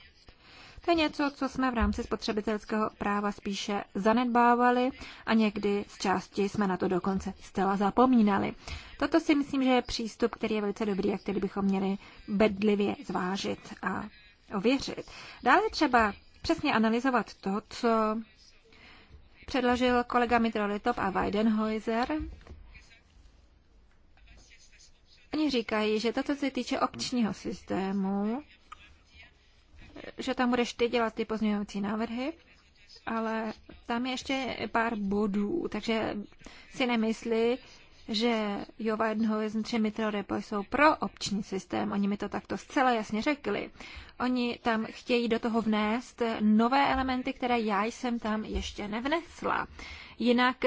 S5: To je něco, co jsme v rámci spotřebitelského práva spíše zanedbávali a někdy z části jsme na to dokonce zcela zapomínali. Toto si myslím, že je přístup, který je velice dobrý a který bychom měli bedlivě zvážit a ověřit. Dále třeba přesně analyzovat to, co předložil kolega Mitrolitop a Weidenhäuser Oni říkají, že to, co se týče opčního systému, že tam budeš ty dělat ty pozměňovací návrhy, ale tam je ještě pár bodů, takže si nemyslí, že Jova Edenhoven tři Mitro Repo jsou pro opční systém. Oni mi to takto zcela jasně řekli. Oni tam chtějí do toho vnést nové elementy, které já jsem tam ještě nevnesla. Jinak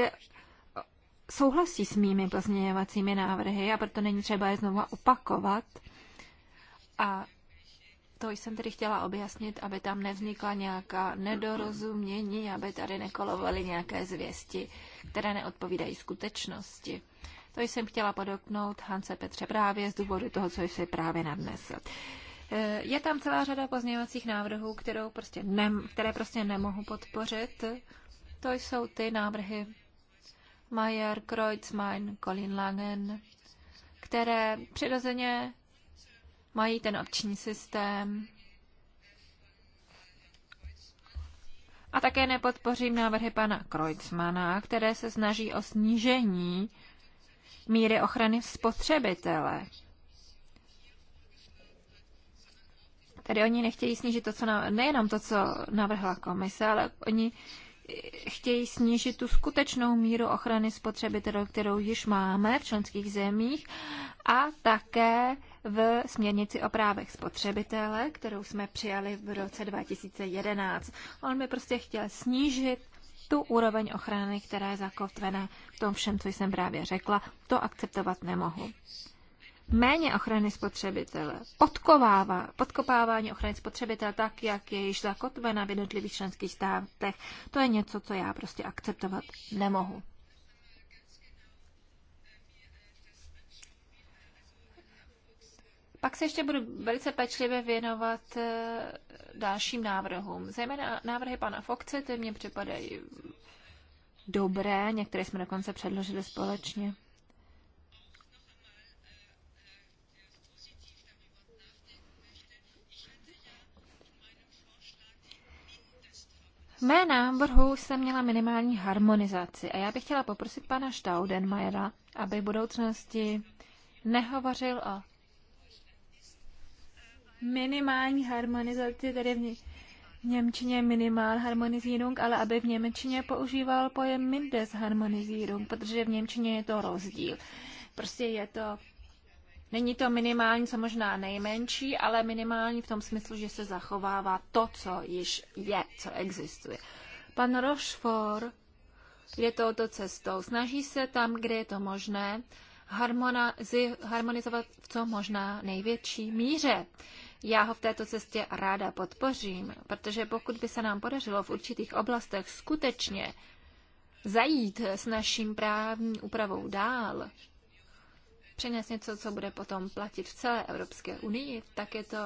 S5: souhlasí s mými pozměňovacími návrhy a proto není třeba je znovu opakovat. A to jsem tedy chtěla objasnit, aby tam nevznikla nějaká nedorozumění, aby tady nekolovaly nějaké zvěsti, které neodpovídají skutečnosti. To jsem chtěla podotknout Hance Petře právě z důvodu toho, co jsi právě nadnesl. E, je tam celá řada pozměňovacích návrhů, kterou prostě ne, které prostě nemohu podpořit. To jsou ty návrhy, Mayer, Kreutzmann, Colin Langen, které přirozeně mají ten opční systém. A také nepodpořím návrhy pana Kreuzmana, které se snaží o snížení míry ochrany spotřebitele. Tedy oni nechtějí snížit to, co na, nejenom to, co navrhla komise, ale oni chtějí snížit tu skutečnou míru ochrany spotřebitelů, kterou již máme v členských zemích a také v směrnici o právech spotřebitele, kterou jsme přijali v roce 2011. On by prostě chtěl snížit tu úroveň ochrany, která je zakotvena v tom všem, co jsem právě řekla. To akceptovat nemohu méně ochrany spotřebitele, podkovává, podkopávání ochrany spotřebitele tak, jak je již zakotvena v jednotlivých členských státech, to je něco, co já prostě akceptovat nemohu. Pak se ještě budu velice pečlivě věnovat eh, dalším návrhům. Zejména návrhy pana Fokce, ty mě připadají dobré, některé jsme dokonce předložili společně. V mé návrhu jsem měla minimální harmonizaci a já bych chtěla poprosit pana Staudenmajera, aby v budoucnosti nehovořil o minimální harmonizaci, tedy v, v Němčině minimál harmonizírung, ale aby v Němčině používal pojem harmonizírung, protože v Němčině je to rozdíl. Prostě je to Není to minimální, co možná nejmenší, ale minimální v tom smyslu, že se zachovává to, co již je, co existuje. Pan Rochefort je touto cestou. Snaží se tam, kde je to možné, harmonizovat v co možná největší míře. Já ho v této cestě ráda podpořím, protože pokud by se nám podařilo v určitých oblastech skutečně zajít s naším právní úpravou dál, přinést něco, co bude potom platit v celé Evropské unii, tak je to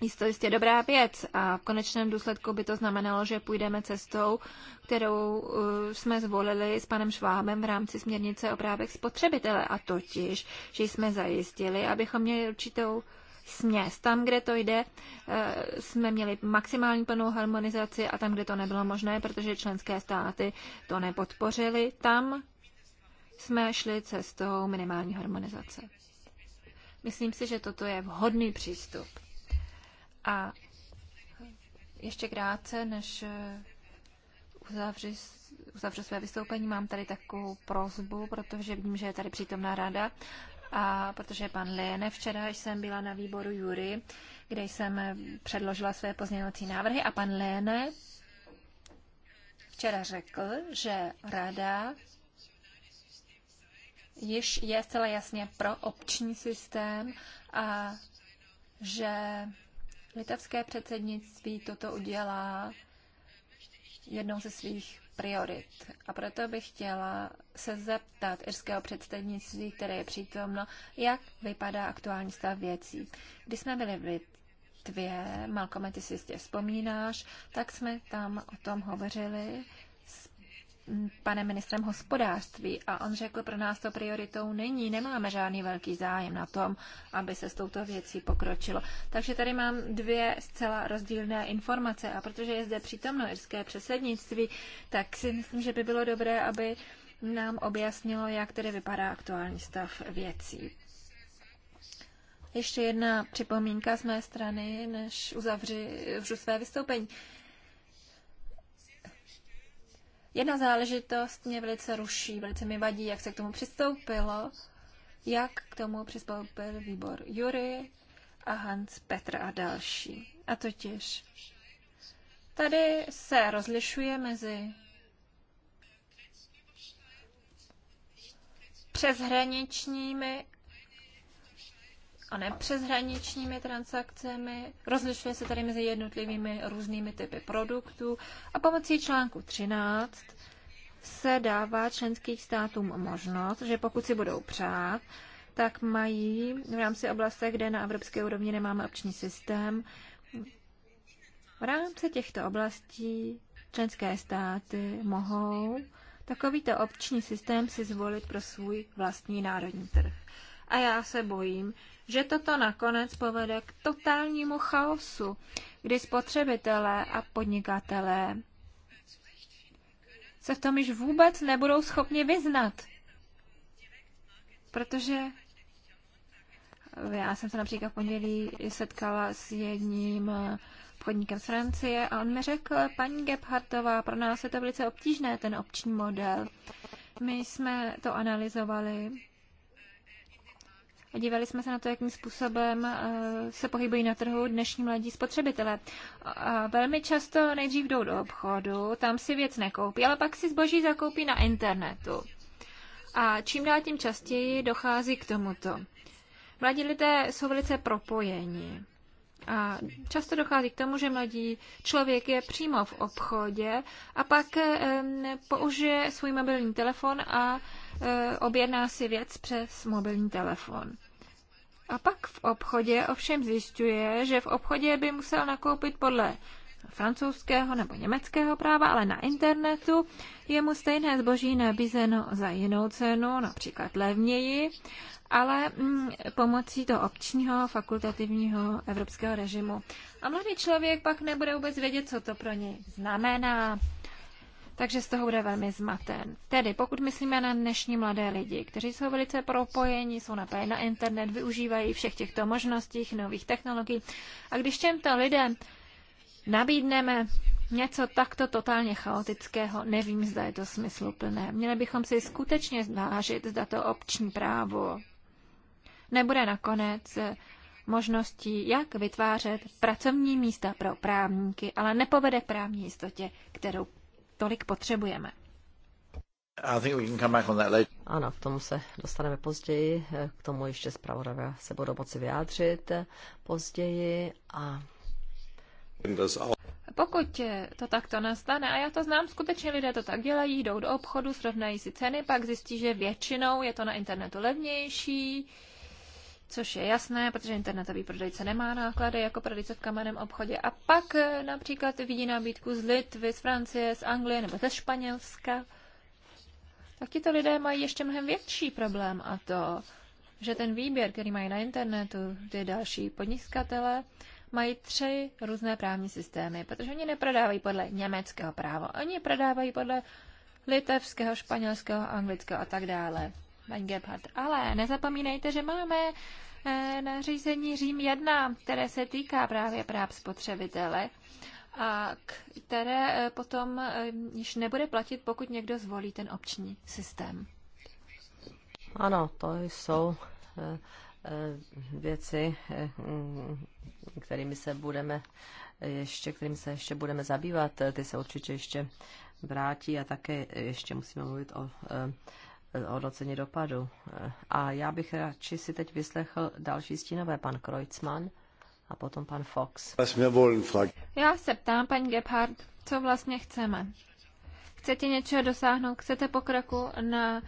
S5: Jistě, jistě dobrá věc a v konečném důsledku by to znamenalo, že půjdeme cestou, kterou eh, jsme zvolili s panem Švábem v rámci směrnice o právech spotřebitele a totiž, že jsme zajistili, abychom měli určitou směs. Tam, kde to jde, eh, jsme měli maximální plnou harmonizaci a tam, kde to nebylo možné, protože členské státy to nepodpořily, tam jsme šli cestou minimální harmonizace. Myslím si, že toto je vhodný přístup. A ještě krátce, než eh, uzavřu, uzavřu své vystoupení, mám tady takovou prozbu, protože vím, že je tady přítomná rada. A protože pan Lene, včera jsem byla na výboru Jury, kde jsem eh, předložila své pozměňovací návrhy a pan Lene včera řekl, že rada již je zcela jasně pro obční systém a že litevské předsednictví toto udělá jednou ze svých priorit. A proto bych chtěla se zeptat irského předsednictví, které je přítomno, jak vypadá aktuální stav věcí. Když jsme byli v Litvě, Malcolm, ty si jistě vzpomínáš, tak jsme tam o tom hovořili panem ministrem hospodářství a on řekl, pro nás to prioritou není, nemáme žádný velký zájem na tom, aby se s touto věcí pokročilo. Takže tady mám dvě zcela rozdílné informace a protože je zde přítomno irské předsednictví, tak si myslím, že by bylo dobré, aby nám objasnilo, jak tedy vypadá aktuální stav věcí. Ještě jedna připomínka z mé strany, než uzavřu své vystoupení. Jedna záležitost mě velice ruší, velice mi vadí, jak se k tomu přistoupilo, jak k tomu přistoupil výbor Jury a Hans Petr a další. A totiž tady se rozlišuje mezi přeshraničními a ne přeshraničními transakcemi. Rozlišuje se tady mezi jednotlivými různými typy produktů a pomocí článku 13 se dává členských státům možnost, že pokud si budou přát, tak mají v rámci oblasti, kde na evropské úrovni nemáme obční systém, v rámci těchto oblastí členské státy mohou takovýto obční systém si zvolit pro svůj vlastní národní trh. A já se bojím, že toto nakonec povede k totálnímu chaosu, kdy spotřebitelé a podnikatelé se v tom již vůbec nebudou schopni vyznat. Protože já jsem se například v pondělí setkala s jedním obchodníkem z Francie a on mi řekl, paní Gebhardtová, pro nás je to velice obtížné, ten obční model. My jsme to analyzovali a dívali jsme se na to, jakým způsobem eh, se pohybují na trhu dnešní mladí spotřebitelé. A velmi často nejdřív jdou do obchodu, tam si věc nekoupí, ale pak si zboží zakoupí na internetu. A čím dál tím častěji dochází k tomuto. Mladí lidé jsou velice propojeni. A často dochází k tomu, že mladý člověk je přímo v obchodě a pak použije svůj mobilní telefon a eh, objedná si věc přes mobilní telefon. A pak v obchodě ovšem zjišťuje, že v obchodě by musel nakoupit podle francouzského nebo německého práva, ale na internetu je mu stejné zboží nabízeno za jinou cenu, například levněji, ale mm, pomocí toho občního fakultativního evropského režimu. A mladý člověk pak nebude vůbec vědět, co to pro něj znamená takže z toho bude velmi zmaten. Tedy, pokud myslíme na dnešní mladé lidi, kteří jsou velice propojeni, jsou napojeni na internet, využívají všech těchto možností, nových technologií, a když těmto lidem nabídneme něco takto totálně chaotického, nevím, zda je to smysluplné. Měli bychom si skutečně zvážit, zda to obční právo nebude nakonec možností, jak vytvářet pracovní místa pro právníky, ale nepovede k právní jistotě, kterou tolik potřebujeme.
S4: Ano, k tomu se dostaneme později, k tomu ještě zpravodavé se budou moci vyjádřit později
S5: a... Pokud to takto nastane, a já to znám, skutečně lidé to tak dělají, jdou do obchodu, srovnají si ceny, pak zjistí, že většinou je to na internetu levnější, což je jasné, protože internetový prodejce nemá náklady jako prodejce v kamenném obchodě. A pak eh, například vidí nabídku z Litvy, z Francie, z Anglie nebo ze Španělska. Tak tito lidé mají ještě mnohem větší problém a to, že ten výběr, který mají na internetu ty další podnikatele, mají tři různé právní systémy, protože oni neprodávají podle německého práva, oni prodávají podle litevského, španělského, anglického a tak dále paní Gebhardt. Ale nezapomínejte, že máme eh, nařízení Řím 1, které se týká právě práv spotřebitele a které eh, potom eh, již nebude platit, pokud někdo zvolí ten opční systém.
S4: Ano, to jsou věci, kterými se budeme ještě, kterým se ještě budeme zabývat. Ty se určitě ještě vrátí a také ještě musíme mluvit o hodnocení dopadu. A já bych radši si teď vyslechl další stínové, pan Kreutzmann a potom pan Fox.
S5: Já se ptám, paní Gebhardt, co vlastně chceme? Chcete něčeho dosáhnout? Chcete pokroku na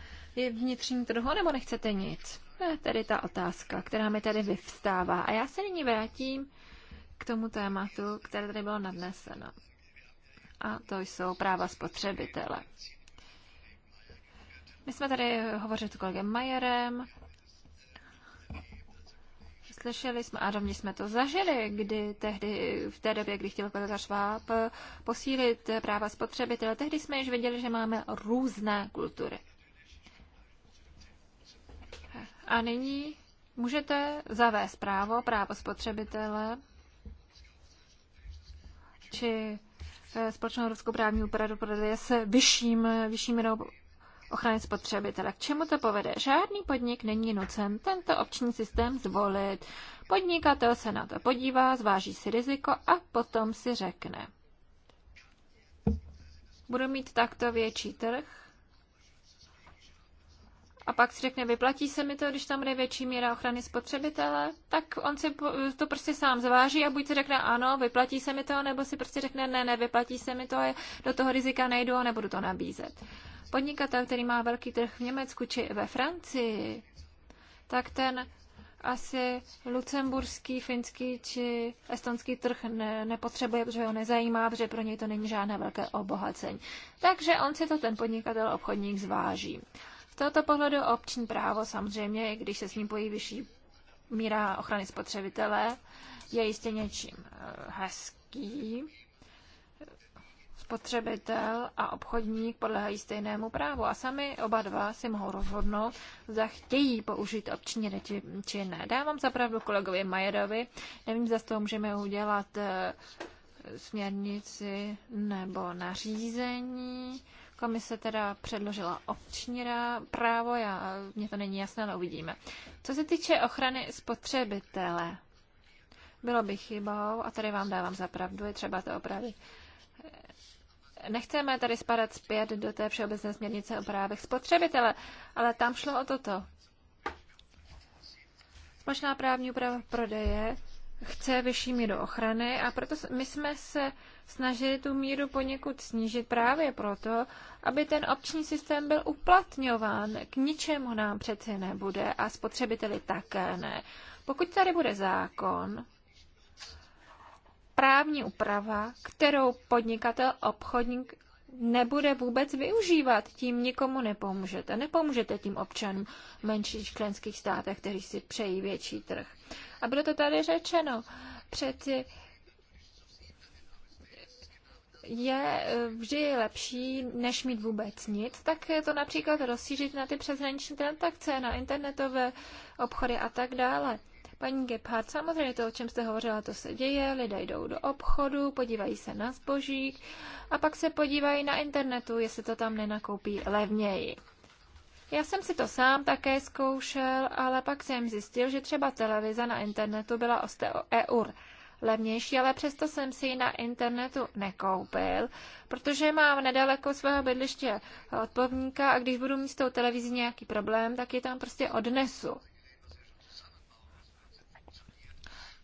S5: vnitřní trhu nebo nechcete nic? To je tedy ta otázka, která mi tady vyvstává. A já se nyní vrátím k tomu tématu, které tady bylo nadneseno. A to jsou práva spotřebitele. My jsme tady hovořili s kolegem Majerem, slyšeli jsme a rovně jsme to zažili, kdy tehdy, v té době, kdy chtěl kolega Šváb posílit práva spotřebitele, tehdy jsme již věděli, že máme různé kultury. A nyní můžete zavést právo, právo spotřebitele, či společnou ruskou právní úpravu prodeje s vyšším, vyšším ochrany spotřebitele. K čemu to povede? Žádný podnik není nucen tento opční systém zvolit. Podnikatel se na to podívá, zváží si riziko a potom si řekne. Budu mít takto větší trh a pak si řekne, vyplatí se mi to, když tam bude větší míra ochrany spotřebitele, tak on si to prostě sám zváží a buď si řekne ano, vyplatí se mi to, nebo si prostě řekne ne, nevyplatí se mi to, do toho rizika nejdu a nebudu to nabízet podnikatel, který má velký trh v Německu či ve Francii, tak ten asi lucemburský, finský či estonský trh ne, nepotřebuje, protože ho nezajímá, protože pro něj to není žádné velké obohacení. Takže on si to ten podnikatel obchodník zváží. V tohoto pohledu obční právo samozřejmě, když se s ním pojí vyšší míra ochrany spotřebitele, je jistě něčím eh, hezký, spotřebitel a obchodník podlehají stejnému právu a sami oba dva si mohou rozhodnout, zda chtějí použít opční řeči či ne. Dávám zapravdu kolegovi Majerovi, nevím, zda z toho můžeme udělat eh, směrnici nebo nařízení. Komise teda předložila opční právo, já, mě to není jasné, ale uvidíme. Co se týče ochrany spotřebitele, bylo by chybou, a tady vám dávám za pravdu, je třeba to opravit nechceme tady spadat zpět do té všeobecné směrnice o právech spotřebitele, ale tam šlo o toto. Společná právní úprava prodeje chce vyšší míru ochrany a proto my jsme se snažili tu míru poněkud snížit právě proto, aby ten obční systém byl uplatňován. K ničemu nám přeci nebude a spotřebiteli také ne. Pokud tady bude zákon, právní úprava, kterou podnikatel obchodník nebude vůbec využívat. Tím nikomu nepomůžete. Nepomůžete tím občanům v menších členských státech, kteří si přejí větší trh. A bylo to tady řečeno. Přeci je eh, vždy lepší, než mít vůbec nic, tak to například rozšířit na ty přeshraniční transakce, na internetové obchody a tak dále. Paní Gephardt, samozřejmě to, o čem jste hovořila, to se děje, lidé jdou do obchodu, podívají se na zboží a pak se podívají na internetu, jestli to tam nenakoupí levněji. Já jsem si to sám také zkoušel, ale pak jsem zjistil, že třeba televize na internetu byla o eur levnější, ale přesto jsem si ji na internetu nekoupil, protože mám nedaleko svého bydliště odpovníka a když budu mít s tou televizí nějaký problém, tak ji tam prostě odnesu.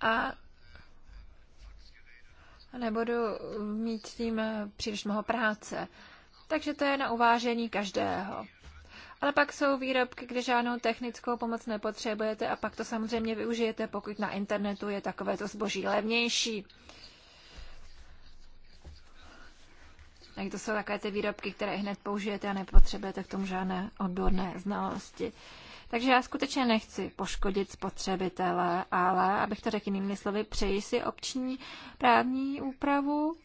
S5: a nebudu mít s tím eh, příliš mnoho práce. Takže to je na uvážení každého. Ale pak jsou výrobky, kde žádnou technickou pomoc nepotřebujete a pak to samozřejmě využijete, pokud na internetu je takovéto zboží levnější. Tak to jsou takové ty výrobky, které hned použijete a nepotřebujete k tomu žádné odborné znalosti. Uh, takže já skutečně nechci poškodit spotřebitele, ale, abych to řekl jinými slovy, přeji si obční právní úpravu,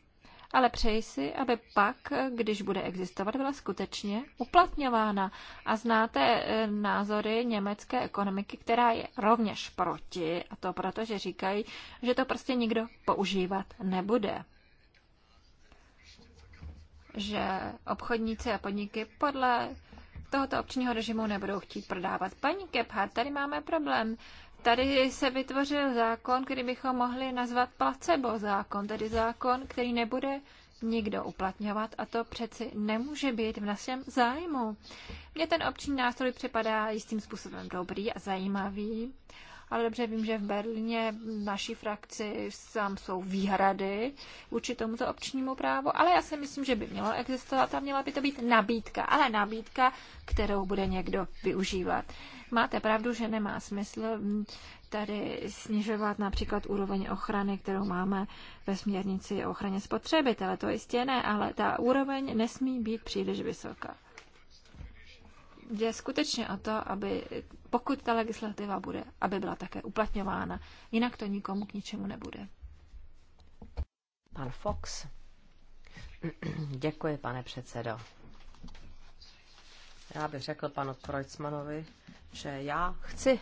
S5: ale přeji si, aby pak, když bude existovat, byla skutečně uplatňována. A znáte eh, názory německé ekonomiky, která je rovněž proti, a to proto, že říkají, že to prostě nikdo používat nebude že obchodníci a podniky podle tohoto občního režimu nebudou chtít prodávat. Paní Gebhardt, tady máme problém. Tady se vytvořil zákon, který bychom mohli nazvat placebo zákon, tedy zákon, který nebude nikdo uplatňovat a to přeci nemůže být v našem zájmu. Mně ten obční nástroj připadá jistým způsobem dobrý a zajímavý, ale dobře vím, že v Berlíně naší frakci tam jsou výhrady vůči tomuto občnímu právu, ale já si myslím, že by mělo existovat a měla by to být nabídka, ale nabídka, kterou bude někdo využívat. Máte pravdu, že nemá smysl tady snižovat například úroveň ochrany, kterou máme ve směrnici o ochraně spotřebitele. To jistě ne, ale ta úroveň nesmí být příliš vysoká jde skutečně o to, aby pokud ta legislativa bude, aby byla také uplatňována. Jinak to nikomu k ničemu nebude.
S4: Pan Fox. Děkuji, pane předsedo. Já bych řekl panu Kreutzmanovi, že já chci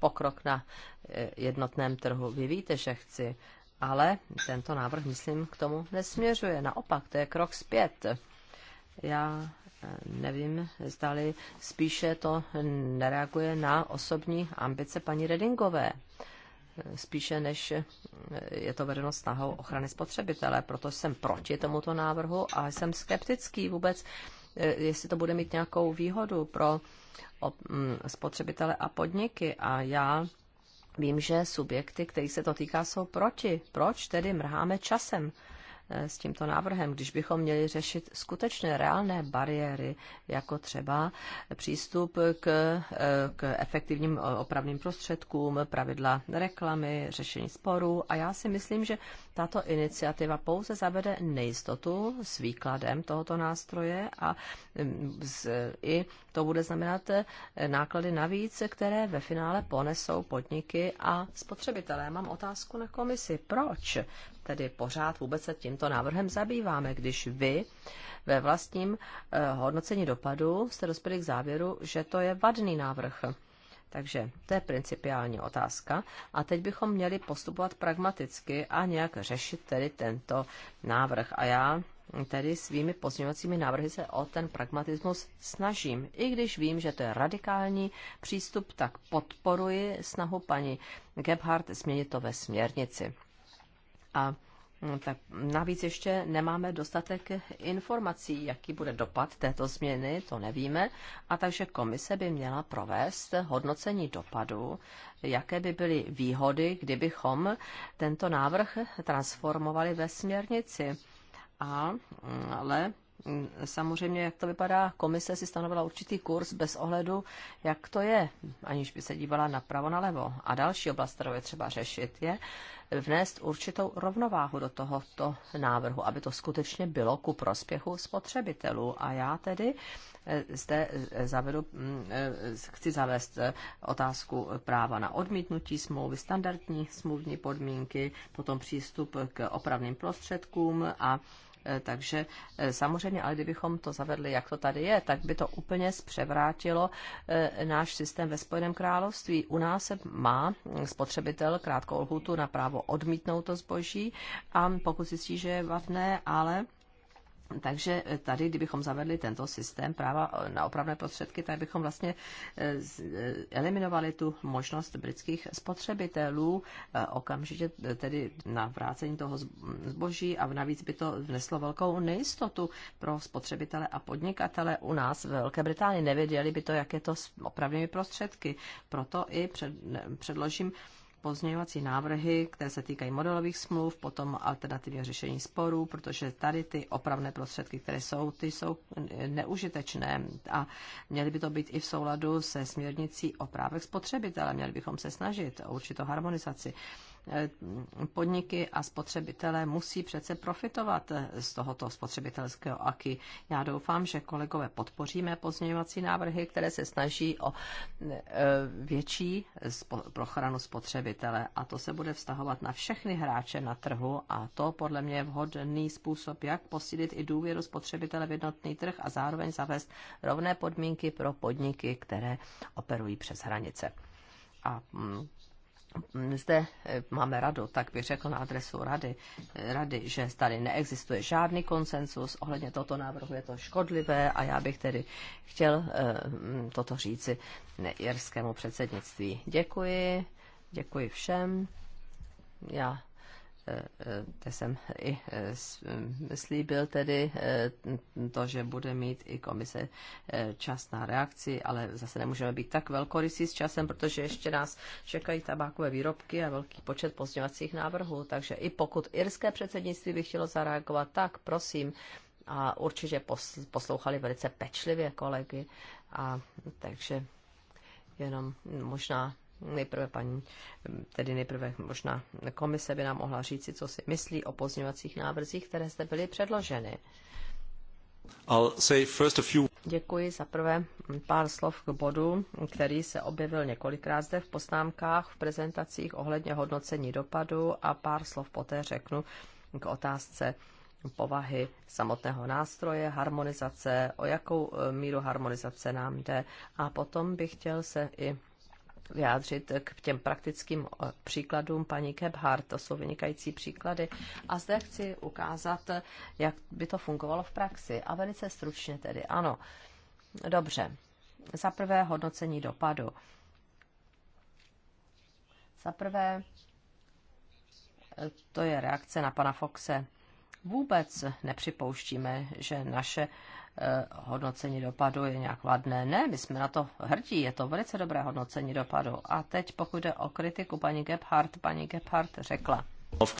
S4: pokrok na eh, jednotném trhu. Vy víte, že chci, ale tento návrh, myslím, k tomu nesměřuje. Naopak, to je krok zpět. Já nevím, zdali spíše to nereaguje na osobní ambice paní Redingové, spíše než je to vedeno snahou ochrany spotřebitele. Proto jsem proti tomuto návrhu a jsem skeptický vůbec, jestli to bude mít nějakou výhodu pro mm, spotřebitele a podniky. A já vím, že subjekty, kterých se to týká, jsou proti. Proč tedy mrháme časem? Eh, s tímto návrhem, když bychom měli řešit skutečné reálné bariéry, jako třeba přístup k, eh, k efektivním eh, opravným prostředkům, pravidla reklamy, řešení sporů. A já si myslím, že tato iniciativa pouze zavede nejistotu s výkladem tohoto nástroje a mm, i to bude znamenat eh, náklady navíc, které ve finále ponesou podniky a spotřebitelé. Mám otázku na komisi. Proč tedy pořád vůbec se tímto návrhem zabýváme, když vy ve vlastním eh, hodnocení dopadu jste dospěli k závěru, že to je vadný návrh? Takže to je principiální otázka. A teď bychom měli postupovat pragmaticky a nějak řešit tedy tento návrh. A já tedy svými pozměňovacími návrhy se o ten pragmatismus snažím. I když vím, že to je radikální přístup, tak podporuji snahu paní Gebhardt změnit to ve směrnici. A mm, tak navíc ještě nemáme dostatek informací, jaký bude dopad této změny, to nevíme, a takže komise by měla provést hodnocení dopadu, jaké by byly výhody, kdybychom tento návrh transformovali ve směrnici a, ale mm, samozřejmě, jak to vypadá, komise si stanovila určitý kurz bez ohledu, jak to je, aniž by se dívala napravo, nalevo. A další oblast, kterou je třeba řešit, je vnést určitou rovnováhu do tohoto návrhu, aby to skutečně bylo ku prospěchu spotřebitelů. A já tedy eh, zde eh, zavedu, mm, eh, chci zavést otázku práva na odmítnutí smlouvy, standardní smluvní podmínky, potom přístup k opravným prostředkům a Eh, takže eh, samozřejmě, ale kdybychom to zavedli, jak to tady je, tak by to úplně zpřevrátilo eh, náš systém ve Spojeném království. U nás se má hm, spotřebitel krátkou lhutu na právo odmítnout to zboží a pokud zjistí, že je vadné, ale takže eh, tady, kdybychom zavedli tento systém práva eh, na opravné prostředky, tak bychom vlastně eh, eliminovali tu možnost britských spotřebitelů okamžitě tedy na vrácení toho zboží a navíc by to vneslo velkou nejistotu pro spotřebitele a podnikatele u nás v Velké Británii. Nevěděli by to, jak je to s opravnými prostředky. Proto i předložím pozměňovací návrhy, které se týkají modelových smluv, potom alternativního řešení sporů, protože tady ty opravné prostředky, které jsou, ty jsou neužitečné a měly by to být i v souladu se směrnicí o právech spotřebitele. Měli bychom se snažit o určitou harmonizaci. Eh, podniky a spotřebitelé musí přece profitovat eh, z tohoto spotřebitelského aky. Já doufám, že kolegové podpoříme pozměňovací návrhy, které se snaží o eh, větší prochranu spotřebitele a to se bude vztahovat na všechny hráče na trhu a to podle mě je vhodný způsob, jak posílit i důvěru spotřebitele v jednotný trh a zároveň zavést rovné podmínky pro podniky, které operují přes hranice. A mm, zde eh, máme radu, tak bych řekl na adresu rady, eh, rady, že tady neexistuje žádný konsensus ohledně tohoto návrhu, je to škodlivé a já bych tedy chtěl eh, mm, toto říci jirskému předsednictví. Děkuji, děkuji všem. Já jsem i e, e, slíbil tedy e, to, že bude mít i komise čas na reakci, ale zase nemůžeme být tak velkorysí s časem, protože ještě nás čekají tabákové výrobky a velký počet pozdňovacích návrhů. Takže i pokud irské předsednictví by chtělo zareagovat, tak prosím, a určitě poslouchali velice pečlivě kolegy. A takže jenom možná Nejprve paní, tedy nejprve možná komise by nám mohla říci, co si myslí o pozměňovacích návrzích, které zde byly předloženy.
S1: I'll say first a few...
S4: Děkuji za prvé pár slov k bodu, který se objevil několikrát zde v poznámkách, v prezentacích ohledně hodnocení dopadu a pár slov poté řeknu k otázce povahy samotného nástroje, harmonizace, o jakou míru harmonizace nám jde. A potom bych chtěl se i vyjádřit k těm praktickým eh, příkladům paní Kebhardt. To jsou vynikající příklady. A zde chci ukázat, jak by to fungovalo v praxi. A velice stručně tedy, ano. Dobře. Za prvé hodnocení dopadu. Za prvé, eh, to je reakce na pana Foxe. Vůbec nepřipouštíme, že naše Eh, hodnocení dopadu je nějak vadné. Ne, my jsme na to hrdí, je to velice dobré hodnocení dopadu. A teď pokud jde o kritiku paní Gebhardt, paní Gebhardt řekla,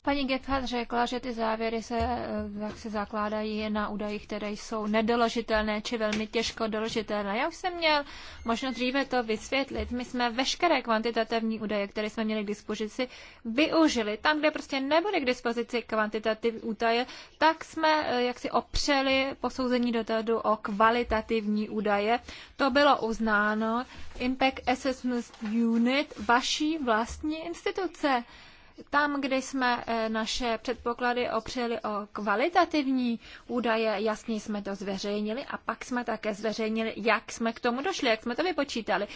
S5: Paní Gebhardt řekla, že ty závěry se, eh, jak se zakládají na údajích, které jsou nedoložitelné či velmi těžko doložitelné. Já už jsem měl možno dříve to vysvětlit. My jsme veškeré kvantitativní údaje, které jsme měli k dispozici, využili. Tam, kde prostě nebude k dispozici kvantitativní údaje, tak jsme eh, jaksi opřeli posouzení dotadu o kvalitativní údaje. To bylo uznáno Impact Assessment Unit vaší vlastní instituce. Tam, kde jsme eh, naše předpoklady opřeli o kvalitativní údaje, jasně jsme to zveřejnili a pak jsme také zveřejnili, jak jsme k tomu došli, jak jsme to vypočítali.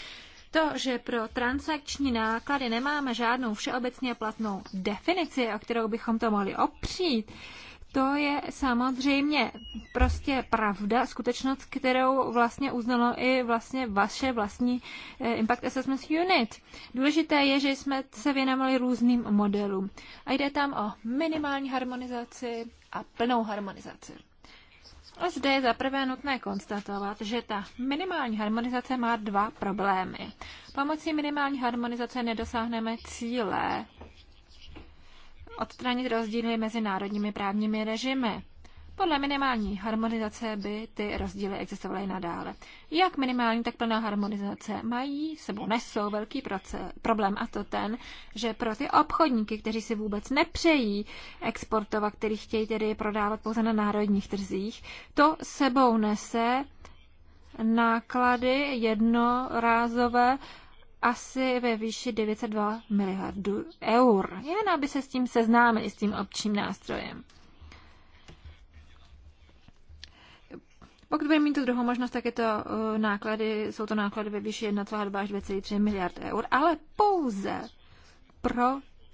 S5: To, že pro transakční náklady nemáme žádnou všeobecně platnou definici, o kterou bychom to mohli opřít, to je samozřejmě prostě pravda, skutečnost, kterou vlastně uznalo i vlastně vaše vlastní eh, Impact Assessment Unit. Důležité je, že jsme se věnovali různým modelům. A jde tam o minimální harmonizaci a plnou harmonizaci. A zde je zaprvé nutné konstatovat, že ta minimální harmonizace má dva problémy. Pomocí minimální harmonizace nedosáhneme cíle, odstranit rozdíly mezi národními právními režimy. Podle minimální harmonizace by ty rozdíly existovaly nadále. Jak minimální, tak plná harmonizace mají sebou nesou velký proces, problém a to ten, že pro ty obchodníky, kteří si vůbec nepřejí exportovat, který chtějí tedy prodávat pouze na národních trzích, to sebou nese náklady jednorázové asi ve výši 902 miliardů eur, jen aby se s tím seznámili, s tím občím nástrojem. Pokud budeme mít tu druhou možnost, tak je to eh, náklady, jsou to náklady ve výši 1,2 až 2,3 miliard eur, ale pouze pro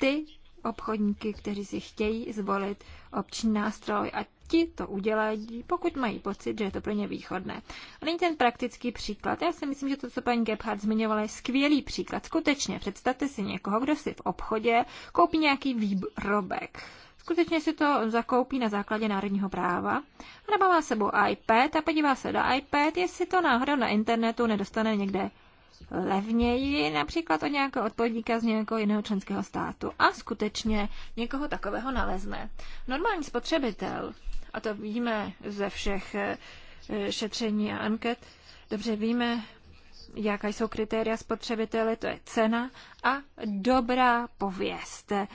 S5: ty obchodníky, kteří si chtějí zvolit obční nástroj. A ti to udělají, pokud mají pocit, že je to pro ně východné. A není ten praktický příklad. Já si myslím, že to, co paní Gebhardt zmiňovala, je skvělý příklad. Skutečně, představte si někoho, kdo si v obchodě koupí nějaký výrobek. Skutečně si to zakoupí na základě národního práva a má sebou iPad a podívá se do iPad, jestli to náhodou na internetu nedostane někde levněji, například od nějakého odpovědníka z nějakého jiného členského státu. A skutečně někoho takového nalezne. Normální spotřebitel a to víme ze všech eh, šetření a anket, dobře víme, jaká jsou kritéria spotřebitele, to je cena a dobrá pověst. Eh,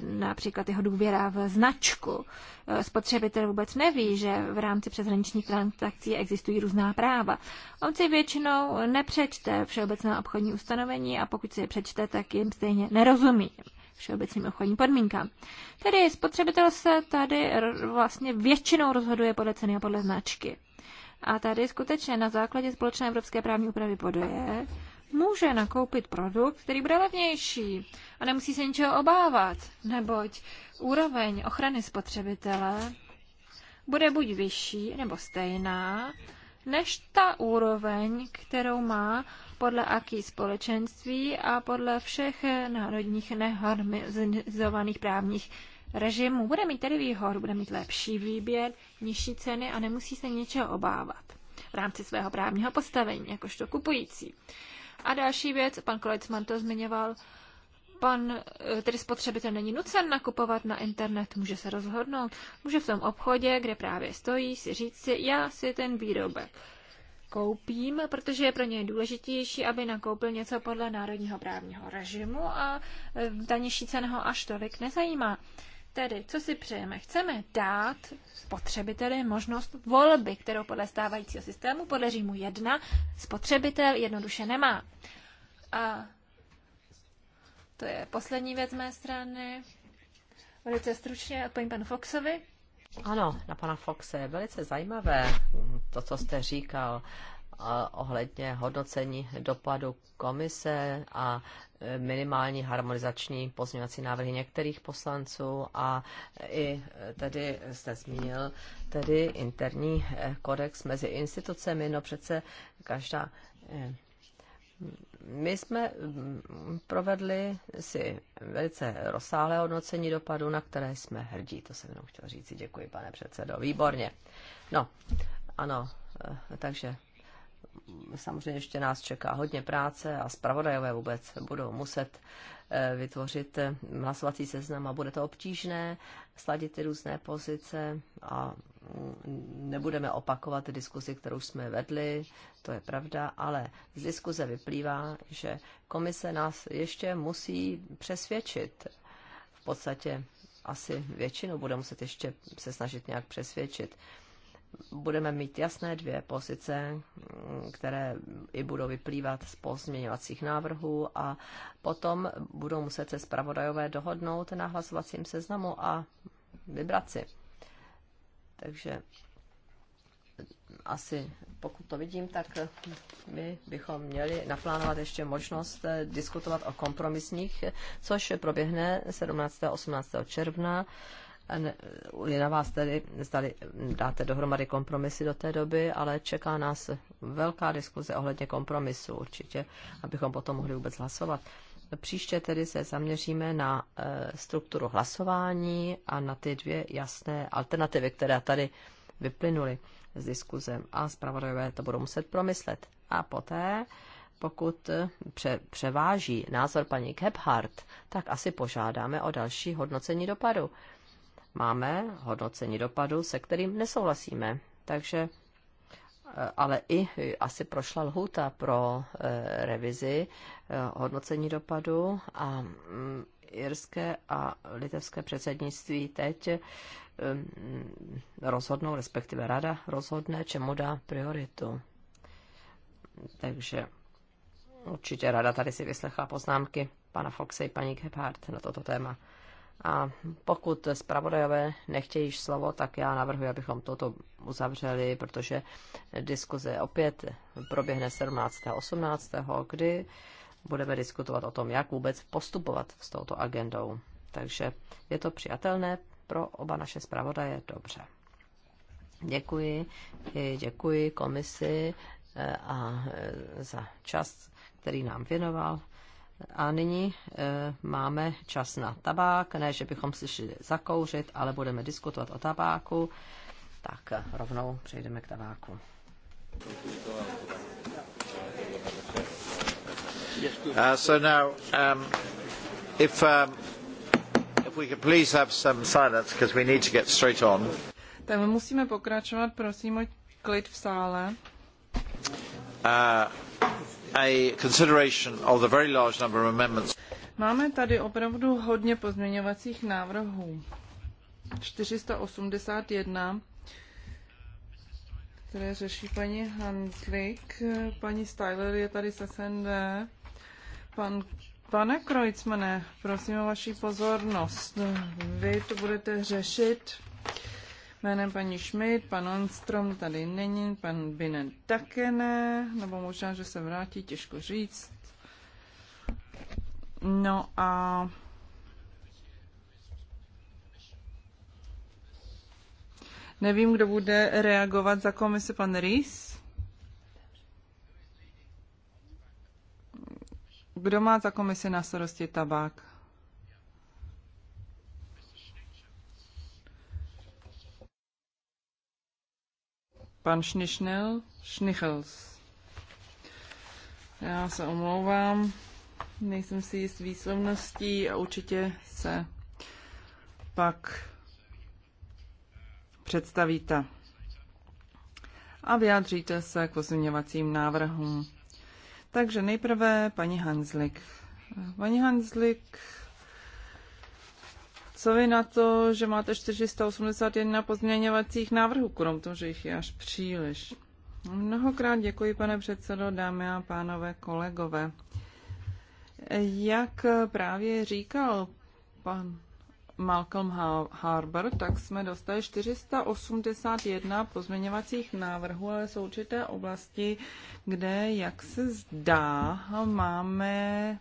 S5: například jeho důvěra v značku. Eh, spotřebitel vůbec neví, že v rámci přeshraničních transakcí existují různá práva. On si většinou nepřečte všeobecná obchodní ustanovení a pokud si je přečte, tak jim stejně nerozumí všeobecným obchodním podmínkám. Tedy spotřebitel se tady vlastně většinou rozhoduje podle ceny a podle značky. A tady skutečně na základě společné evropské právní úpravy podoje může nakoupit produkt, který bude levnější a nemusí se ničeho obávat, neboť úroveň ochrany spotřebitele bude buď vyšší nebo stejná než ta úroveň, kterou má podle aký společenství a podle všech národních neharmonizovaných právních režimů. Bude mít tedy výhodu, bude mít lepší výběr, nižší ceny a nemusí se ničeho obávat v rámci svého právního postavení, jakožto kupující. A další věc, pan Kolecman to zmiňoval, pan, eh, tedy spotřebitel není nucen nakupovat na internet, může se rozhodnout, může v tom obchodě, kde právě stojí, si říct si, já si ten výrobek koupím, protože je pro něj důležitější, aby nakoupil něco podle národního právního režimu a eh, ta nižší cena ho až tolik nezajímá. Tedy, co si přejeme? Chceme dát spotřebiteli možnost volby, kterou podle stávajícího systému, podle Římu 1, spotřebitel jednoduše nemá. A to je poslední věc mé strany. Velice stručně odpovím panu Foxovi.
S4: Ano, na pana Foxe. Velice zajímavé to, co jste říkal eh, ohledně hodnocení dopadu komise a eh, minimální harmonizační pozměňovací návrhy některých poslanců a eh, i tedy jste zmínil tedy interní kodex mezi institucemi. No přece každá my jsme mm, provedli si velice rozsáhlé hodnocení dopadu, na které jsme hrdí. To jsem jenom chtěl říct. Děkuji, pane předsedo. Výborně. No, ano, eh, takže mm, samozřejmě ještě nás čeká hodně práce a zpravodajové vůbec budou muset eh, vytvořit eh, hlasovací seznam a bude to obtížné, sladit ty různé pozice a nebudeme opakovat diskuzi, kterou jsme vedli, to je pravda, ale z diskuze vyplývá, že komise nás ještě musí přesvědčit. V podstatě asi většinu bude muset ještě se snažit nějak přesvědčit. Budeme mít jasné dvě pozice, které i budou vyplývat z pozměňovacích návrhů a potom budou muset se zpravodajové dohodnout na hlasovacím seznamu a vybrat si. Takže asi pokud to vidím, tak my bychom měli naplánovat ještě možnost diskutovat o kompromisních, což proběhne 17. a 18. června. Je na vás tedy, zdali dáte dohromady kompromisy do té doby, ale čeká nás velká diskuze ohledně kompromisu určitě, abychom potom mohli vůbec hlasovat. Příště tedy se zaměříme na eh, strukturu hlasování a na ty dvě jasné alternativy, které tady vyplynuly z diskuze a zpravodajové to budou muset promyslet. A poté, pokud eh, pře- převáží názor paní Gebhardt, tak asi požádáme o další hodnocení dopadu. Máme hodnocení dopadu, se kterým nesouhlasíme, takže ale i asi prošla lhůta pro eh, revizi eh, hodnocení dopadu a mm, irské a litevské předsednictví teď eh, mm, rozhodnou, respektive rada rozhodne, čemu dá prioritu. Takže určitě rada tady si vyslechla poznámky pana Foxe i paní Gebhardt na toto téma. A pokud zpravodajové nechtějí slovo, tak já navrhuji, abychom toto uzavřeli, protože diskuze opět proběhne 17. a 18., kdy budeme diskutovat o tom, jak vůbec postupovat s touto agendou. Takže je to přijatelné pro oba naše zpravodaje? Dobře. Děkuji, děkuji komisi eh, a eh, za čas, který nám věnoval. A nyní e, máme čas na tabák. Ne, že bychom si šli zakouřit, ale budeme diskutovat o tabáku. Tak rovnou přejdeme k tabáku.
S1: Uh, so now, um, if, um, if we could please have some silence, because we need to get straight on.
S2: Tak musíme pokračovat, prosím o klid v sále.
S1: Uh, a consideration of the very large number of amendments.
S2: Máme tady opravdu hodně pozměňovacích návrhů. 481, které řeší paní Hanslik. Paní Styler je tady se SND. Pan, pane Krojcmane, prosím o vaši pozornost. Vy to budete řešit jménem paní Schmidt, pan Onstrom tady není, pan Binen také ne, nebo možná, že se vrátí, těžko říct. No a Nevím, kdo bude reagovat za komisi, pan Rýs. Kdo má za komisi na starosti tabák? Pan Šnišnel? Šnichels. Já se omlouvám, nejsem si jist výslovností a určitě se pak představíte a vyjádříte se k pozměňovacím návrhům. Takže nejprve paní Hanslik. Paní Hanslik co vy na to, že máte 481 pozměňovacích návrhů, krom toho, že jich je až příliš? Mnohokrát děkuji, pane předsedo, dámy a pánové, kolegové. Jak právě říkal pan Malcolm Harbour, tak jsme dostali 481 pozměňovacích návrhů, ale jsou určité oblasti, kde, jak se zdá, máme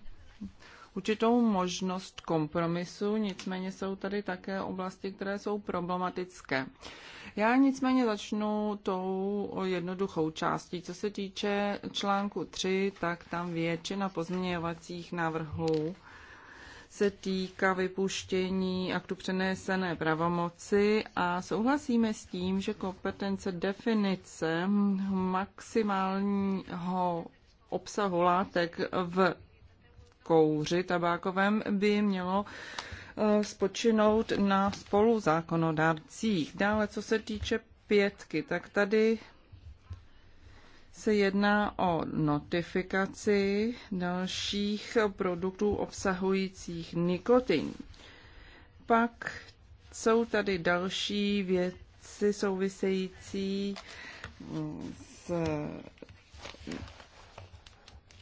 S2: určitou možnost kompromisu, nicméně jsou tady také oblasti, které jsou problematické. Já nicméně začnu tou jednoduchou částí. Co se týče článku 3, tak tam většina pozměňovacích návrhů se týká vypuštění aktu přenesené pravomoci a souhlasíme s tím, že kompetence definice maximálního obsahu látek v kouři tabákovém by mělo eh, spočinout na spoluzákonodárcích. Dále, co se týče pětky, tak tady se jedná o notifikaci dalších produktů obsahujících nikotin. Pak jsou tady další věci související s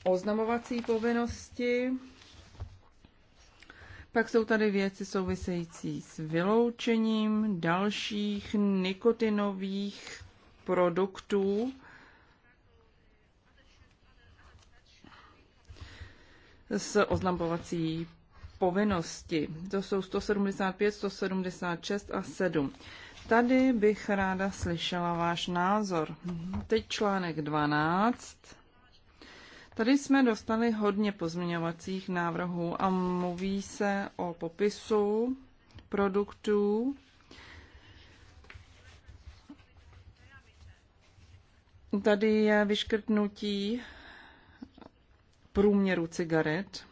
S2: oznamovací povinnosti. Pak jsou tady věci související s vyloučením dalších nikotinových produktů. s oznamovací povinnosti. To jsou 175, 176 a 7. Tady bych ráda slyšela váš názor. Teď článek 12. Tady jsme dostali hodně pozměňovacích návrhů a mluví se o popisu produktů, Tady je vyškrtnutí průměru cigaret.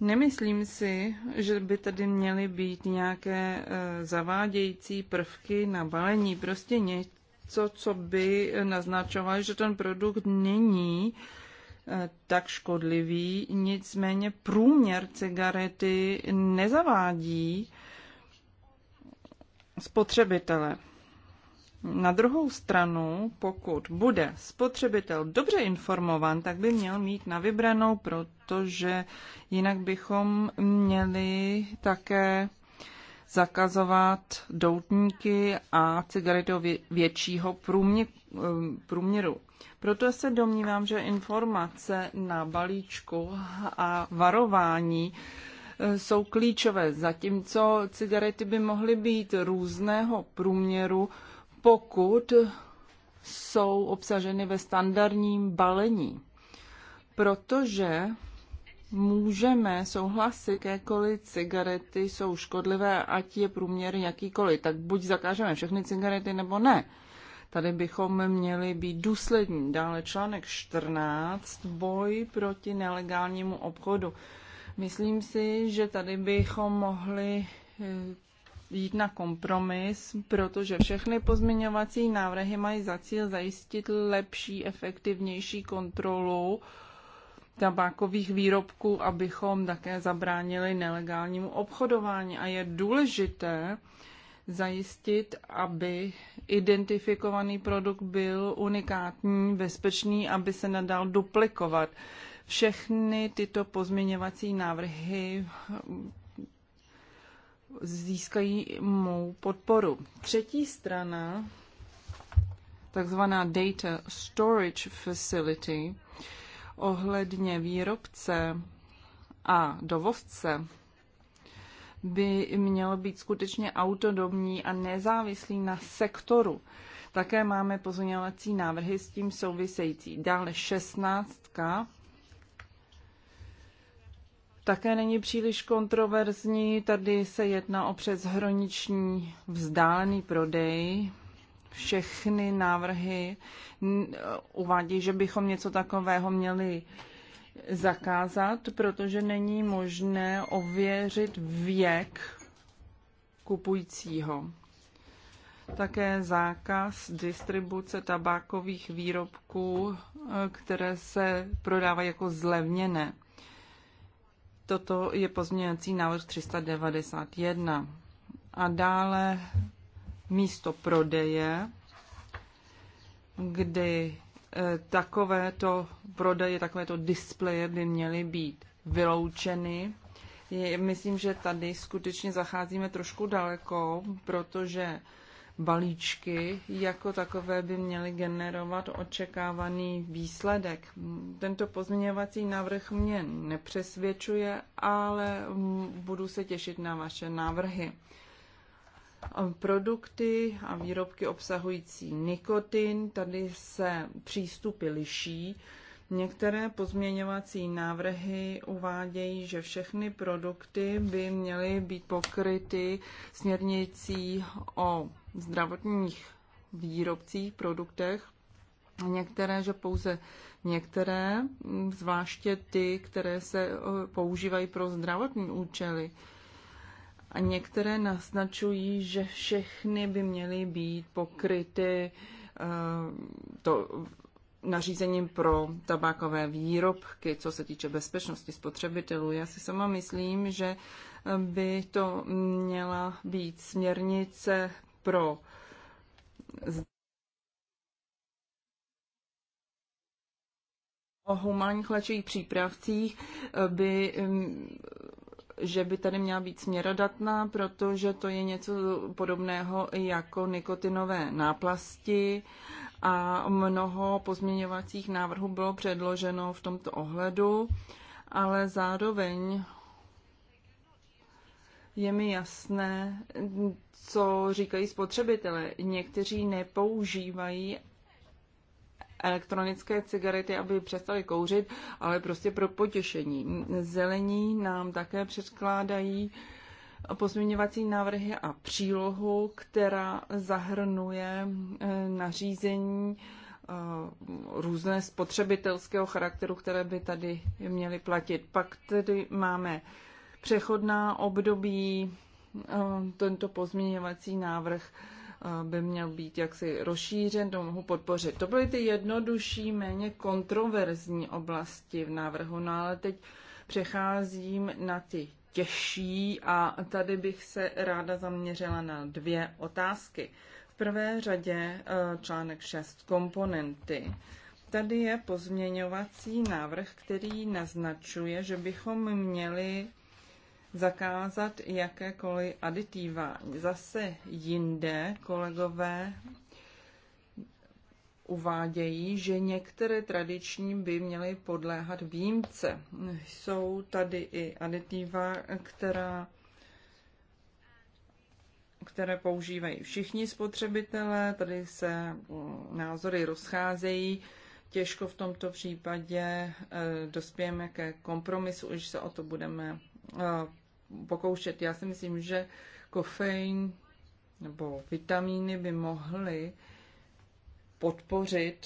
S2: Nemyslím si, že by tady měly být nějaké eh, zavádějící prvky na balení, prostě ně, něco, co by naznačovalo, že ten produkt není eh, tak škodlivý, nicméně průměr cigarety nezavádí spotřebitele. Na druhou stranu, pokud bude spotřebitel dobře informovan, tak by měl mít na vybranou, protože jinak bychom měli také zakazovat doutníky a cigarety většího um, průměru. Proto se domnívám, že informace na balíčku a varování eh, jsou klíčové, zatímco cigarety by mohly být různého průměru, pokud jsou obsaženy ve standardním balení. Protože můžeme souhlasit, jakékoliv cigarety jsou škodlivé, ať je průměr jakýkoliv. Tak buď zakážeme všechny cigarety, nebo ne. Tady bychom měli být důslední. Dále článek 14, boj proti nelegálnímu obchodu. Myslím si, že tady bychom mohli eh, jít na kompromis, protože všechny pozměňovací návrhy mají za cíl zajistit lepší, efektivnější kontrolu tabákových výrobků, abychom také zabránili nelegálnímu obchodování. A je důležité zajistit, aby identifikovaný produkt byl unikátní, bezpečný, aby se nadal duplikovat. Všechny tyto pozměňovací návrhy získají mou podporu. Třetí strana, takzvaná Data Storage Facility, ohledně výrobce a dovozce by mělo být skutečně autonomní a nezávislý na sektoru. Také máme pozměňovací návrhy s tím související. Dále 16. Také není příliš kontroverzní. Tady se jedná o přeshraniční vzdálený prodej všechny návrhy uvádí, že bychom něco takového měli zakázat, protože není možné ověřit věk kupujícího. Také zákaz distribuce tabákových výrobků, eh, které se prodávají jako zlevněné. Toto je pozměňovací návrh 391. A dále místo prodeje, kdy eh, takovéto prodeje, takovéto displeje by měly být vyloučeny. Myslím, že tady skutečně zacházíme trošku daleko, protože balíčky jako takové by měly generovat očekávaný výsledek. Tento pozměňovací návrh mě nepřesvědčuje, ale budu se těšit na vaše návrhy produkty a výrobky obsahující nikotin. Tady se přístupy liší. Některé pozměňovací návrhy uvádějí, že všechny produkty by měly být pokryty směrnicí o zdravotních výrobcích, produktech. Některé, že pouze některé, zvláště ty, které se eh, používají pro zdravotní účely a některé naznačují, že všechny by měly být pokryty eh, to nařízením pro tabákové výrobky, co se týče bezpečnosti spotřebitelů. Já si sama myslím, že by to měla být směrnice pro o humánních léčivých přípravcích eh, by mm, že by tady měla být směrodatná, protože to je něco podobného jako nikotinové náplasti a mnoho pozměňovacích návrhů bylo předloženo v tomto ohledu, ale zároveň je mi jasné, co říkají spotřebitelé. Někteří nepoužívají elektronické cigarety, aby přestali kouřit, ale prostě pro potěšení. Zelení nám také předkládají pozměňovací návrhy a přílohu, která zahrnuje eh, nařízení eh, různé spotřebitelského charakteru, které by tady měly platit. Pak tedy máme přechodná období, eh, tento pozměňovací návrh by měl být jaksi rozšířen, to mohu podpořit. To byly ty jednodušší, méně kontroverzní oblasti v návrhu, no ale teď přecházím na ty těžší a tady bych se ráda zaměřila na dvě otázky. V prvé řadě e, článek 6 komponenty. Tady je pozměňovací návrh, který naznačuje, že bychom měli zakázat jakékoliv aditiva. Zase jinde kolegové uvádějí, že některé tradiční by měly podléhat výjimce. Jsou tady i aditiva, která, které používají všichni spotřebitelé, tady se názory rozcházejí. Těžko v tomto případě eh, dospějeme ke kompromisu, už se o to budeme eh, pokoušet. Já si myslím, že kofein nebo vitamíny by mohly podpořit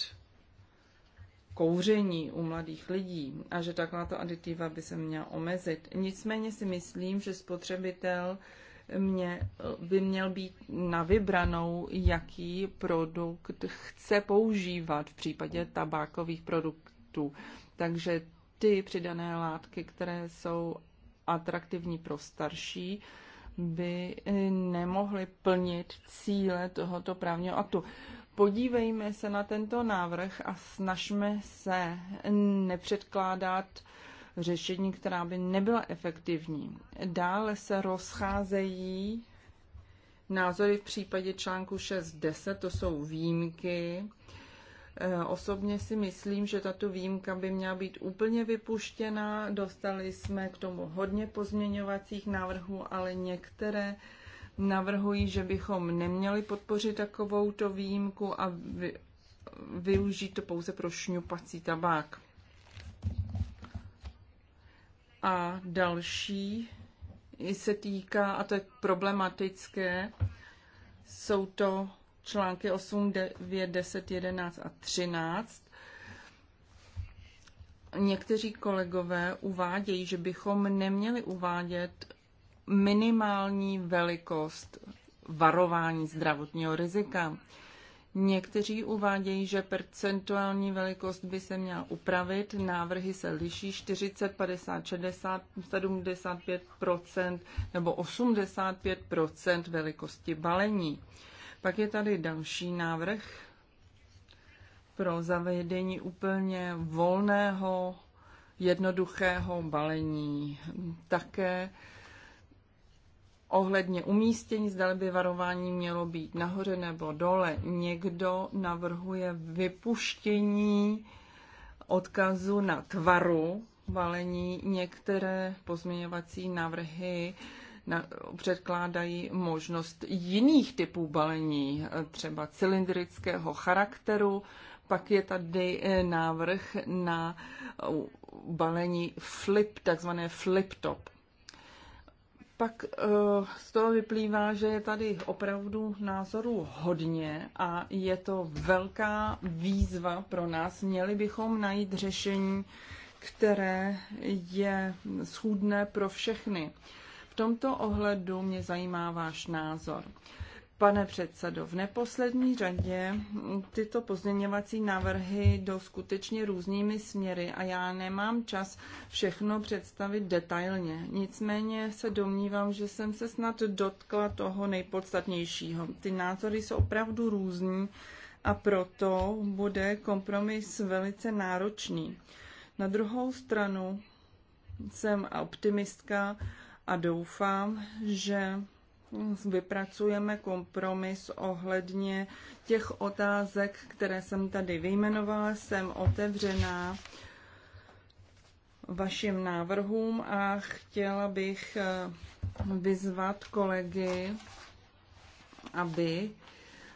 S2: kouření u mladých lidí a že takováto aditiva by se měla omezit. Nicméně si myslím, že spotřebitel mě, by měl být na vybranou, jaký produkt chce používat v případě tabákových produktů. Takže ty přidané látky, které jsou atraktivní pro starší, by eh, nemohly plnit cíle tohoto právního aktu. Podívejme se na tento návrh a snažme se nepředkládat řešení, která by nebyla efektivní. Dále se rozcházejí názory v případě článku 6.10, to jsou výjimky, Eh, osobně si myslím, že tato výjimka by měla být úplně vypuštěna. Dostali jsme k tomu hodně pozměňovacích návrhů, ale některé navrhují, že bychom neměli podpořit takovouto výjimku a vy, využít to pouze pro šňupací tabák. A další se týká, a to je problematické, jsou to články 8, 9, 10, 11 a 13. Někteří kolegové uvádějí, že bychom neměli uvádět minimální velikost varování zdravotního rizika. Někteří uvádějí, že percentuální velikost by se měla upravit. Návrhy se liší 40, 50, 60, 75 nebo 85 velikosti balení. Pak je tady další návrh pro zavedení úplně volného, jednoduchého balení. Také ohledně umístění, zdali by varování mělo být nahoře nebo dole. Někdo navrhuje vypuštění odkazu na tvaru balení. Některé pozměňovací návrhy na, předkládají možnost jiných typů balení, třeba cylindrického charakteru. Pak je tady eh, návrh na eh, balení flip, takzvané flip top. Pak eh, z toho vyplývá, že je tady opravdu názorů hodně a je to velká výzva pro nás. Měli bychom najít řešení, které je schůdné pro všechny. V tomto ohledu mě zajímá váš názor. Pane předsedo, v neposlední řadě tyto pozměňovací návrhy jdou skutečně různými směry a já nemám čas všechno představit detailně. Nicméně se domnívám, že jsem se snad dotkla toho nejpodstatnějšího. Ty názory jsou opravdu různý a proto bude kompromis velice náročný. Na druhou stranu jsem optimistka, a doufám, že vypracujeme kompromis ohledně těch otázek, které jsem tady vyjmenovala. Jsem otevřená vašim návrhům a chtěla bych eh, vyzvat kolegy, aby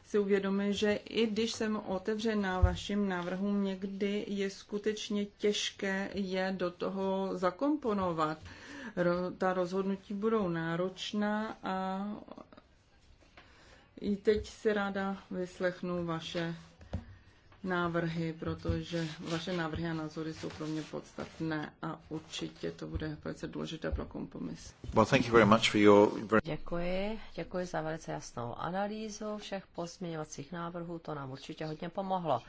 S2: si uvědomili, že i když jsem otevřená vašim návrhům, někdy je skutečně těžké je do toho zakomponovat ta rozhodnutí budou náročná a i teď si ráda vyslechnu vaše návrhy, protože vaše návrhy a názory jsou pro mě podstatné a určitě to bude velice důležité pro kompromis. Well, thank you very much
S1: for your...
S4: Děkuji, děkuji za velice jasnou analýzu všech pozměňovacích návrhů, to nám určitě hodně pomohlo.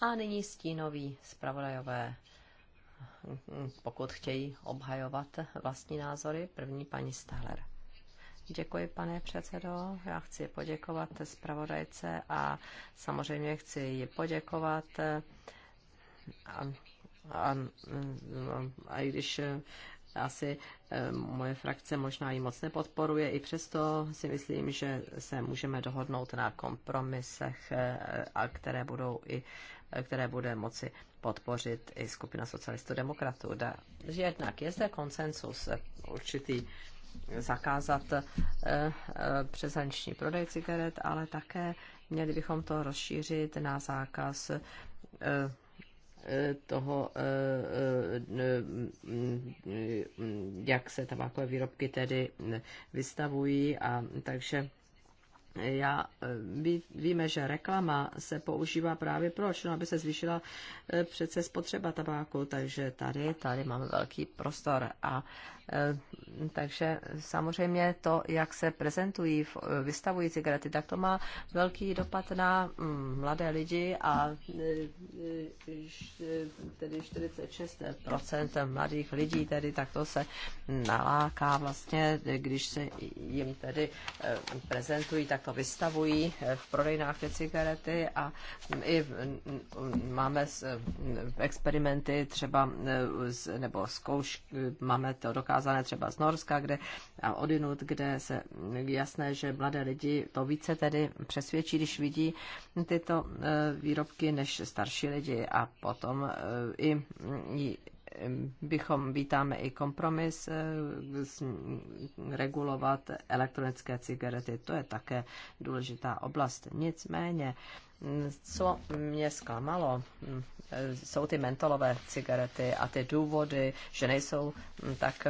S4: A nyní stínový zpravodajové pokud chtějí obhajovat vlastní názory. První paní Staler. Děkuji, pane předsedo. Já chci poděkovat zpravodajce a samozřejmě chci ji poděkovat. A, a, a i když asi e, moje frakce možná ji moc nepodporuje, i přesto si myslím, že se můžeme dohodnout na kompromisech, e, a které budou i e, které bude moci podpořit i skupina socialistů demokratů. Jednak je zde konsensus určitý zakázat eh, eh, přeshraniční prodej cigaret, ale také měli bychom to rozšířit na zákaz eh, toho, mm, mm, jak se tabákové výrobky tedy vystavují a takže já ví, eh, víme, že reklama se používá právě proč? No, aby se zvýšila eh, přece spotřeba tabáku, takže tady, tady máme velký prostor a Eh, takže samozřejmě to, jak se prezentují, eh, vystavují cigarety, tak to má velký dopad na mm, mladé lidi a eh, tedy 46% mladých lidí tedy takto se naláká vlastně, když se jim tedy prezentují, tak to vystavují v prodejnách ty cigarety a mm, i mm, máme experimenty třeba nebo zkoušky, máme to dokázat dokázané třeba z Norska kde, a odinut, kde se jasné, že mladé lidi to více tedy přesvědčí, když vidí tyto e, výrobky než starší lidi a potom e, i bychom vítáme i kompromis e, regulovat elektronické cigarety. To je také důležitá oblast. Nicméně co mě zklamalo, jsou ty mentolové cigarety a ty důvody, že nejsou tak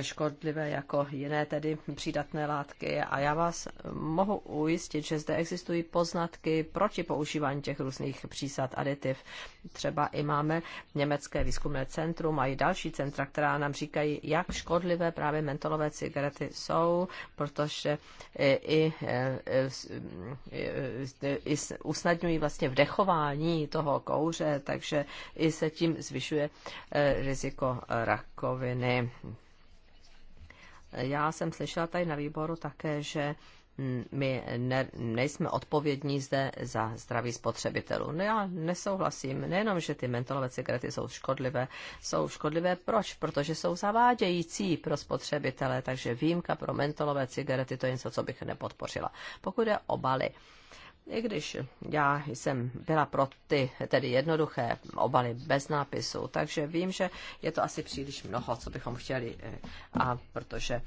S4: škodlivé jako jiné tedy přídatné látky. A já vás mohu ujistit, že zde existují poznatky proti používání těch různých přísad aditiv. Třeba i máme německé výzkumné centrum a i další centra, která nám říkají, jak škodlivé právě mentolové cigarety jsou, protože i, i, i, i, i u usnadňují vlastně vdechování toho kouře, takže i se tím zvyšuje eh, riziko eh, rakoviny. Já jsem slyšela tady na výboru také, že mm, my ne, nejsme odpovědní zde za zdraví spotřebitelů. No já nesouhlasím, nejenom, že ty mentolové cigarety jsou škodlivé, jsou škodlivé proč? Protože jsou zavádějící pro spotřebitele, takže výjimka pro mentolové cigarety to je něco, co bych nepodpořila. Pokud je obaly, i když já jsem byla pro ty tedy jednoduché obaly bez nápisu, takže vím, že je to asi příliš mnoho, co bychom chtěli. Eh, a protože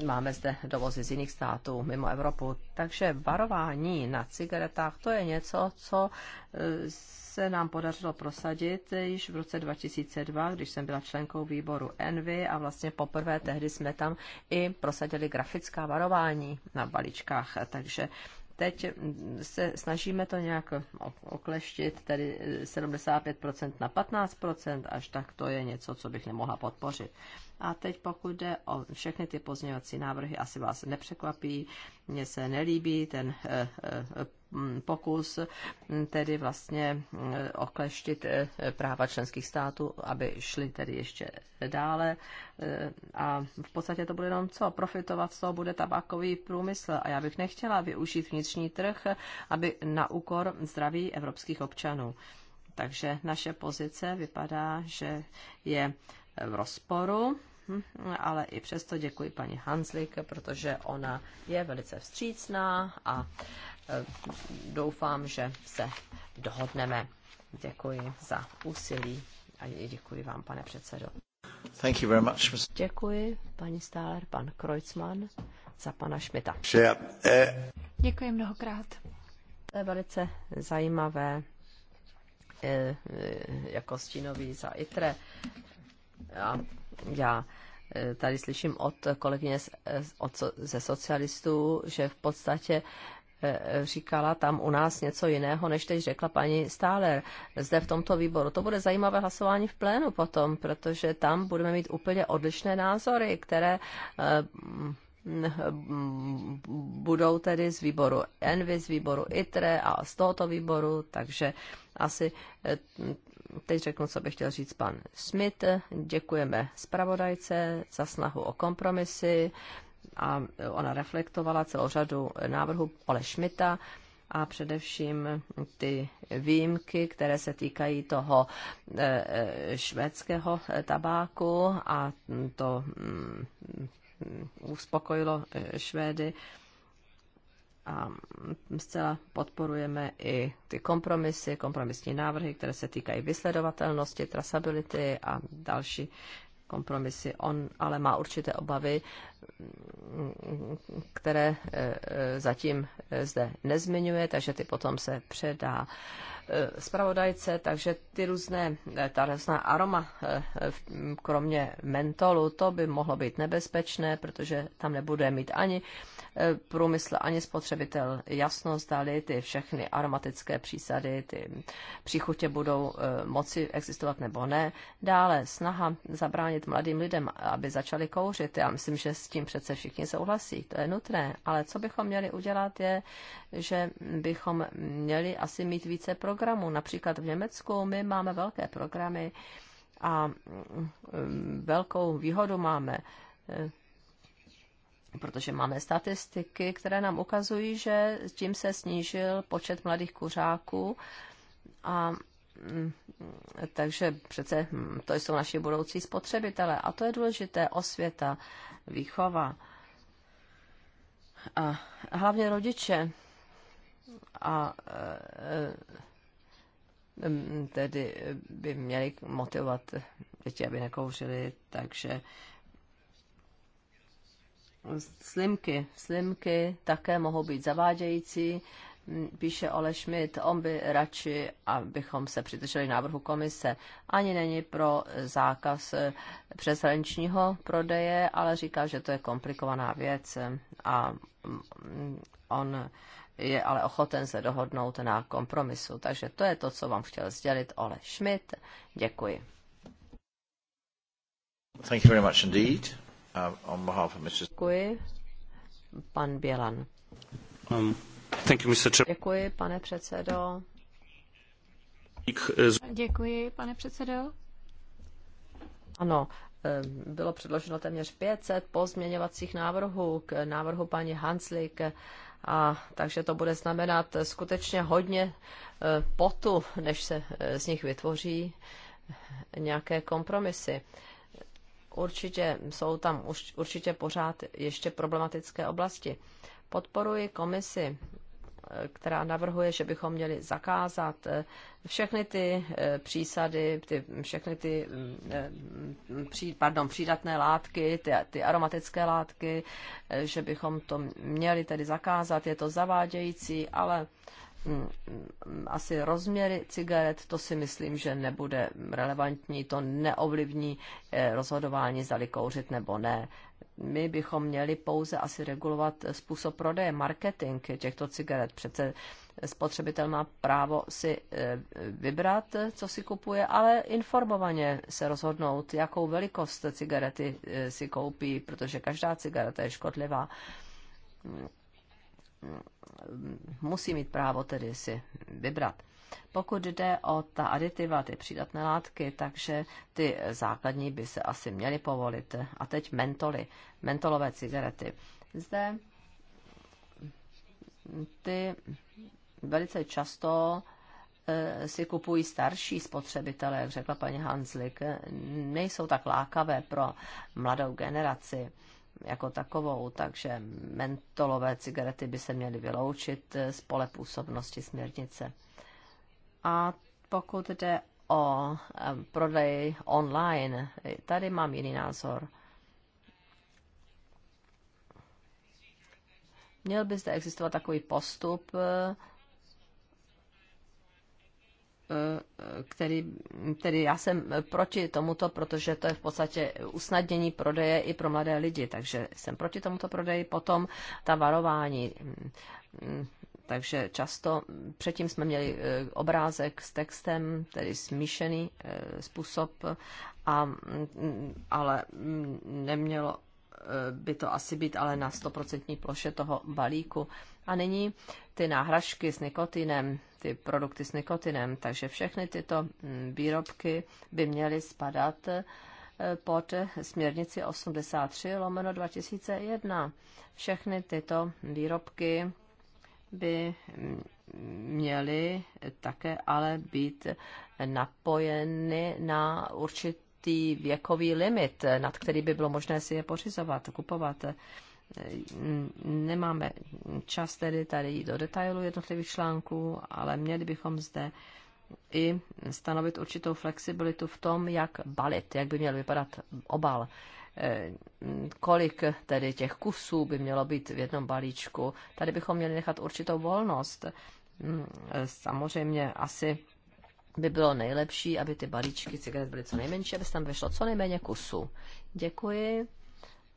S4: eh, máme zde dovozy z jiných států mimo Evropu, takže varování na cigaretách, to je něco, co eh, se nám podařilo prosadit již v roce 2002, když jsem byla členkou výboru Envy a vlastně poprvé tehdy jsme tam i prosadili grafická varování na balíčkách, takže teď se snažíme to nějak okleštit, tedy 75% na 15%, až tak to je něco, co bych nemohla podpořit. A teď pokud jde o všechny ty pozměňovací návrhy, asi vás nepřekvapí, mně se nelíbí ten eh, eh, Mm, pokus mm, tedy vlastně mm, okleštit eh, práva členských států, aby šli tedy ještě dále. Eh, a v podstatě to bude jenom co? Profitovat z toho bude tabákový průmysl. A já bych nechtěla využít vnitřní trh, aby na úkor zdraví evropských občanů. Takže naše pozice vypadá, že je v rozporu hm, ale i přesto děkuji paní Hanslik, protože ona je velice vstřícná a doufám, že se dohodneme. Děkuji za úsilí a děkuji vám, pane předsedo. Thank you very much. Děkuji, paní Stáler, pan Kreuzmann, za pana Šmita. Eh, děkuji mnohokrát. To je velice zajímavé, eh, eh, jako stínový za ITRE. Já, já tady slyším od kolegyně ze socialistů, že v podstatě Eh, říkala tam u nás něco jiného, než teď řekla paní Stáler zde v tomto výboru. To bude zajímavé hlasování v plénu potom, protože tam budeme mít úplně odlišné názory, které eh, budou tedy z výboru Envy, z výboru ITRE a z tohoto výboru, takže asi eh, teď řeknu, co bych chtěl říct pan Smith. Děkujeme zpravodajce za snahu o kompromisy a ona reflektovala celou řadu návrhů Ole Schmidta a především ty výjimky, které se týkají toho eh, eh, švédského tabáku a to mm, uspokojilo eh, Švédy a zcela podporujeme i ty kompromisy, kompromisní návrhy, které se týkají vysledovatelnosti, trasability a další kompromisy. On ale má určité obavy, které eh, eh, zatím eh, zde nezmiňuje, takže ty potom se předá zpravodajce, takže ty různé, ta různá aroma, kromě mentolu, to by mohlo být nebezpečné, protože tam nebude mít ani průmysl ani spotřebitel jasno zdali ty všechny aromatické přísady, ty příchutě budou eh, moci existovat nebo ne. Dále snaha zabránit mladým lidem, aby začali kouřit. Já myslím, že s tím přece všichni souhlasí, to je nutné. Ale co bychom měli udělat je, že bychom měli asi mít více programů. Například v Německu my máme velké programy a mm, mm, velkou výhodu máme eh, protože máme statistiky, které nám ukazují, že tím se snížil počet mladých kuřáků a mm, takže přece mm, to jsou naši budoucí spotřebitelé a to je důležité osvěta, výchova a hlavně rodiče a e, e, mm, tedy by měli motivovat děti, aby nekouřili, takže slimky. Slimky také mohou být zavádějící, píše Ole Schmidt, on by radši, abychom se přidrželi návrhu komise. Ani není pro zákaz e, přeshraničního prodeje, ale říká, že to je komplikovaná věc e, a on je ale ochoten se dohodnout na kompromisu. Takže to je to, co vám chtěl sdělit Ole Schmidt. Děkuji.
S1: Thank you very much indeed. Uh,
S4: Děkuji. Pan Bělan.
S3: Um, thank you, Mr.
S4: Děkuji, pane předsedo.
S5: Děkuji, pane předsedo.
S4: Ano, eh, bylo předloženo téměř 500 pozměňovacích návrhů k návrhu paní Hanslik, a takže to bude znamenat skutečně hodně eh, potu, než se eh, z nich vytvoří nějaké kompromisy. Určitě jsou tam už, určitě pořád ještě problematické oblasti. Podporuji komisi, eh, která navrhuje, že bychom měli zakázat eh, všechny ty eh, přísady, ty, všechny ty mm, mm, pardon, přídatné látky, ty, ty aromatické látky, že bychom to měli tedy zakázat. Je to zavádějící, ale Mm, asi rozměry cigaret, to si myslím, že nebude relevantní, to neovlivní eh, rozhodování, zdali kouřit nebo ne. My bychom měli pouze asi regulovat způsob prodeje, marketing těchto cigaret. Přece spotřebitel má právo si eh, vybrat, co si kupuje, ale informovaně se rozhodnout, jakou velikost cigarety eh, si koupí, protože každá cigareta je škodlivá musí mít právo tedy si vybrat. Pokud jde o ta aditiva, ty přídatné látky, takže ty základní by se asi měly povolit. A teď mentoly, mentolové cigarety. Zde ty velice často eh, si kupují starší spotřebitelé, jak řekla paní Hanslik, nejsou tak lákavé pro mladou generaci jako takovou, takže mentolové cigarety by se měly vyloučit z pole působnosti směrnice. A pokud jde o prodej online, tady mám jiný názor. Měl by zde existovat takový postup, který, který já jsem proti tomuto, protože to je v podstatě usnadnění prodeje i pro mladé lidi, takže jsem proti tomuto prodeji. Potom ta varování, mm, takže často předtím jsme měli eh, obrázek s textem, tedy smíšený eh, způsob, a, mm, ale mm, nemělo eh, by to asi být ale na 100% ploše toho balíku. A nyní ty náhražky s nikotinem, ty produkty s nikotinem, takže všechny tyto mm, výrobky by měly spadat eh, pod směrnici 83 lomeno 2001. Všechny tyto výrobky by mm, měly také ale být napojeny na určitý věkový limit, nad který by bylo možné si je pořizovat, kupovat. Nemáme čas tedy tady jít do detailu jednotlivých článků, ale měli bychom zde i stanovit určitou flexibilitu v tom, jak balit, jak by měl vypadat obal, e, kolik tedy těch kusů by mělo být v jednom balíčku. Tady bychom měli nechat určitou volnost. Mm, e, samozřejmě asi by bylo nejlepší, aby ty balíčky cigaret byly co nejmenší, aby se tam vešlo co nejméně kusů. Děkuji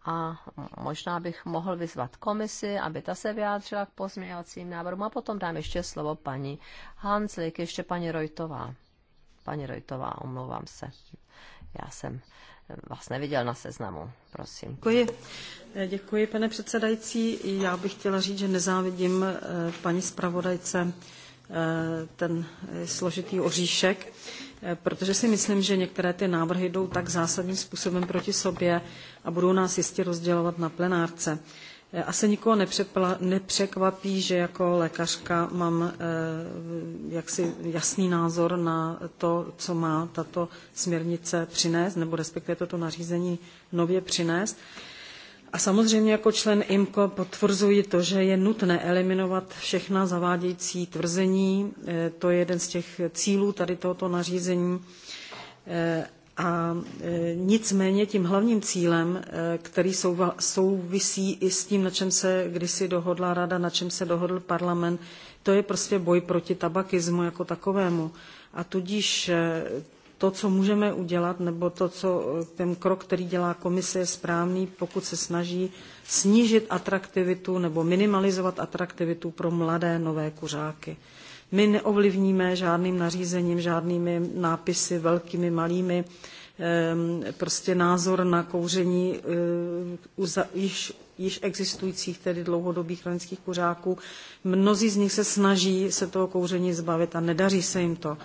S4: a možná bych mohl vyzvat komisi, aby ta se vyjádřila k pozměňovacím návrhům a potom dám ještě slovo paní Hanslik, ještě paní Rojtová. Paní Rojtová, omlouvám se. Já jsem vás neviděl na seznamu, prosím.
S3: Děkuji. Děkuji, pane předsedající. Já bych chtěla říct, že nezávidím eh, paní zpravodajce eh, ten eh, složitý oříšek. Eh, protože si myslím, že některé ty návrhy jdou tak zásadním způsobem proti sobě a budou nás jistě rozdělovat na plenárce. Eh, asi nikoho nepřekvapí, že jako lékařka mám eh, jaksi jasný názor na to, co má tato směrnice přinést, nebo respektive toto nařízení nově přinést. A samozřejmě jako člen IMCO potvrzuji to, že je nutné eliminovat všechna zavádějící tvrzení. E, to je jeden z těch cílů tady tohoto nařízení. E, a e, nicméně tím hlavním cílem, který souvisí i s tím, na čem se kdysi dohodla rada, na čem se dohodl parlament, to je prostě boj proti tabakismu jako takovému. A tudíž to, co můžeme udělat, nebo to, co, eh, ten krok, který dělá komise, je správný, pokud se snaží snížit atraktivitu nebo minimalizovat atraktivitu pro mladé nové kuřáky. My neovlivníme žádným nařízením, žádnými nápisy, velkými, malými, ehm, prostě názor na kouření eh, již, již existujících, tedy dlouhodobých chronických kuřáků. Mnozí z nich se snaží se toho kouření zbavit a nedaří se jim to.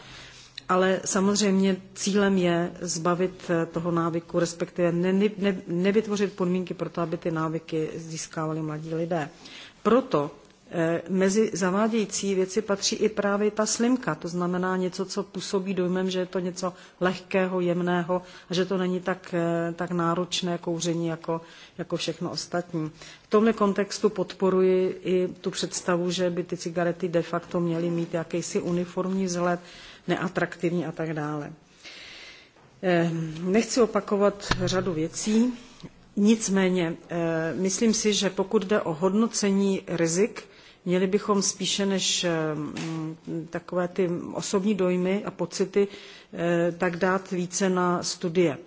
S3: Ale samozřejmě cílem je zbavit eh, toho návyku, respektive ne, ne, nevytvořit podmínky pro to, aby ty návyky získávali mladí lidé. Proto eh, mezi zavádějící věci patří i právě ta slimka, to znamená něco, co působí dojmem, že je to něco lehkého, jemného a že to není tak, eh, tak náročné kouření jako, jako všechno ostatní. V tomhle kontextu podporuji i tu představu, že by ty cigarety de facto měly mít jakýsi uniformní vzhled, neatraktivní a tak dále. Ehm, nechci opakovat řadu věcí, nicméně ehm, myslím si, že pokud jde o hodnocení rizik, měli bychom spíše než ehm, takové ty osobní dojmy a pocity, tak dát více na studie.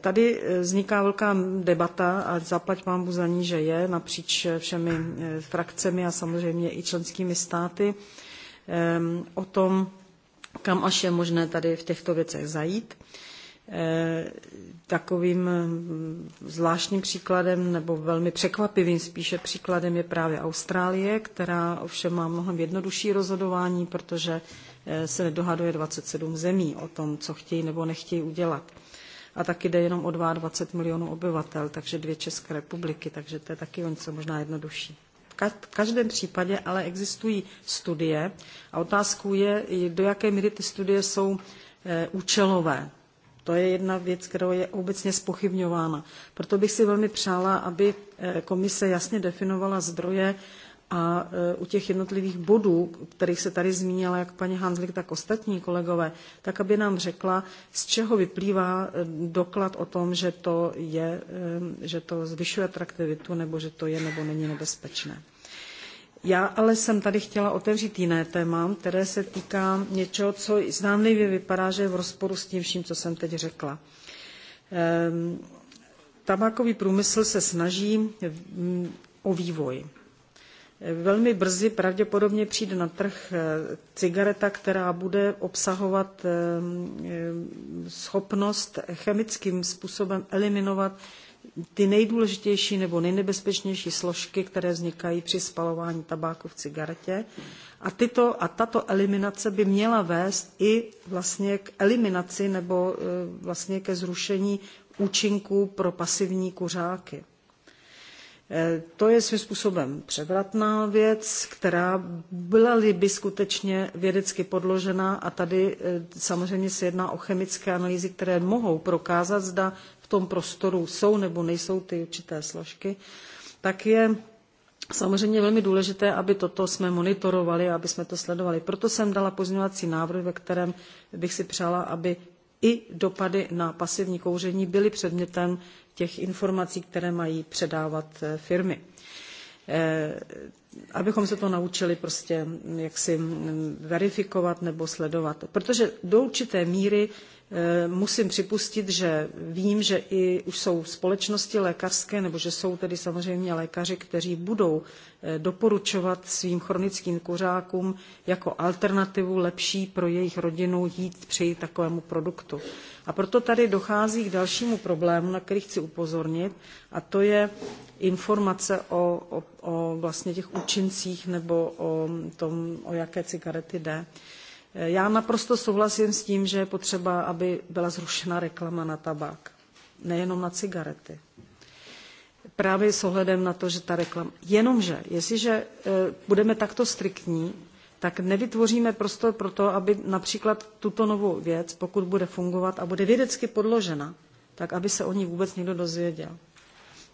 S3: Tady eh, vzniká velká debata a zaplať pámbu za ní, že je napříč všemi eh, frakcemi a samozřejmě i členskými státy o tom, kam až je možné tady v těchto věcech zajít. Eh, takovým mm, zvláštním příkladem, nebo velmi překvapivým spíše příkladem je právě Austrálie, která ovšem má mnohem jednodušší rozhodování, protože eh, se nedohaduje 27 zemí o tom, co chtějí nebo nechtějí udělat. A taky jde jenom o 22 milionů obyvatel, takže dvě České republiky, takže to je taky o něco možná jednodušší každém případě ale existují studie a otázkou je, do jaké míry ty studie jsou eh, účelové. To je jedna věc, kterou je obecně spochybňována. Proto bych si velmi přála, aby eh, komise jasně definovala zdroje a e, u těch jednotlivých bodů, kterých se tady zmínila jak paní Hanzlik, tak ostatní kolegové, tak aby nám řekla, z čeho vyplývá e, doklad o tom, že to, je, e, že to zvyšuje atraktivitu nebo že to je nebo není nebezpečné. Já ale jsem tady chtěla otevřít jiné téma, které se týká něčeho, co zdánlivě vypadá, že je v rozporu s tím vším, co jsem teď řekla. Ehm, tabákový průmysl se snaží o vývoj. Velmi brzy pravděpodobně přijde na trh eh, cigareta, která bude obsahovat eh, eh, schopnost chemickým způsobem eliminovat ty nejdůležitější nebo nejnebezpečnější složky, které vznikají při spalování tabáku v cigaretě. A, tyto, a tato eliminace by měla vést i vlastně k eliminaci nebo vlastně ke zrušení účinků pro pasivní kuřáky. Eh, to je svým způsobem převratná věc, která byla-li by skutečně vědecky podložena a tady eh, samozřejmě se jedná o chemické analýzy, které mohou prokázat, zda v tom prostoru jsou nebo nejsou ty určité složky, tak je samozřejmě velmi důležité, aby toto jsme monitorovali a aby jsme to sledovali. Proto jsem dala pozměňovací návrh, ve kterém bych si přála, aby i dopady na pasivní kouření byly předmětem těch informací, které mají předávat eh, firmy. Eh, abychom se to naučili prostě mm, jaksi mm, verifikovat nebo sledovat. Protože do určité míry eh, musím připustit, že vím, že i už jsou společnosti lékařské, nebo že jsou tedy samozřejmě lékaři, kteří budou doporučovat svým chronickým kuřákům jako alternativu lepší pro jejich rodinu jít při takovému produktu. A proto tady dochází k dalšímu problému, na který chci upozornit, a to je informace o, o, o vlastně těch účincích nebo o tom, o jaké cigarety jde. Já naprosto souhlasím s tím, že je potřeba, aby byla zrušena reklama na tabák, nejenom na cigarety. Právě s ohledem na to, že ta reklama... Jenomže, jestliže eh, budeme takto striktní, tak nevytvoříme prostor pro to, aby například tuto novou věc, pokud bude fungovat a bude vědecky podložena, tak aby se o ní vůbec někdo dozvěděl.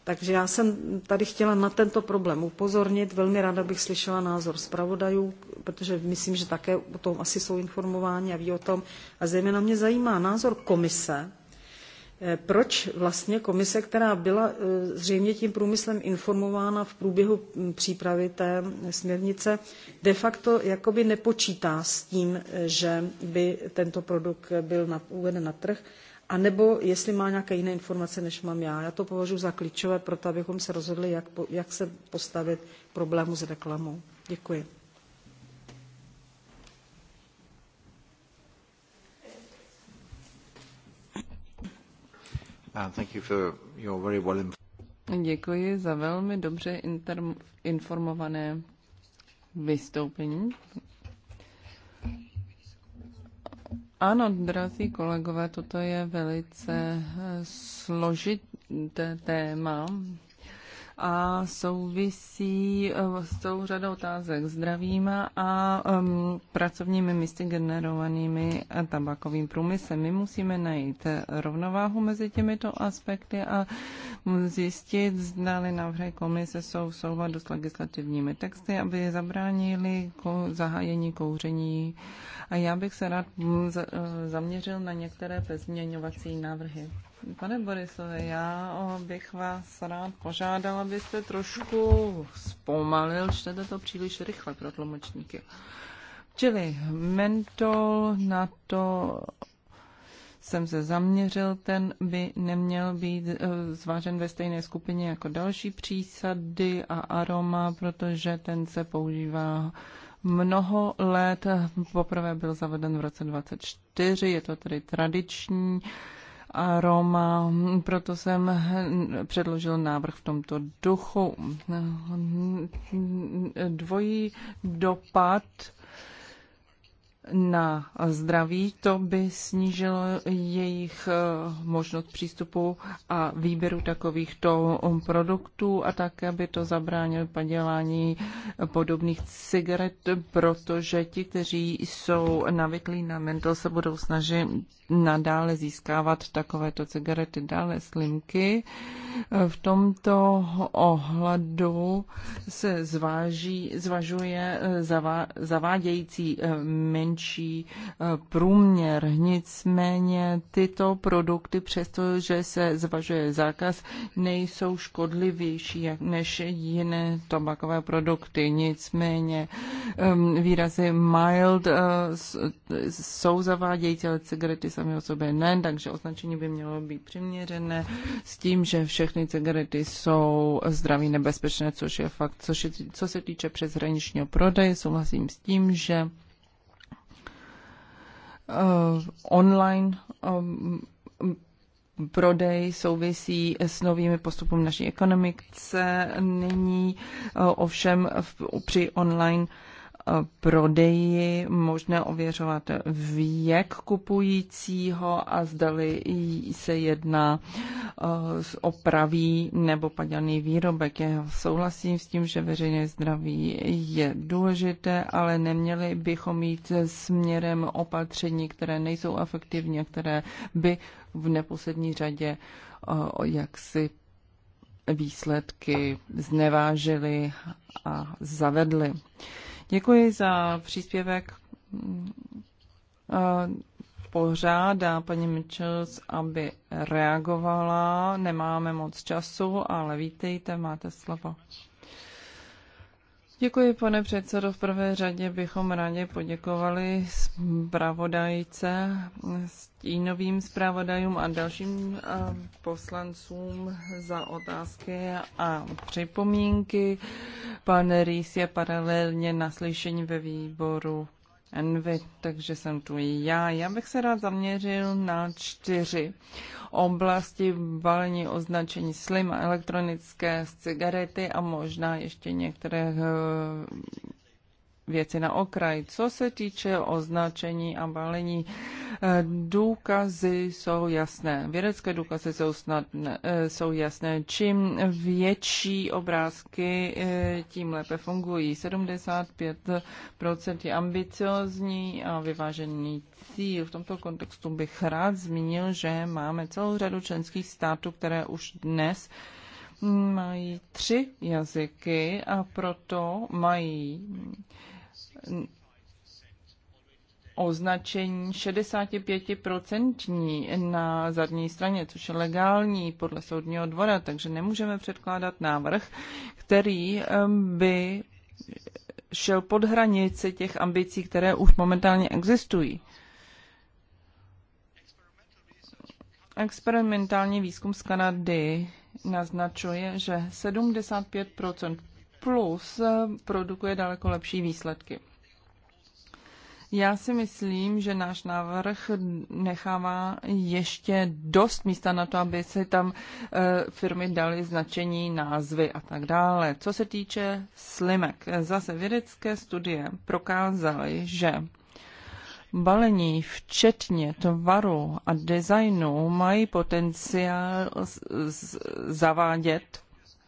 S3: Takže já jsem tady chtěla na tento problém upozornit. Velmi ráda bych slyšela názor zpravodajů, protože myslím, že také o tom asi jsou informováni a ví o tom. A zejména mě zajímá názor komise, Eh, proč vlastně komise, která byla eh, zřejmě tím průmyslem informována v průběhu mm, přípravy té mm, směrnice, de facto jakoby nepočítá s tím, eh, že by tento produkt byl na, uveden na trh, anebo jestli má nějaké jiné informace, než mám já. Já to považuji za klíčové, proto abychom se rozhodli, jak, jak se postavit problému s reklamou. Děkuji.
S1: Uh,
S2: Děkuji za velmi dobře informované vystoupení. Ano, drazí kolegové, toto je velice eh, složité téma a souvisí eh, s tou řadou otázek zdravím a um, pracovními místy generovanými tabakovým průmyslem. My musíme najít rovnováhu mezi těmito aspekty a zjistit, zdali návrhy komise jsou v souladu s legislativními texty, aby zabránili zahájení kouření. A já bych se rád zaměřil na některé bezměňovací návrhy. Pane Borisové, já bych vás rád požádal, abyste trošku zpomalil, čtete to příliš rychle pro tlumočníky. Čili mentol na to jsem se zaměřil, ten by neměl být eh, zvážen ve stejné skupině jako další přísady a aroma, protože ten se používá mnoho let. Poprvé byl zaveden v roce 24, je to tedy tradiční aroma, proto jsem předložil návrh v tomto duchu. Dvojí dopad na zdraví, to by snížilo jejich eh, možnost přístupu a výběru takovýchto um, produktů a také by to zabránilo padělání eh, podobných cigaret, protože ti, kteří jsou navyklí na mentol, se budou snažit nadále získávat takovéto cigarety, dále slimky. V tomto ohledu se zváží, zvažuje zavá, zavádějící eh, menší eh, průměr. Nicméně tyto produkty, přestože se zvažuje zákaz, nejsou škodlivější než jiné tabakové produkty. Nicméně ehm, výrazy mild eh, jsou zavádějící, ale cigarety sami o sobě ne, takže označení by mělo být přiměřené s tím, že všechny cigarety jsou zdraví nebezpečné, což je fakt. Což je, co se týče přeshraničního prodeje, souhlasím s tím, že uh, online um, prodej souvisí s novými postupy naší ekonomice. Nyní eh, ovšem v, při online prodeji možné ověřovat věk kupujícího a zdali se jedná eh, o pravý nebo padělný výrobek. Já souhlasím s tím, že veřejné zdraví je důležité, ale neměli bychom jít směrem opatření, které nejsou efektivní a které by v neposlední řadě eh, jaksi výsledky znevážily a zavedly. Děkuji za příspěvek. Eh, Pořádá paní Mitchells, aby reagovala. Nemáme moc času, ale vítejte, máte slovo. Děkuji, pane předsedo. V prvé řadě bychom rádi poděkovali zpravodajce, stínovým zpravodajům a dalším poslancům za otázky a připomínky. Pan Rýs je paralelně na slyšení ve výboru Envy, takže jsem tu i já. Já bych se rád zaměřil na čtyři oblasti balení označení slim, elektronické cigarety a možná ještě některé eh, věci na okraj. Co se týče označení a balení, eh, důkazy jsou jasné. Vědecké důkazy jsou, snadné, eh, jsou jasné. Čím větší obrázky, eh, tím lépe fungují. 75% je ambiciozní a vyvážený cíl. V tomto kontextu bych rád zmínil, že máme celou řadu členských států, které už dnes mají tři jazyky a proto mají označení 65% na zadní straně, což je legální podle soudního dvora, takže nemůžeme předkládat návrh, který by šel pod hranici těch ambicí, které už momentálně existují. Experimentální výzkum z Kanady naznačuje, že 75% plus produkuje daleko lepší výsledky. Já si myslím, že náš návrh nechává ještě dost místa na to, aby se tam e, firmy daly značení, názvy a tak dále. Co se týče slimek, zase vědecké studie prokázaly, že balení, včetně tvaru a designu, mají potenciál zavádět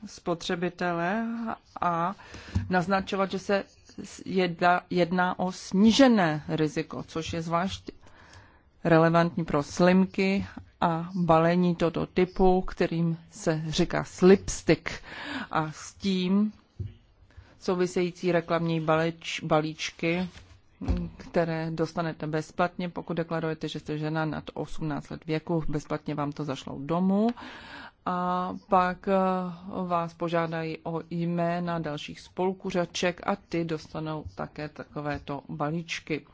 S2: spotřebitele a naznačovat, že se jedna, jedná o snížené riziko, což je zvlášť relevantní pro slimky a balení tohoto typu, kterým se říká slipstick. A s tím související reklamní balič, balíčky, které dostanete bezplatně, pokud deklarujete, že jste žena nad 18 let věku, bezplatně vám to zašlo domů a pak eh, vás požádají o jména dalších spolukuřaček a ty dostanou také takovéto balíčky.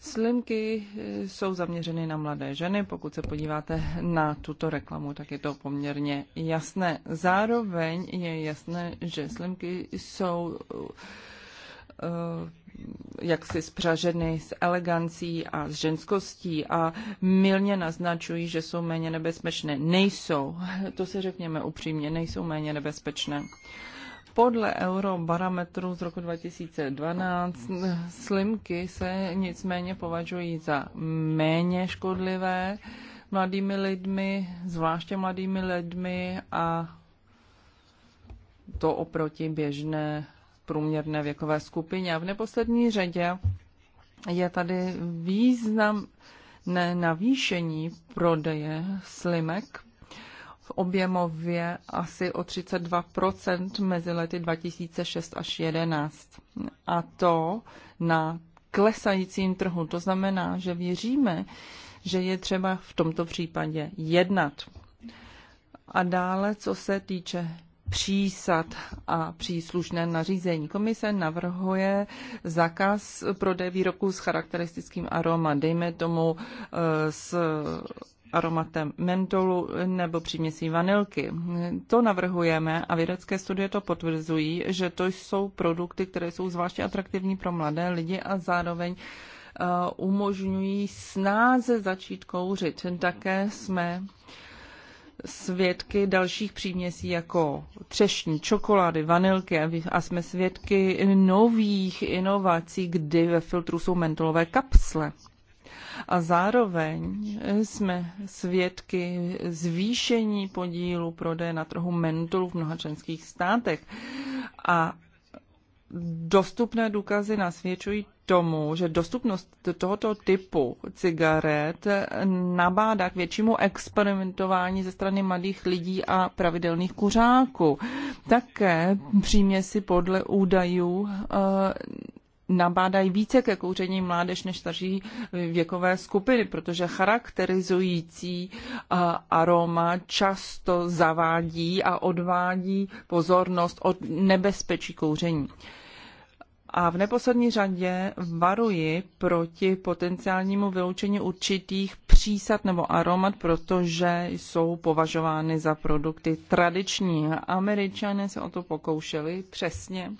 S2: Slimky eh, jsou zaměřeny na mladé ženy. Pokud se podíváte na tuto reklamu, tak je to poměrně jasné. Zároveň je jasné, že slimky jsou eh, Eh, jaksi spřaženy s elegancí a s ženskostí a milně naznačují, že jsou méně nebezpečné. Nejsou, to si řekněme upřímně, nejsou méně nebezpečné. Podle eurobarometru z roku 2012 slimky se nicméně považují za méně škodlivé mladými lidmi, zvláště mladými lidmi a to oproti běžné průměrné věkové skupině. A v neposlední řadě je tady význam navýšení prodeje slimek v objemově asi o 32 mezi lety 2006 až 2011. A to na klesajícím trhu. To znamená, že věříme, že je třeba v tomto případě jednat. A dále, co se týče přísad a příslušné nařízení. Komise navrhuje zakaz prodej výrobků s charakteristickým aroma, dejme tomu eh, s aromatem mentolu nebo příměsí vanilky. To navrhujeme a vědecké studie to potvrzují, že to jsou produkty, které jsou zvláště atraktivní pro mladé lidi a zároveň eh, umožňují snáze začít kouřit. Také jsme uh, svědky dalších příměsí jako třešní, čokolády, vanilky a jsme svědky nových inovací, kdy ve filtru jsou mentolové kapsle. A zároveň jsme svědky zvýšení podílu prodeje na trhu mentolu v mnoha členských státech. A dostupné důkazy nasvědčují tomu, že dostupnost tohoto typu cigaret nabádá k většímu experimentování ze strany mladých lidí a pravidelných kuřáků. Také si podle údajů eh, nabádají více ke kouření mládež než starší věkové skupiny, protože charakterizující eh, aroma často zavádí a odvádí pozornost od nebezpečí kouření. A v neposlední řadě varuji proti potenciálnímu vyloučení určitých přísad nebo aromat, protože jsou považovány za produkty tradiční. Američané se o to pokoušeli přesně.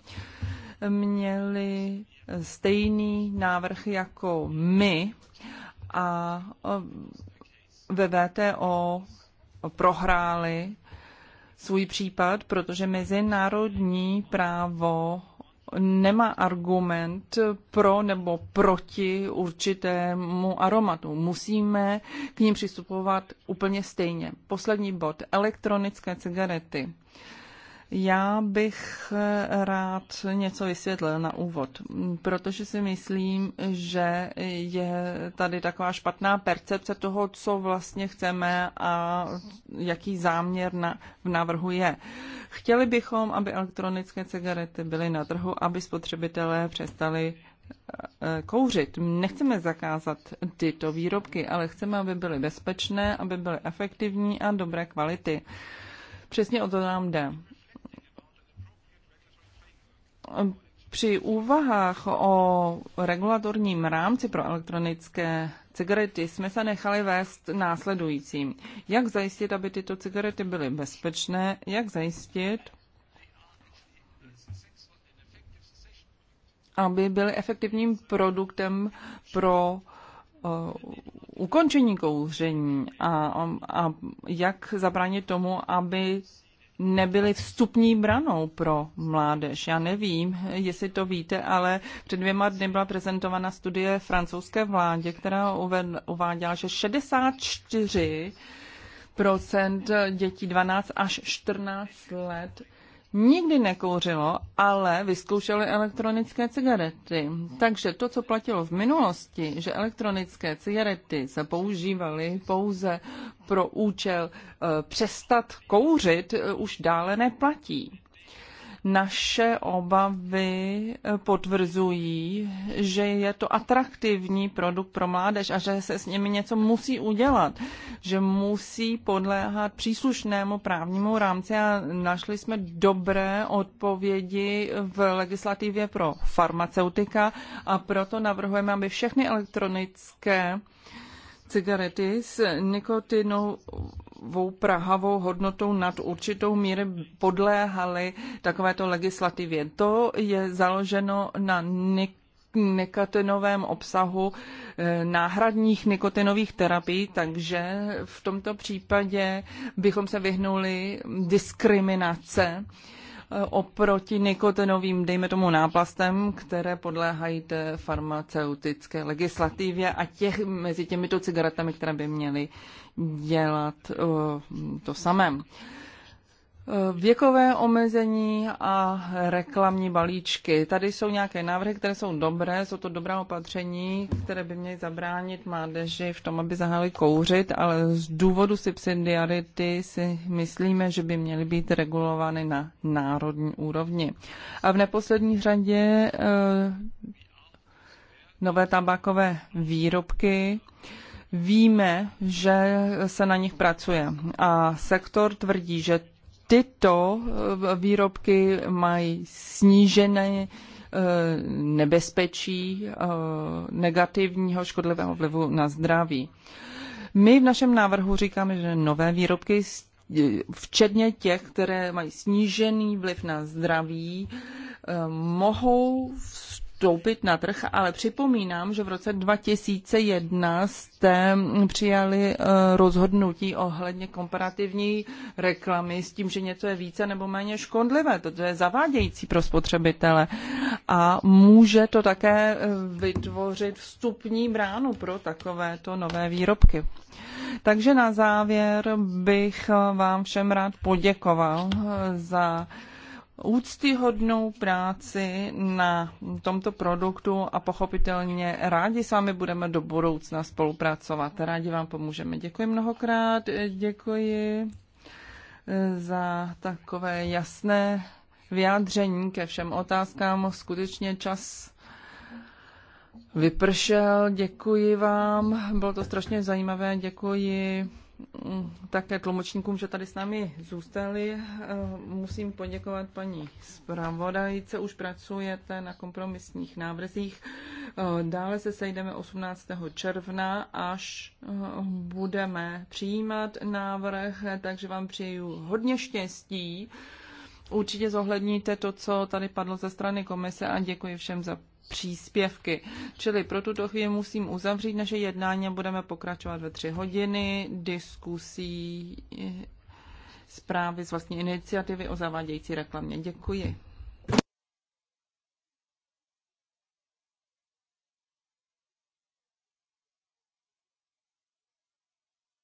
S2: Měli stejný návrh jako my a ve VTO prohráli svůj případ, protože mezinárodní právo nemá argument pro nebo proti určitému aromatu. Musíme k ním přistupovat úplně stejně. Poslední bod. Elektronické cigarety. Já bych eh, rád něco vysvětlil na úvod, protože si myslím, že je tady taková špatná percepce toho, co vlastně chceme a jaký záměr na, v návrhu je. Chtěli bychom, aby elektronické cigarety byly na trhu, aby spotřebitelé přestali eh, kouřit. Nechceme zakázat tyto výrobky, ale chceme, aby byly bezpečné, aby byly efektivní a dobré kvality. Přesně o to nám jde při úvahách o regulatorním rámci pro elektronické cigarety jsme se nechali vést následujícím. Jak zajistit, aby tyto cigarety byly bezpečné? Jak zajistit, aby byly efektivním produktem pro uh, ukončení kouření a, a jak zabránit tomu, aby nebyly vstupní branou pro mládež. Já nevím, jestli to víte, ale před dvěma dny byla prezentována studie francouzské vládě, která uváděla, že 64 procent dětí 12 až 14 let nikdy nekouřilo, ale vyzkoušeli elektronické cigarety. Takže to, co platilo v minulosti, že elektronické cigarety se používaly pouze pro účel eh, přestat kouřit, eh, už dále neplatí. Naše obavy eh, potvrzují, že je to atraktivní produkt pro mládež a že se s nimi něco musí udělat, že musí podléhat příslušnému právnímu rámci a našli jsme dobré odpovědi v legislativě pro farmaceutika a proto navrhujeme, aby všechny elektronické cigarety s nikotinou svou prahavou hodnotou nad určitou míry podléhaly takovéto legislativě. To je založeno na nikotinovém obsahu eh, náhradních nikotinových terapií, takže v tomto případě bychom se vyhnuli diskriminace oproti nikotinovým, dejme tomu, náplastem, které podléhají té farmaceutické legislativě a těch, mezi těmito cigaretami, které by měly dělat eh, to samé. Eh, věkové omezení a reklamní balíčky. Tady jsou nějaké návrhy, které jsou dobré, jsou to dobrá opatření, které by měly zabránit mládeži v tom, aby zahali kouřit, ale z důvodu subsidiarity si myslíme, že by měly být regulovány na národní úrovni. A v neposlední řadě eh, nové tabakové výrobky. Víme, že se na nich pracuje a sektor tvrdí, že tyto eh, výrobky mají snížené eh, nebezpečí eh, negativního škodlivého vlivu na zdraví. My v našem návrhu říkáme, že nové výrobky, včetně těch, které mají snížený vliv na zdraví, mohou vstupovat vstoupit na trh, ale připomínám, že v roce 2001 jste přijali eh, rozhodnutí ohledně komparativní reklamy s tím, že něco je více nebo méně škodlivé. To je zavádějící pro spotřebitele a může to také eh, vytvořit vstupní bránu pro takovéto nové výrobky. Takže na závěr bych eh, vám všem rád poděkoval za úctyhodnou práci na tomto produktu a pochopitelně rádi s vámi budeme do budoucna spolupracovat. Rádi vám pomůžeme. Děkuji mnohokrát, děkuji eh, za takové jasné vyjádření ke všem otázkám. Skutečně čas vypršel. Děkuji vám. Bylo to strašně zajímavé. Děkuji Mm, také tlumočníkům, že tady s námi zůstali. Eh, musím poděkovat paní zpravodajce, už pracujete na kompromisních návrzích. Eh, dále se sejdeme 18. června, až eh, budeme přijímat návrh, takže vám přeju hodně štěstí. Určitě zohledníte to, co tady padlo ze strany komise a děkuji všem za příspěvky. Čili pro tuto chvíli musím uzavřít naše jednání a budeme pokračovat ve tři hodiny diskusí eh, zprávy z vlastní iniciativy o zavádějící reklamě. Děkuji.